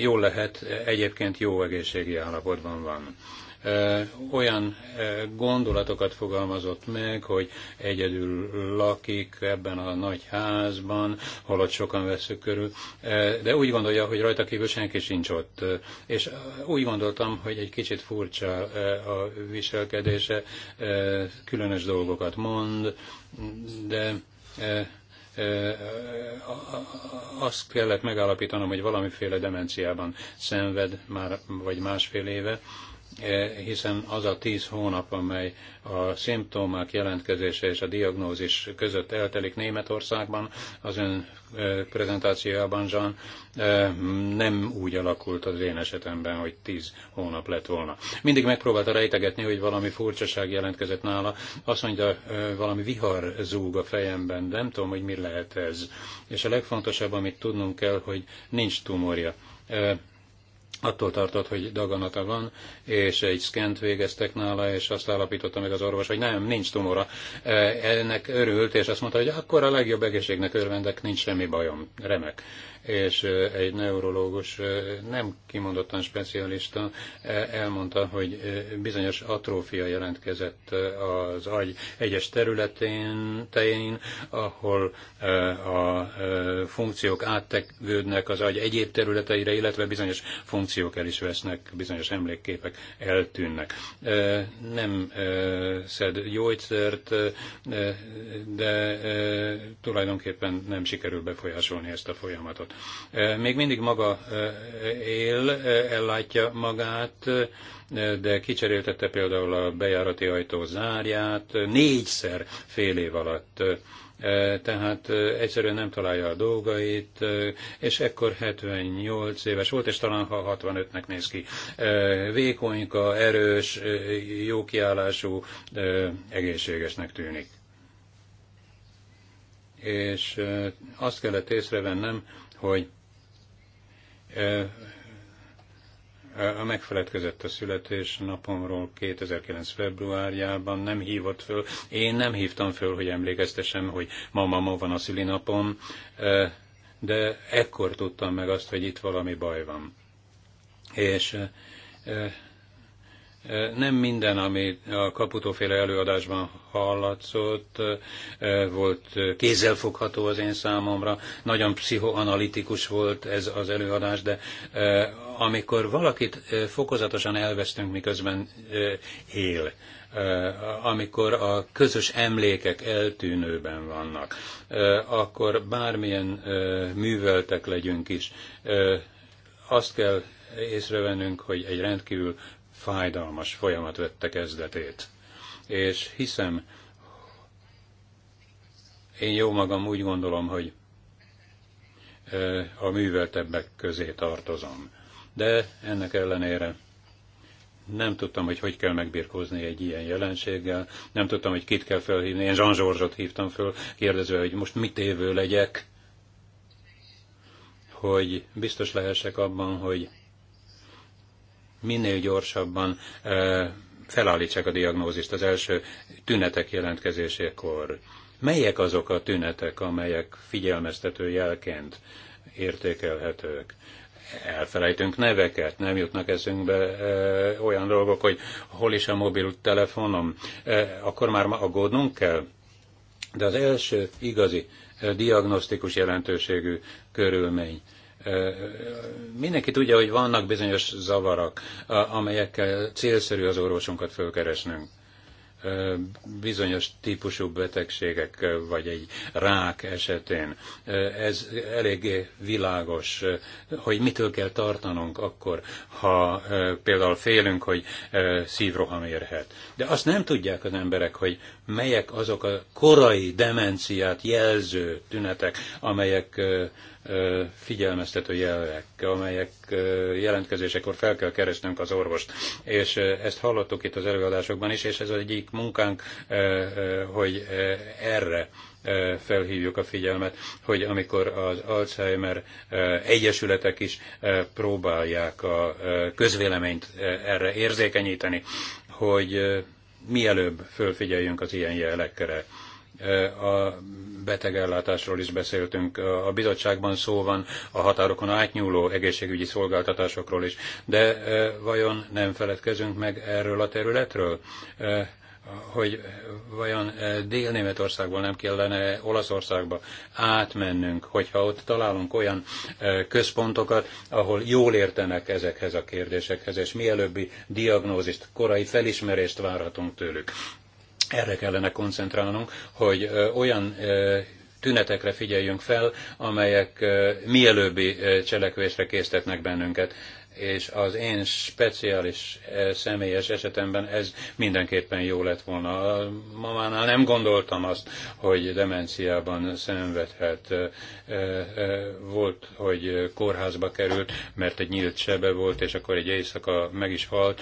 Jól lehet, egyébként jó egészségi állapotban van olyan gondolatokat fogalmazott meg, hogy egyedül lakik ebben a nagy házban, holott sokan veszük körül, de úgy gondolja, hogy rajta kívül senki sincs ott. És úgy gondoltam, hogy egy kicsit furcsa a viselkedése, különös dolgokat mond, de azt kellett megállapítanom, hogy valamiféle demenciában szenved már vagy másfél éve, E, hiszen az a tíz hónap, amely a szimptomák jelentkezése és a diagnózis között eltelik Németországban, az ön e, prezentációjában, Jean, e, nem úgy alakult az én esetemben, hogy tíz hónap lett volna. Mindig megpróbálta rejtegetni, hogy valami furcsaság jelentkezett nála. Azt mondja, valami vihar zúg a fejemben, nem tudom, hogy mi lehet ez. És a legfontosabb, amit tudnunk kell, hogy nincs tumorja attól tartott, hogy daganata van, és egy szkent végeztek nála, és azt állapította meg az orvos, hogy nem, nincs tumora. E, ennek örült, és azt mondta, hogy akkor a legjobb egészségnek örvendek, nincs semmi bajom. Remek és egy neurológus nem kimondottan specialista elmondta, hogy bizonyos atrófia jelentkezett az agy egyes területén, tején, ahol a funkciók áttekvődnek az agy egyéb területeire, illetve bizonyos funkciók el is vesznek, bizonyos emlékképek eltűnnek. Nem szed gyógyszert, de tulajdonképpen nem sikerül befolyásolni ezt a folyamatot. Még mindig maga él, ellátja magát, de kicseréltette például a bejárati ajtó zárját négyszer fél év alatt tehát egyszerűen nem találja a dolgait, és ekkor 78 éves volt, és talán ha 65-nek néz ki. Vékonyka, erős, jó kiállású, egészségesnek tűnik. És azt kellett észrevennem, hogy a megfeledkezett a születésnapomról 2009. februárjában, nem hívott föl. Én nem hívtam föl, hogy emlékeztessem, hogy ma, ma, ma van a szülinapom, de ekkor tudtam meg azt, hogy itt valami baj van. És nem minden, ami a kaputóféle előadásban hallatszott, volt kézzelfogható az én számomra. Nagyon pszichoanalitikus volt ez az előadás, de amikor valakit fokozatosan elvesztünk, miközben él, amikor a közös emlékek eltűnőben vannak, akkor bármilyen műveltek legyünk is, azt kell észrevennünk, hogy egy rendkívül fájdalmas folyamat vette kezdetét. És hiszem, én jó magam úgy gondolom, hogy a műveltebbek közé tartozom. De ennek ellenére nem tudtam, hogy hogy kell megbirkózni egy ilyen jelenséggel, nem tudtam, hogy kit kell felhívni. Én Jean Zsorzsot hívtam föl, kérdezve, hogy most mit évő legyek, hogy biztos lehessek abban, hogy minél gyorsabban felállítsák a diagnózist az első tünetek jelentkezésekor. Melyek azok a tünetek, amelyek figyelmeztető jelként értékelhetők? Elfelejtünk neveket, nem jutnak eszünkbe ö, olyan dolgok, hogy hol is a mobiltelefonom, ö, akkor már aggódnunk kell. De az első igazi diagnosztikus jelentőségű körülmény Mindenki tudja, hogy vannak bizonyos zavarok, amelyekkel célszerű az orvosunkat fölkeresnünk bizonyos típusú betegségek, vagy egy rák esetén. Ez eléggé világos, hogy mitől kell tartanunk akkor, ha például félünk, hogy szívroham érhet. De azt nem tudják az emberek, hogy melyek azok a korai demenciát jelző tünetek, amelyek figyelmeztető jelek, amelyek jelentkezésekor fel kell keresnünk az orvost. És ezt hallottuk itt az előadásokban is, és ez az egyik munkánk, hogy erre felhívjuk a figyelmet, hogy amikor az Alzheimer egyesületek is próbálják a közvéleményt erre érzékenyíteni, hogy mielőbb fölfigyeljünk az ilyen jelekre a betegellátásról is beszéltünk. A bizottságban szó van a határokon átnyúló egészségügyi szolgáltatásokról is, de e, vajon nem feledkezünk meg erről a területről? E, hogy vajon e, Dél-Németországból nem kellene Olaszországba átmennünk, hogyha ott találunk olyan központokat, ahol jól értenek ezekhez a kérdésekhez, és mielőbbi diagnózist, korai felismerést várhatunk tőlük. Erre kellene koncentrálnunk, hogy olyan tünetekre figyeljünk fel, amelyek mielőbbi cselekvésre késztetnek bennünket és az én speciális eh, személyes esetemben ez mindenképpen jó lett volna. A mamánál nem gondoltam azt, hogy demenciában szenvedhet. Eh, eh, volt, hogy kórházba került, mert egy nyílt sebe volt, és akkor egy éjszaka meg is halt,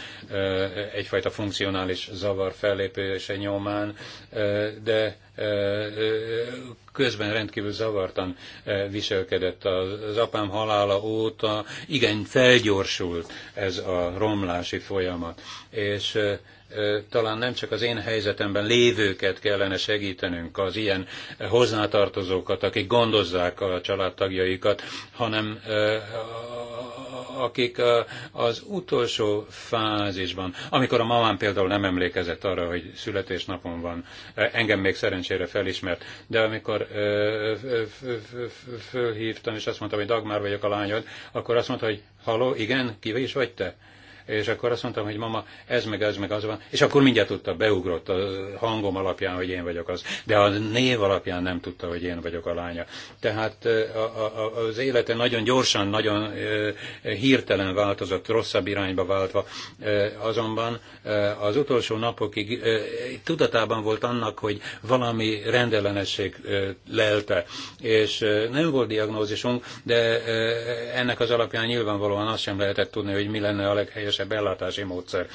egyfajta funkcionális zavar fellépése nyomán, de közben rendkívül zavartan viselkedett. Az apám halála óta igen felgyorsult ez a romlási folyamat, és talán nem csak az én helyzetemben lévőket kellene segítenünk, az ilyen hozzátartozókat, akik gondozzák a családtagjaikat, hanem akik az utolsó fázisban, amikor a mamám például nem emlékezett arra, hogy születésnapom van, engem még szerencsére felismert, de amikor fölhívtam, és azt mondtam, hogy Dagmár vagyok a lányod, akkor azt mondta, hogy haló, igen, kivé is vagy te? és akkor azt mondtam, hogy mama, ez meg ez meg az van, és akkor mindjárt tudta, beugrott a hangom alapján, hogy én vagyok az, de a név alapján nem tudta, hogy én vagyok a lánya. Tehát a, a, az élete nagyon gyorsan, nagyon hirtelen változott, rosszabb irányba váltva, azonban az utolsó napokig tudatában volt annak, hogy valami rendellenesség lelte, és nem volt diagnózisunk, de ennek az alapján nyilvánvalóan azt sem lehetett tudni, hogy mi lenne a leghelyesebb legszélesebb ellátási módszer.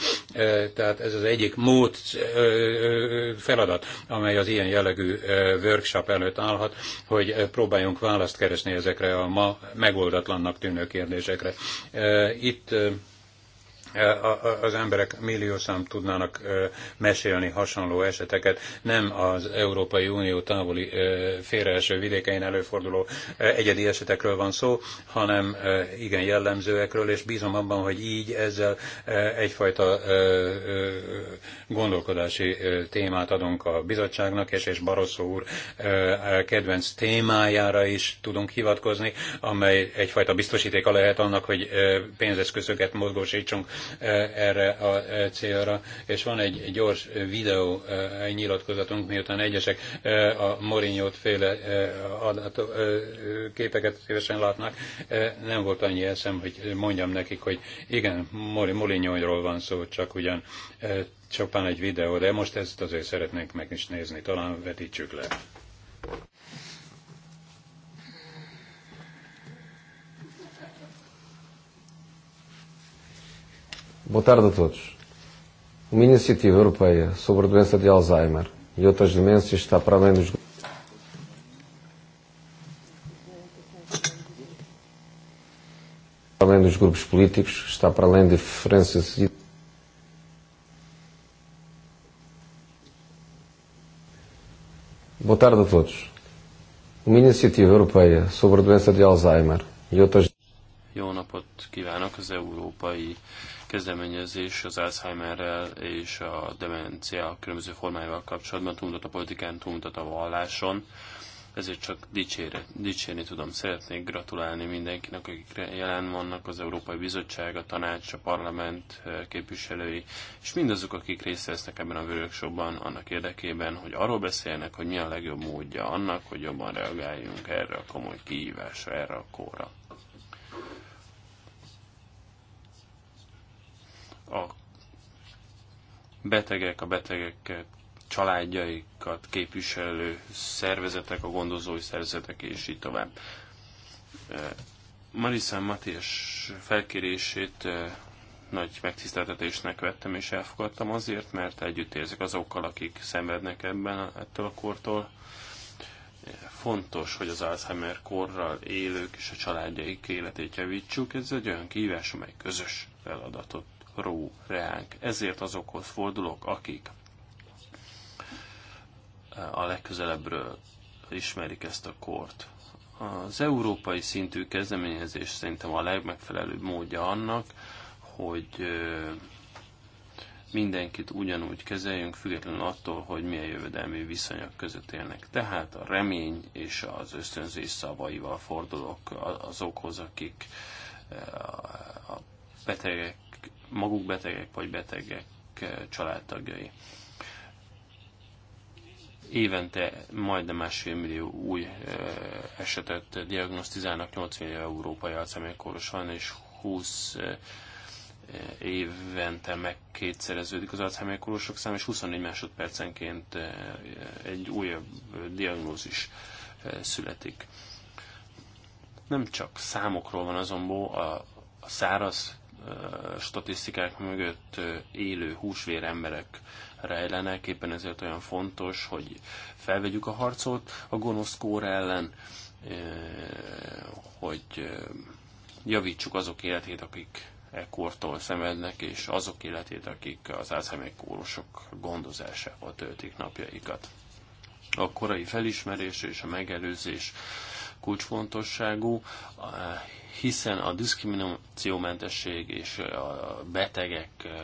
Tehát ez az egyik mód feladat, amely az ilyen jellegű workshop előtt állhat, hogy próbáljunk választ keresni ezekre a ma megoldatlannak tűnő kérdésekre. Itt E, az emberek milliószám tudnának e, mesélni hasonló eseteket, nem az Európai Unió távoli e, félreeső vidékein előforduló egyedi esetekről van szó, hanem igen jellemzőekről, és bízom abban, hogy így ezzel egyfajta gondolkodási témát adunk a bizottságnak, és, és Barosszó úr kedvenc témájára is tudunk hivatkozni, amely egyfajta biztosítéka lehet annak, hogy pénzeszközöket mozgósítsunk E, erre a e, célra, és van egy gyors videó e, nyilatkozatunk, miután egyesek a Morinyót féle adat, képeket szívesen látnak, nem volt annyi eszem, hogy mondjam nekik, hogy igen, Morinyóról van szó, csak ugyan csupán egy videó, de most ezt azért szeretnénk meg is nézni, talán vetítsük le. Boa tarde a todos. Uma iniciativa europeia sobre a doença de Alzheimer e outras demências está para além dos. Para além dos grupos políticos, está para além de diferenças e. Boa tarde a todos. Uma iniciativa europeia sobre a doença de Alzheimer e outras. Jó napot kívánok az európai kezdeményezés az Alzheimerrel és a demencia különböző formáival kapcsolatban túlmutat a politikán, túlmutat a valláson. Ezért csak dicsére, dicsérni tudom. Szeretnék gratulálni mindenkinek, akik jelen vannak, az Európai Bizottság, a Tanács, a Parlament eh, képviselői, és mindazok, akik részt vesznek ebben a workshopban, annak érdekében, hogy arról beszélnek, hogy mi a legjobb módja annak, hogy jobban reagáljunk erre a komoly kihívásra, erre a kóra. a betegek, a betegek családjaikat képviselő szervezetek, a gondozói szervezetek, és így tovább. Marisa Matias felkérését nagy megtiszteltetésnek vettem és elfogadtam azért, mert együtt érzek azokkal, akik szenvednek ebben ettől a kortól. Fontos, hogy az Alzheimer korral élők és a családjaik életét javítsuk. Ez egy olyan kihívás, amely közös feladatot ró reánk. Ezért azokhoz fordulok, akik a legközelebbről ismerik ezt a kort. Az európai szintű kezdeményezés szerintem a legmegfelelőbb módja annak, hogy mindenkit ugyanúgy kezeljünk, függetlenül attól, hogy milyen jövedelmi viszonyok között élnek. Tehát a remény és az ösztönzés szavaival fordulok azokhoz, akik a betegek maguk betegek vagy betegek eh, családtagjai. Évente majdnem másfél millió új eh, esetet diagnosztizálnak, 8 millió európai alzheimer van, és 20 eh, évente meg kétszereződik az alzheimer szám, és 24 másodpercenként egy újabb diagnózis születik. Nem csak számokról van azonból a száraz statisztikák mögött élő húsvér emberek rejlenek, éppen ezért olyan fontos, hogy felvegyük a harcot a gonosz kór ellen, hogy javítsuk azok életét, akik ekkortól szenvednek, és azok életét, akik az Alzheimer kórosok gondozásával töltik napjaikat. A korai felismerés és a megelőzés kulcsfontosságú, hiszen a diszkriminációmentesség és a betegek eh,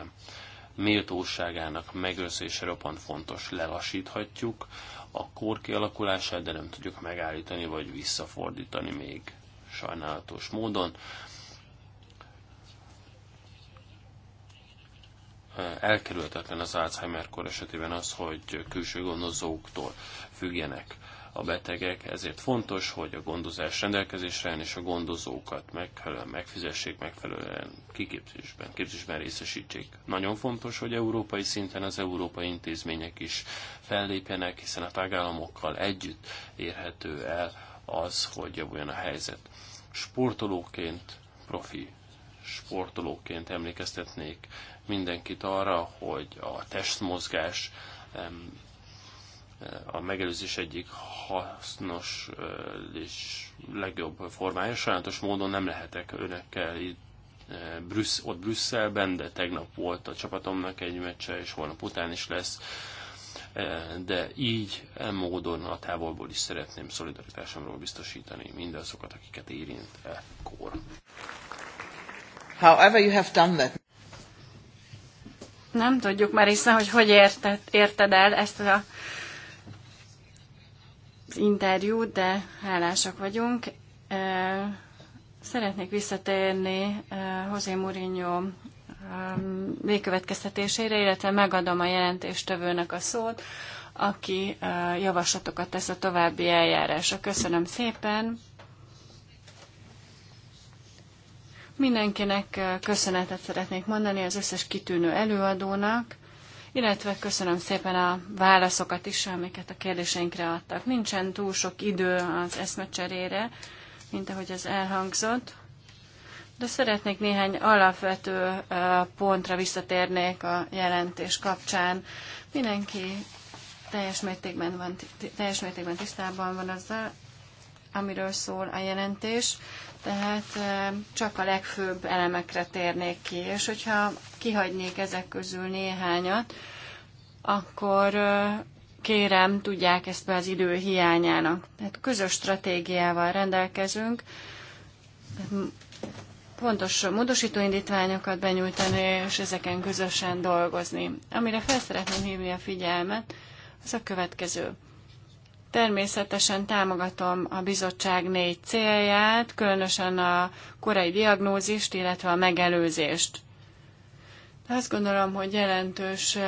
méltóságának megőrzése roppant fontos. Lelassíthatjuk a kór kialakulását, de nem tudjuk megállítani vagy visszafordítani még sajnálatos módon. Eh, elkerülhetetlen az Alzheimer kor esetében az, hogy külső gondozóktól függjenek a betegek, ezért fontos, hogy a gondozás rendelkezésre és a gondozókat megfelelően megfizessék, megfelelően kiképzésben, képzésben részesítsék. Nagyon fontos, hogy európai szinten az európai intézmények is fellépjenek, hiszen a tagállamokkal együtt érhető el az, hogy javuljon a helyzet. Sportolóként, profi sportolóként emlékeztetnék mindenkit arra, hogy a testmozgás a megelőzés egyik hasznos és legjobb formája. Sajnálatos módon nem lehetek önökkel itt Brüssz, ott Brüsszelben, de tegnap volt a csapatomnak egy meccse, és holnap után is lesz. De így, e módon a távolból is szeretném szolidaritásomról biztosítani mindazokat, akiket érint e kor. However you have done that. Nem tudjuk már hiszen, hogy hogy érted, érted el ezt a interjút, de hálásak vagyunk. Szeretnék visszatérni José Mourinho végkövetkeztetésére, illetve megadom a jelentéstövőnek a szót, aki javaslatokat tesz a további eljárásra. Köszönöm szépen! Mindenkinek köszönetet szeretnék mondani az összes kitűnő előadónak, illetve köszönöm szépen a válaszokat is, amiket a kérdéseinkre adtak. Nincsen túl sok idő az eszmecserére, mint ahogy ez elhangzott, de szeretnék néhány alapvető pontra visszatérnék a jelentés kapcsán. Mindenki teljes mértékben, van, teljes mértékben tisztában van azzal, amiről szól a jelentés. Tehát csak a legfőbb elemekre térnék ki, és hogyha kihagynék ezek közül néhányat, akkor kérem, tudják ezt be az idő hiányának. Tehát közös stratégiával rendelkezünk, pontos módosító indítványokat benyújtani, és ezeken közösen dolgozni. Amire fel szeretném hívni a figyelmet, az a következő. Természetesen támogatom a bizottság négy célját, különösen a korai diagnózist, illetve a megelőzést. De azt gondolom, hogy jelentős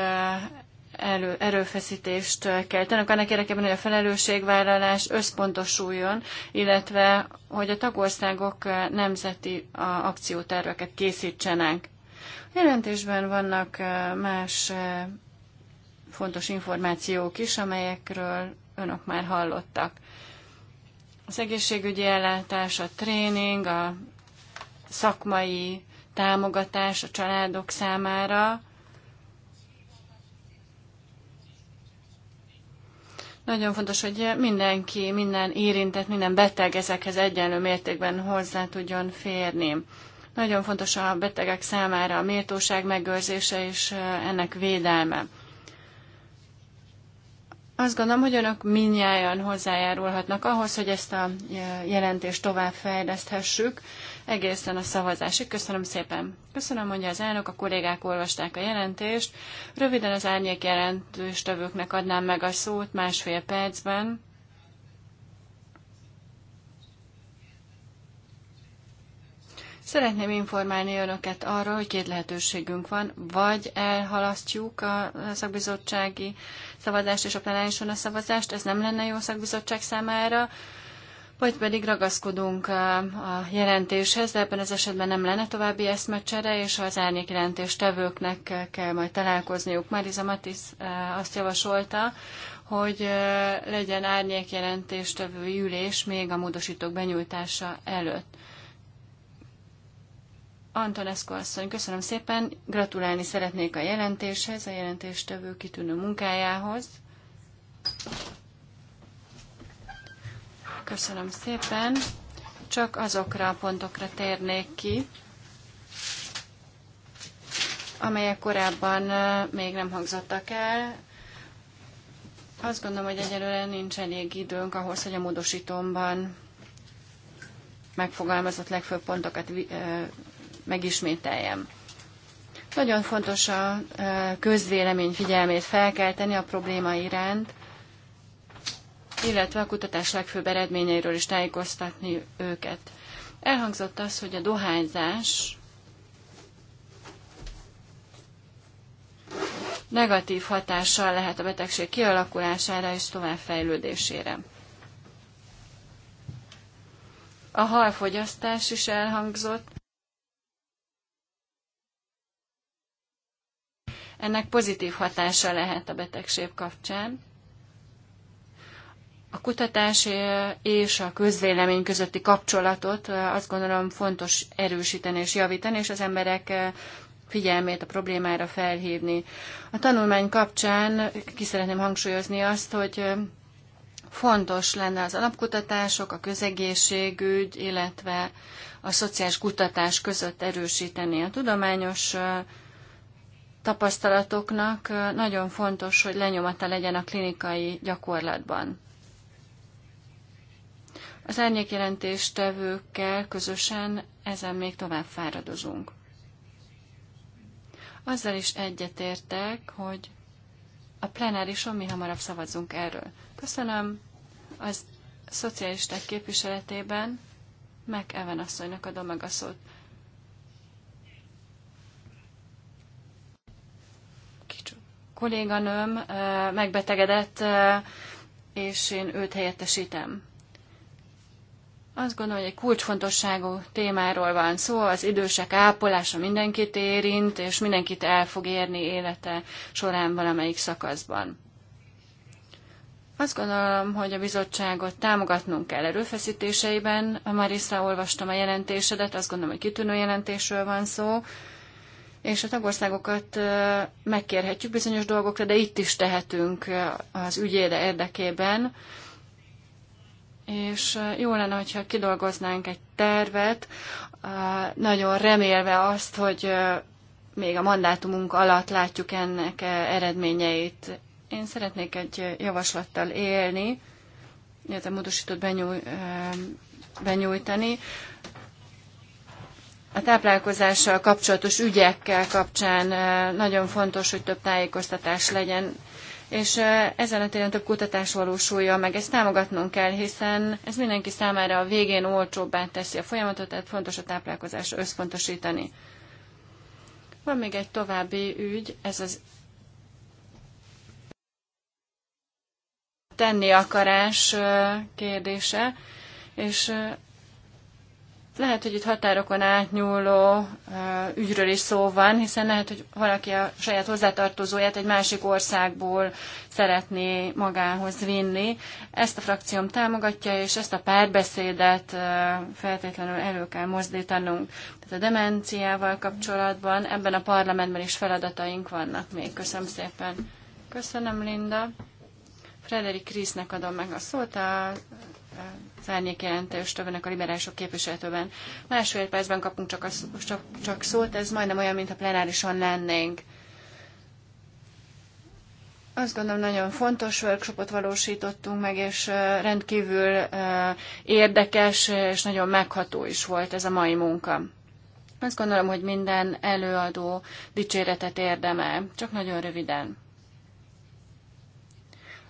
elő, erőfeszítést kell tennünk annak érdekében, hogy a felelősségvállalás összpontosuljon, illetve hogy a tagországok nemzeti akcióterveket készítsenek. A jelentésben vannak más fontos információk is, amelyekről önök már hallottak. Az egészségügyi ellátás, a tréning, a szakmai támogatás a családok számára. Nagyon fontos, hogy mindenki, minden érintett, minden beteg ezekhez egyenlő mértékben hozzá tudjon férni. Nagyon fontos a betegek számára a méltóság megőrzése és ennek védelme. Azt gondolom, hogy önök minnyáján hozzájárulhatnak ahhoz, hogy ezt a e, jelentést fejleszthessük egészen a szavazásig. Köszönöm szépen. Köszönöm, mondja az elnök, a kollégák olvasták a jelentést. Röviden az árnyék jelentőstevőknek adnám meg a szót másfél percben. Szeretném informálni önöket arról, hogy két lehetőségünk van, vagy elhalasztjuk a szakbizottsági szavazást és a plenárison a szavazást, ez nem lenne jó szakbizottság számára, vagy pedig ragaszkodunk a, a jelentéshez, de ebben az esetben nem lenne további eszmecsere, és az árnyék jelentés tevőknek kell, majd találkozniuk. Mariza Matis azt javasolta, hogy legyen árnyék jelentéstevő ülés még a módosítók benyújtása előtt. Antonescu asszony, köszönöm szépen. Gratulálni szeretnék a jelentéshez, a jelentéstevő kitűnő munkájához. Köszönöm szépen. Csak azokra a pontokra térnék ki, amelyek korábban még nem hangzottak el. Azt gondolom, hogy egyelőre nincs elég időnk ahhoz, hogy a módosítomban megfogalmazott legfőbb pontokat megismételjem. Nagyon fontos a közvélemény figyelmét felkelteni a probléma iránt, illetve a kutatás legfőbb eredményeiről is tájékoztatni őket. Elhangzott az, hogy a dohányzás negatív hatással lehet a betegség kialakulására és továbbfejlődésére. A halfogyasztás is elhangzott. ennek pozitív hatása lehet a betegség kapcsán. A kutatás és a közvélemény közötti kapcsolatot azt gondolom fontos erősíteni és javítani, és az emberek figyelmét a problémára felhívni. A tanulmány kapcsán ki szeretném hangsúlyozni azt, hogy fontos lenne az alapkutatások, a közegészségügy, illetve a szociális kutatás között erősíteni a tudományos tapasztalatoknak nagyon fontos, hogy lenyomata legyen a klinikai gyakorlatban. Az tevőkkel közösen ezen még tovább fáradozunk. Azzal is egyetértek, hogy a plenárison mi hamarabb szavazzunk erről. Köszönöm az szocialisták képviseletében meg Evan asszonynak adom meg a szót. kolléganőm megbetegedett, és én őt helyettesítem. Azt gondolom, hogy egy kulcsfontosságú témáról van szó, az idősek ápolása mindenkit érint, és mindenkit el fog érni élete során valamelyik szakaszban. Azt gondolom, hogy a bizottságot támogatnunk kell erőfeszítéseiben. Marisza, olvastam a jelentésedet, azt gondolom, hogy kitűnő jelentésről van szó és a tagországokat megkérhetjük bizonyos dolgokra, de itt is tehetünk az ügyére érdekében. És jó lenne, hogyha kidolgoznánk egy tervet, nagyon remélve azt, hogy még a mandátumunk alatt látjuk ennek eredményeit. Én szeretnék egy javaslattal élni, illetve módosított benyúj, benyújtani, a táplálkozással kapcsolatos ügyekkel kapcsán nagyon fontos, hogy több tájékoztatás legyen, és ezen a téren több kutatás valósulja meg. Ezt támogatnunk kell, hiszen ez mindenki számára a végén olcsóbbá teszi a folyamatot, tehát fontos a táplálkozás összpontosítani. Van még egy további ügy, ez az tenni akarás kérdése, és lehet, hogy itt határokon átnyúló ügyről is szó van, hiszen lehet, hogy valaki a saját hozzátartozóját egy másik országból szeretné magához vinni. Ezt a frakcióm támogatja, és ezt a párbeszédet feltétlenül elő kell mozdítanunk. Tehát a demenciával kapcsolatban ebben a parlamentben is feladataink vannak még. Köszönöm szépen. Köszönöm, Linda. Frederik Krisznek adom meg a szót, a az stövenek a liberálisok képviseletőben. Másfél percben kapunk csak, a, csak, csak szót, ez majdnem olyan, mintha plenárison lennénk. Azt gondolom, nagyon fontos workshopot valósítottunk meg, és rendkívül érdekes és nagyon megható is volt ez a mai munka. Azt gondolom, hogy minden előadó dicséretet érdemel, csak nagyon röviden.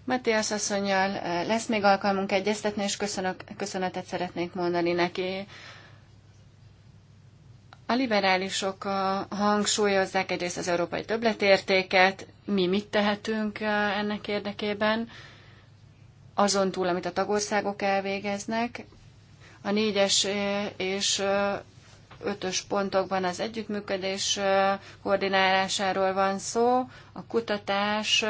Matthias asszonyjal eh, lesz még alkalmunk egyeztetni, és köszönök, köszönetet szeretnék mondani neki. A liberálisok eh, hangsúlyozzák egyrészt az európai többletértéket, mi mit tehetünk eh, ennek érdekében, azon túl, amit a tagországok elvégeznek. A négyes és ötös pontokban az együttműködés koordinálásáról van szó, a kutatás,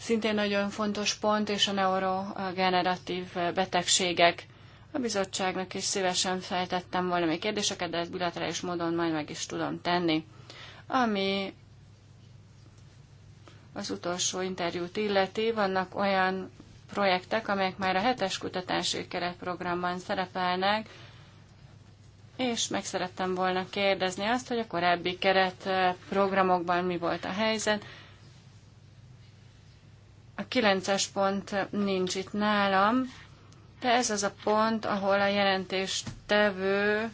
szintén nagyon fontos pont, és a neurogeneratív betegségek. A bizottságnak is szívesen feltettem volna még kérdéseket, de ezt bilaterális módon majd meg is tudom tenni. Ami az utolsó interjút illeti, vannak olyan projektek, amelyek már a hetes kutatási keretprogramban szerepelnek, és meg szerettem volna kérdezni azt, hogy a korábbi keretprogramokban mi volt a helyzet, a kilences pont nincs itt nálam, de ez az a pont, ahol a jelentéstevő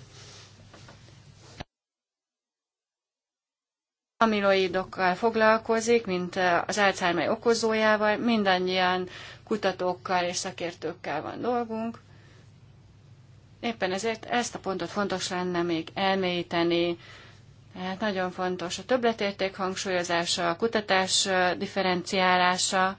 amiloidokkal foglalkozik, mint az Alzheimer okozójával, mindannyian kutatókkal és szakértőkkel van dolgunk. Éppen ezért ezt a pontot fontos lenne még elmélyíteni. Tehát nagyon fontos a többletérték hangsúlyozása, a kutatás differenciálása,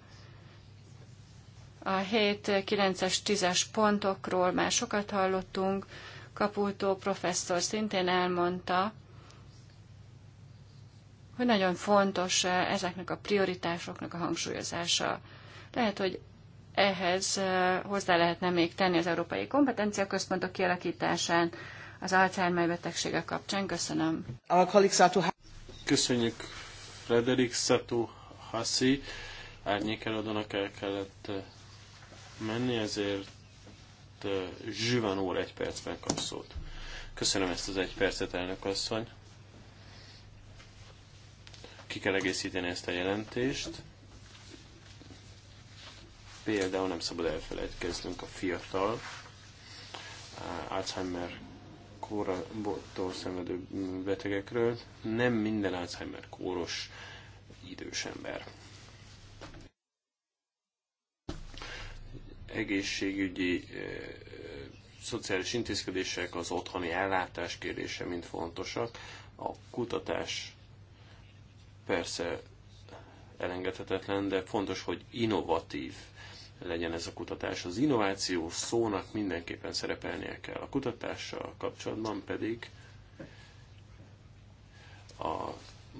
a 7, 9-es, 10-es pontokról már sokat hallottunk. Kapultó professzor szintén elmondta, hogy nagyon fontos eh, ezeknek a prioritásoknak a hangsúlyozása. Lehet, hogy ehhez eh, hozzá lehetne még tenni az Európai Kompetencia Központok kialakításán, az Alzheimer betegsége kapcsán. Köszönöm. Köszönjük Frederik Szatu Hassi árnyékelődőnek el kellett eh, menni, ezért uh, Zsivan úr egy percben kap szót. Köszönöm ezt az egy percet, elnök asszony. Ki kell egészíteni ezt a jelentést. Például nem szabad elfelejtkeznünk a fiatal uh, Alzheimer kórabottól szenvedő betegekről. Nem minden Alzheimer kóros idős ember. egészségügyi, eh, szociális intézkedések, az otthoni ellátás kérdése mind fontosak. A kutatás persze elengedhetetlen, de fontos, hogy innovatív legyen ez a kutatás. Az innováció szónak mindenképpen szerepelnie kell. A kutatással kapcsolatban pedig a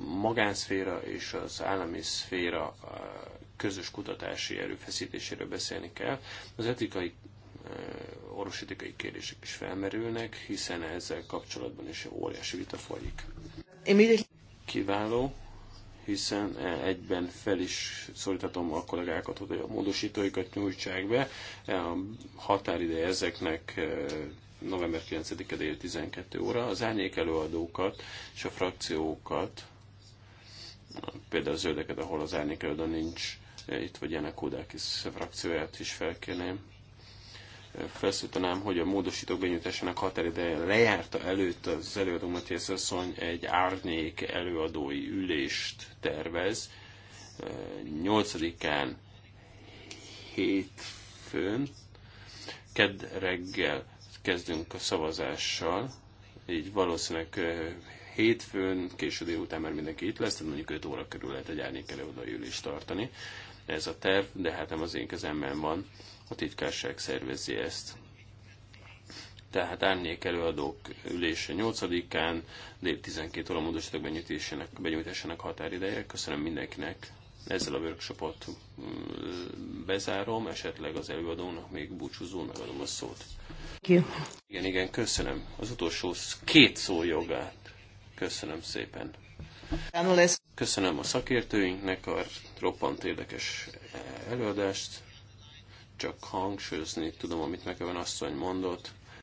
magánszféra és az állami szféra eh, közös kutatási erőfeszítéséről beszélni kell. Az etikai eh, orvosetikai kérdések is felmerülnek, hiszen ezzel kapcsolatban is óriási vita folyik. Kiváló, hiszen eh, egyben fel is szólítatom a kollégákat, hogy a módosítóikat nyújtsák be. Eh, a határideje ezeknek november 9-e dél 12 óra. Az árnyék előadókat és a frakciókat, például a zöldeket, ahol az árnyék előadó nincs itt vagy ennek Kodákis frakcióját is felkérném. Felszólítanám, hogy a módosítók benyújtásának határideje lejárta előtt az előadó Matthias asszony egy árnyék előadói ülést tervez. 8-án hétfőn, kedd reggel kezdünk a szavazással, így valószínűleg hétfőn, késő délután már mindenki itt lesz, tehát mondjuk 5 óra körül lehet egy árnyék előadói ülést tartani ez a terv, de hát nem az én kezemben van, a titkárság szervezi ezt. Tehát árnyék előadók ülése 8-án, lép 12 óra módosítók benyújtásának, határideje. Köszönöm mindenkinek. Ezzel a workshopot mm, bezárom, esetleg az előadónak még búcsúzó, megadom a szót. Köszönöm. Igen, igen, köszönöm. Az utolsó két szó jogát. Köszönöm szépen. Köszönöm a szakértőinknek a roppant érdekes eh, előadást. Csak hangsúlyozni tudom, amit nekem asszony mondott.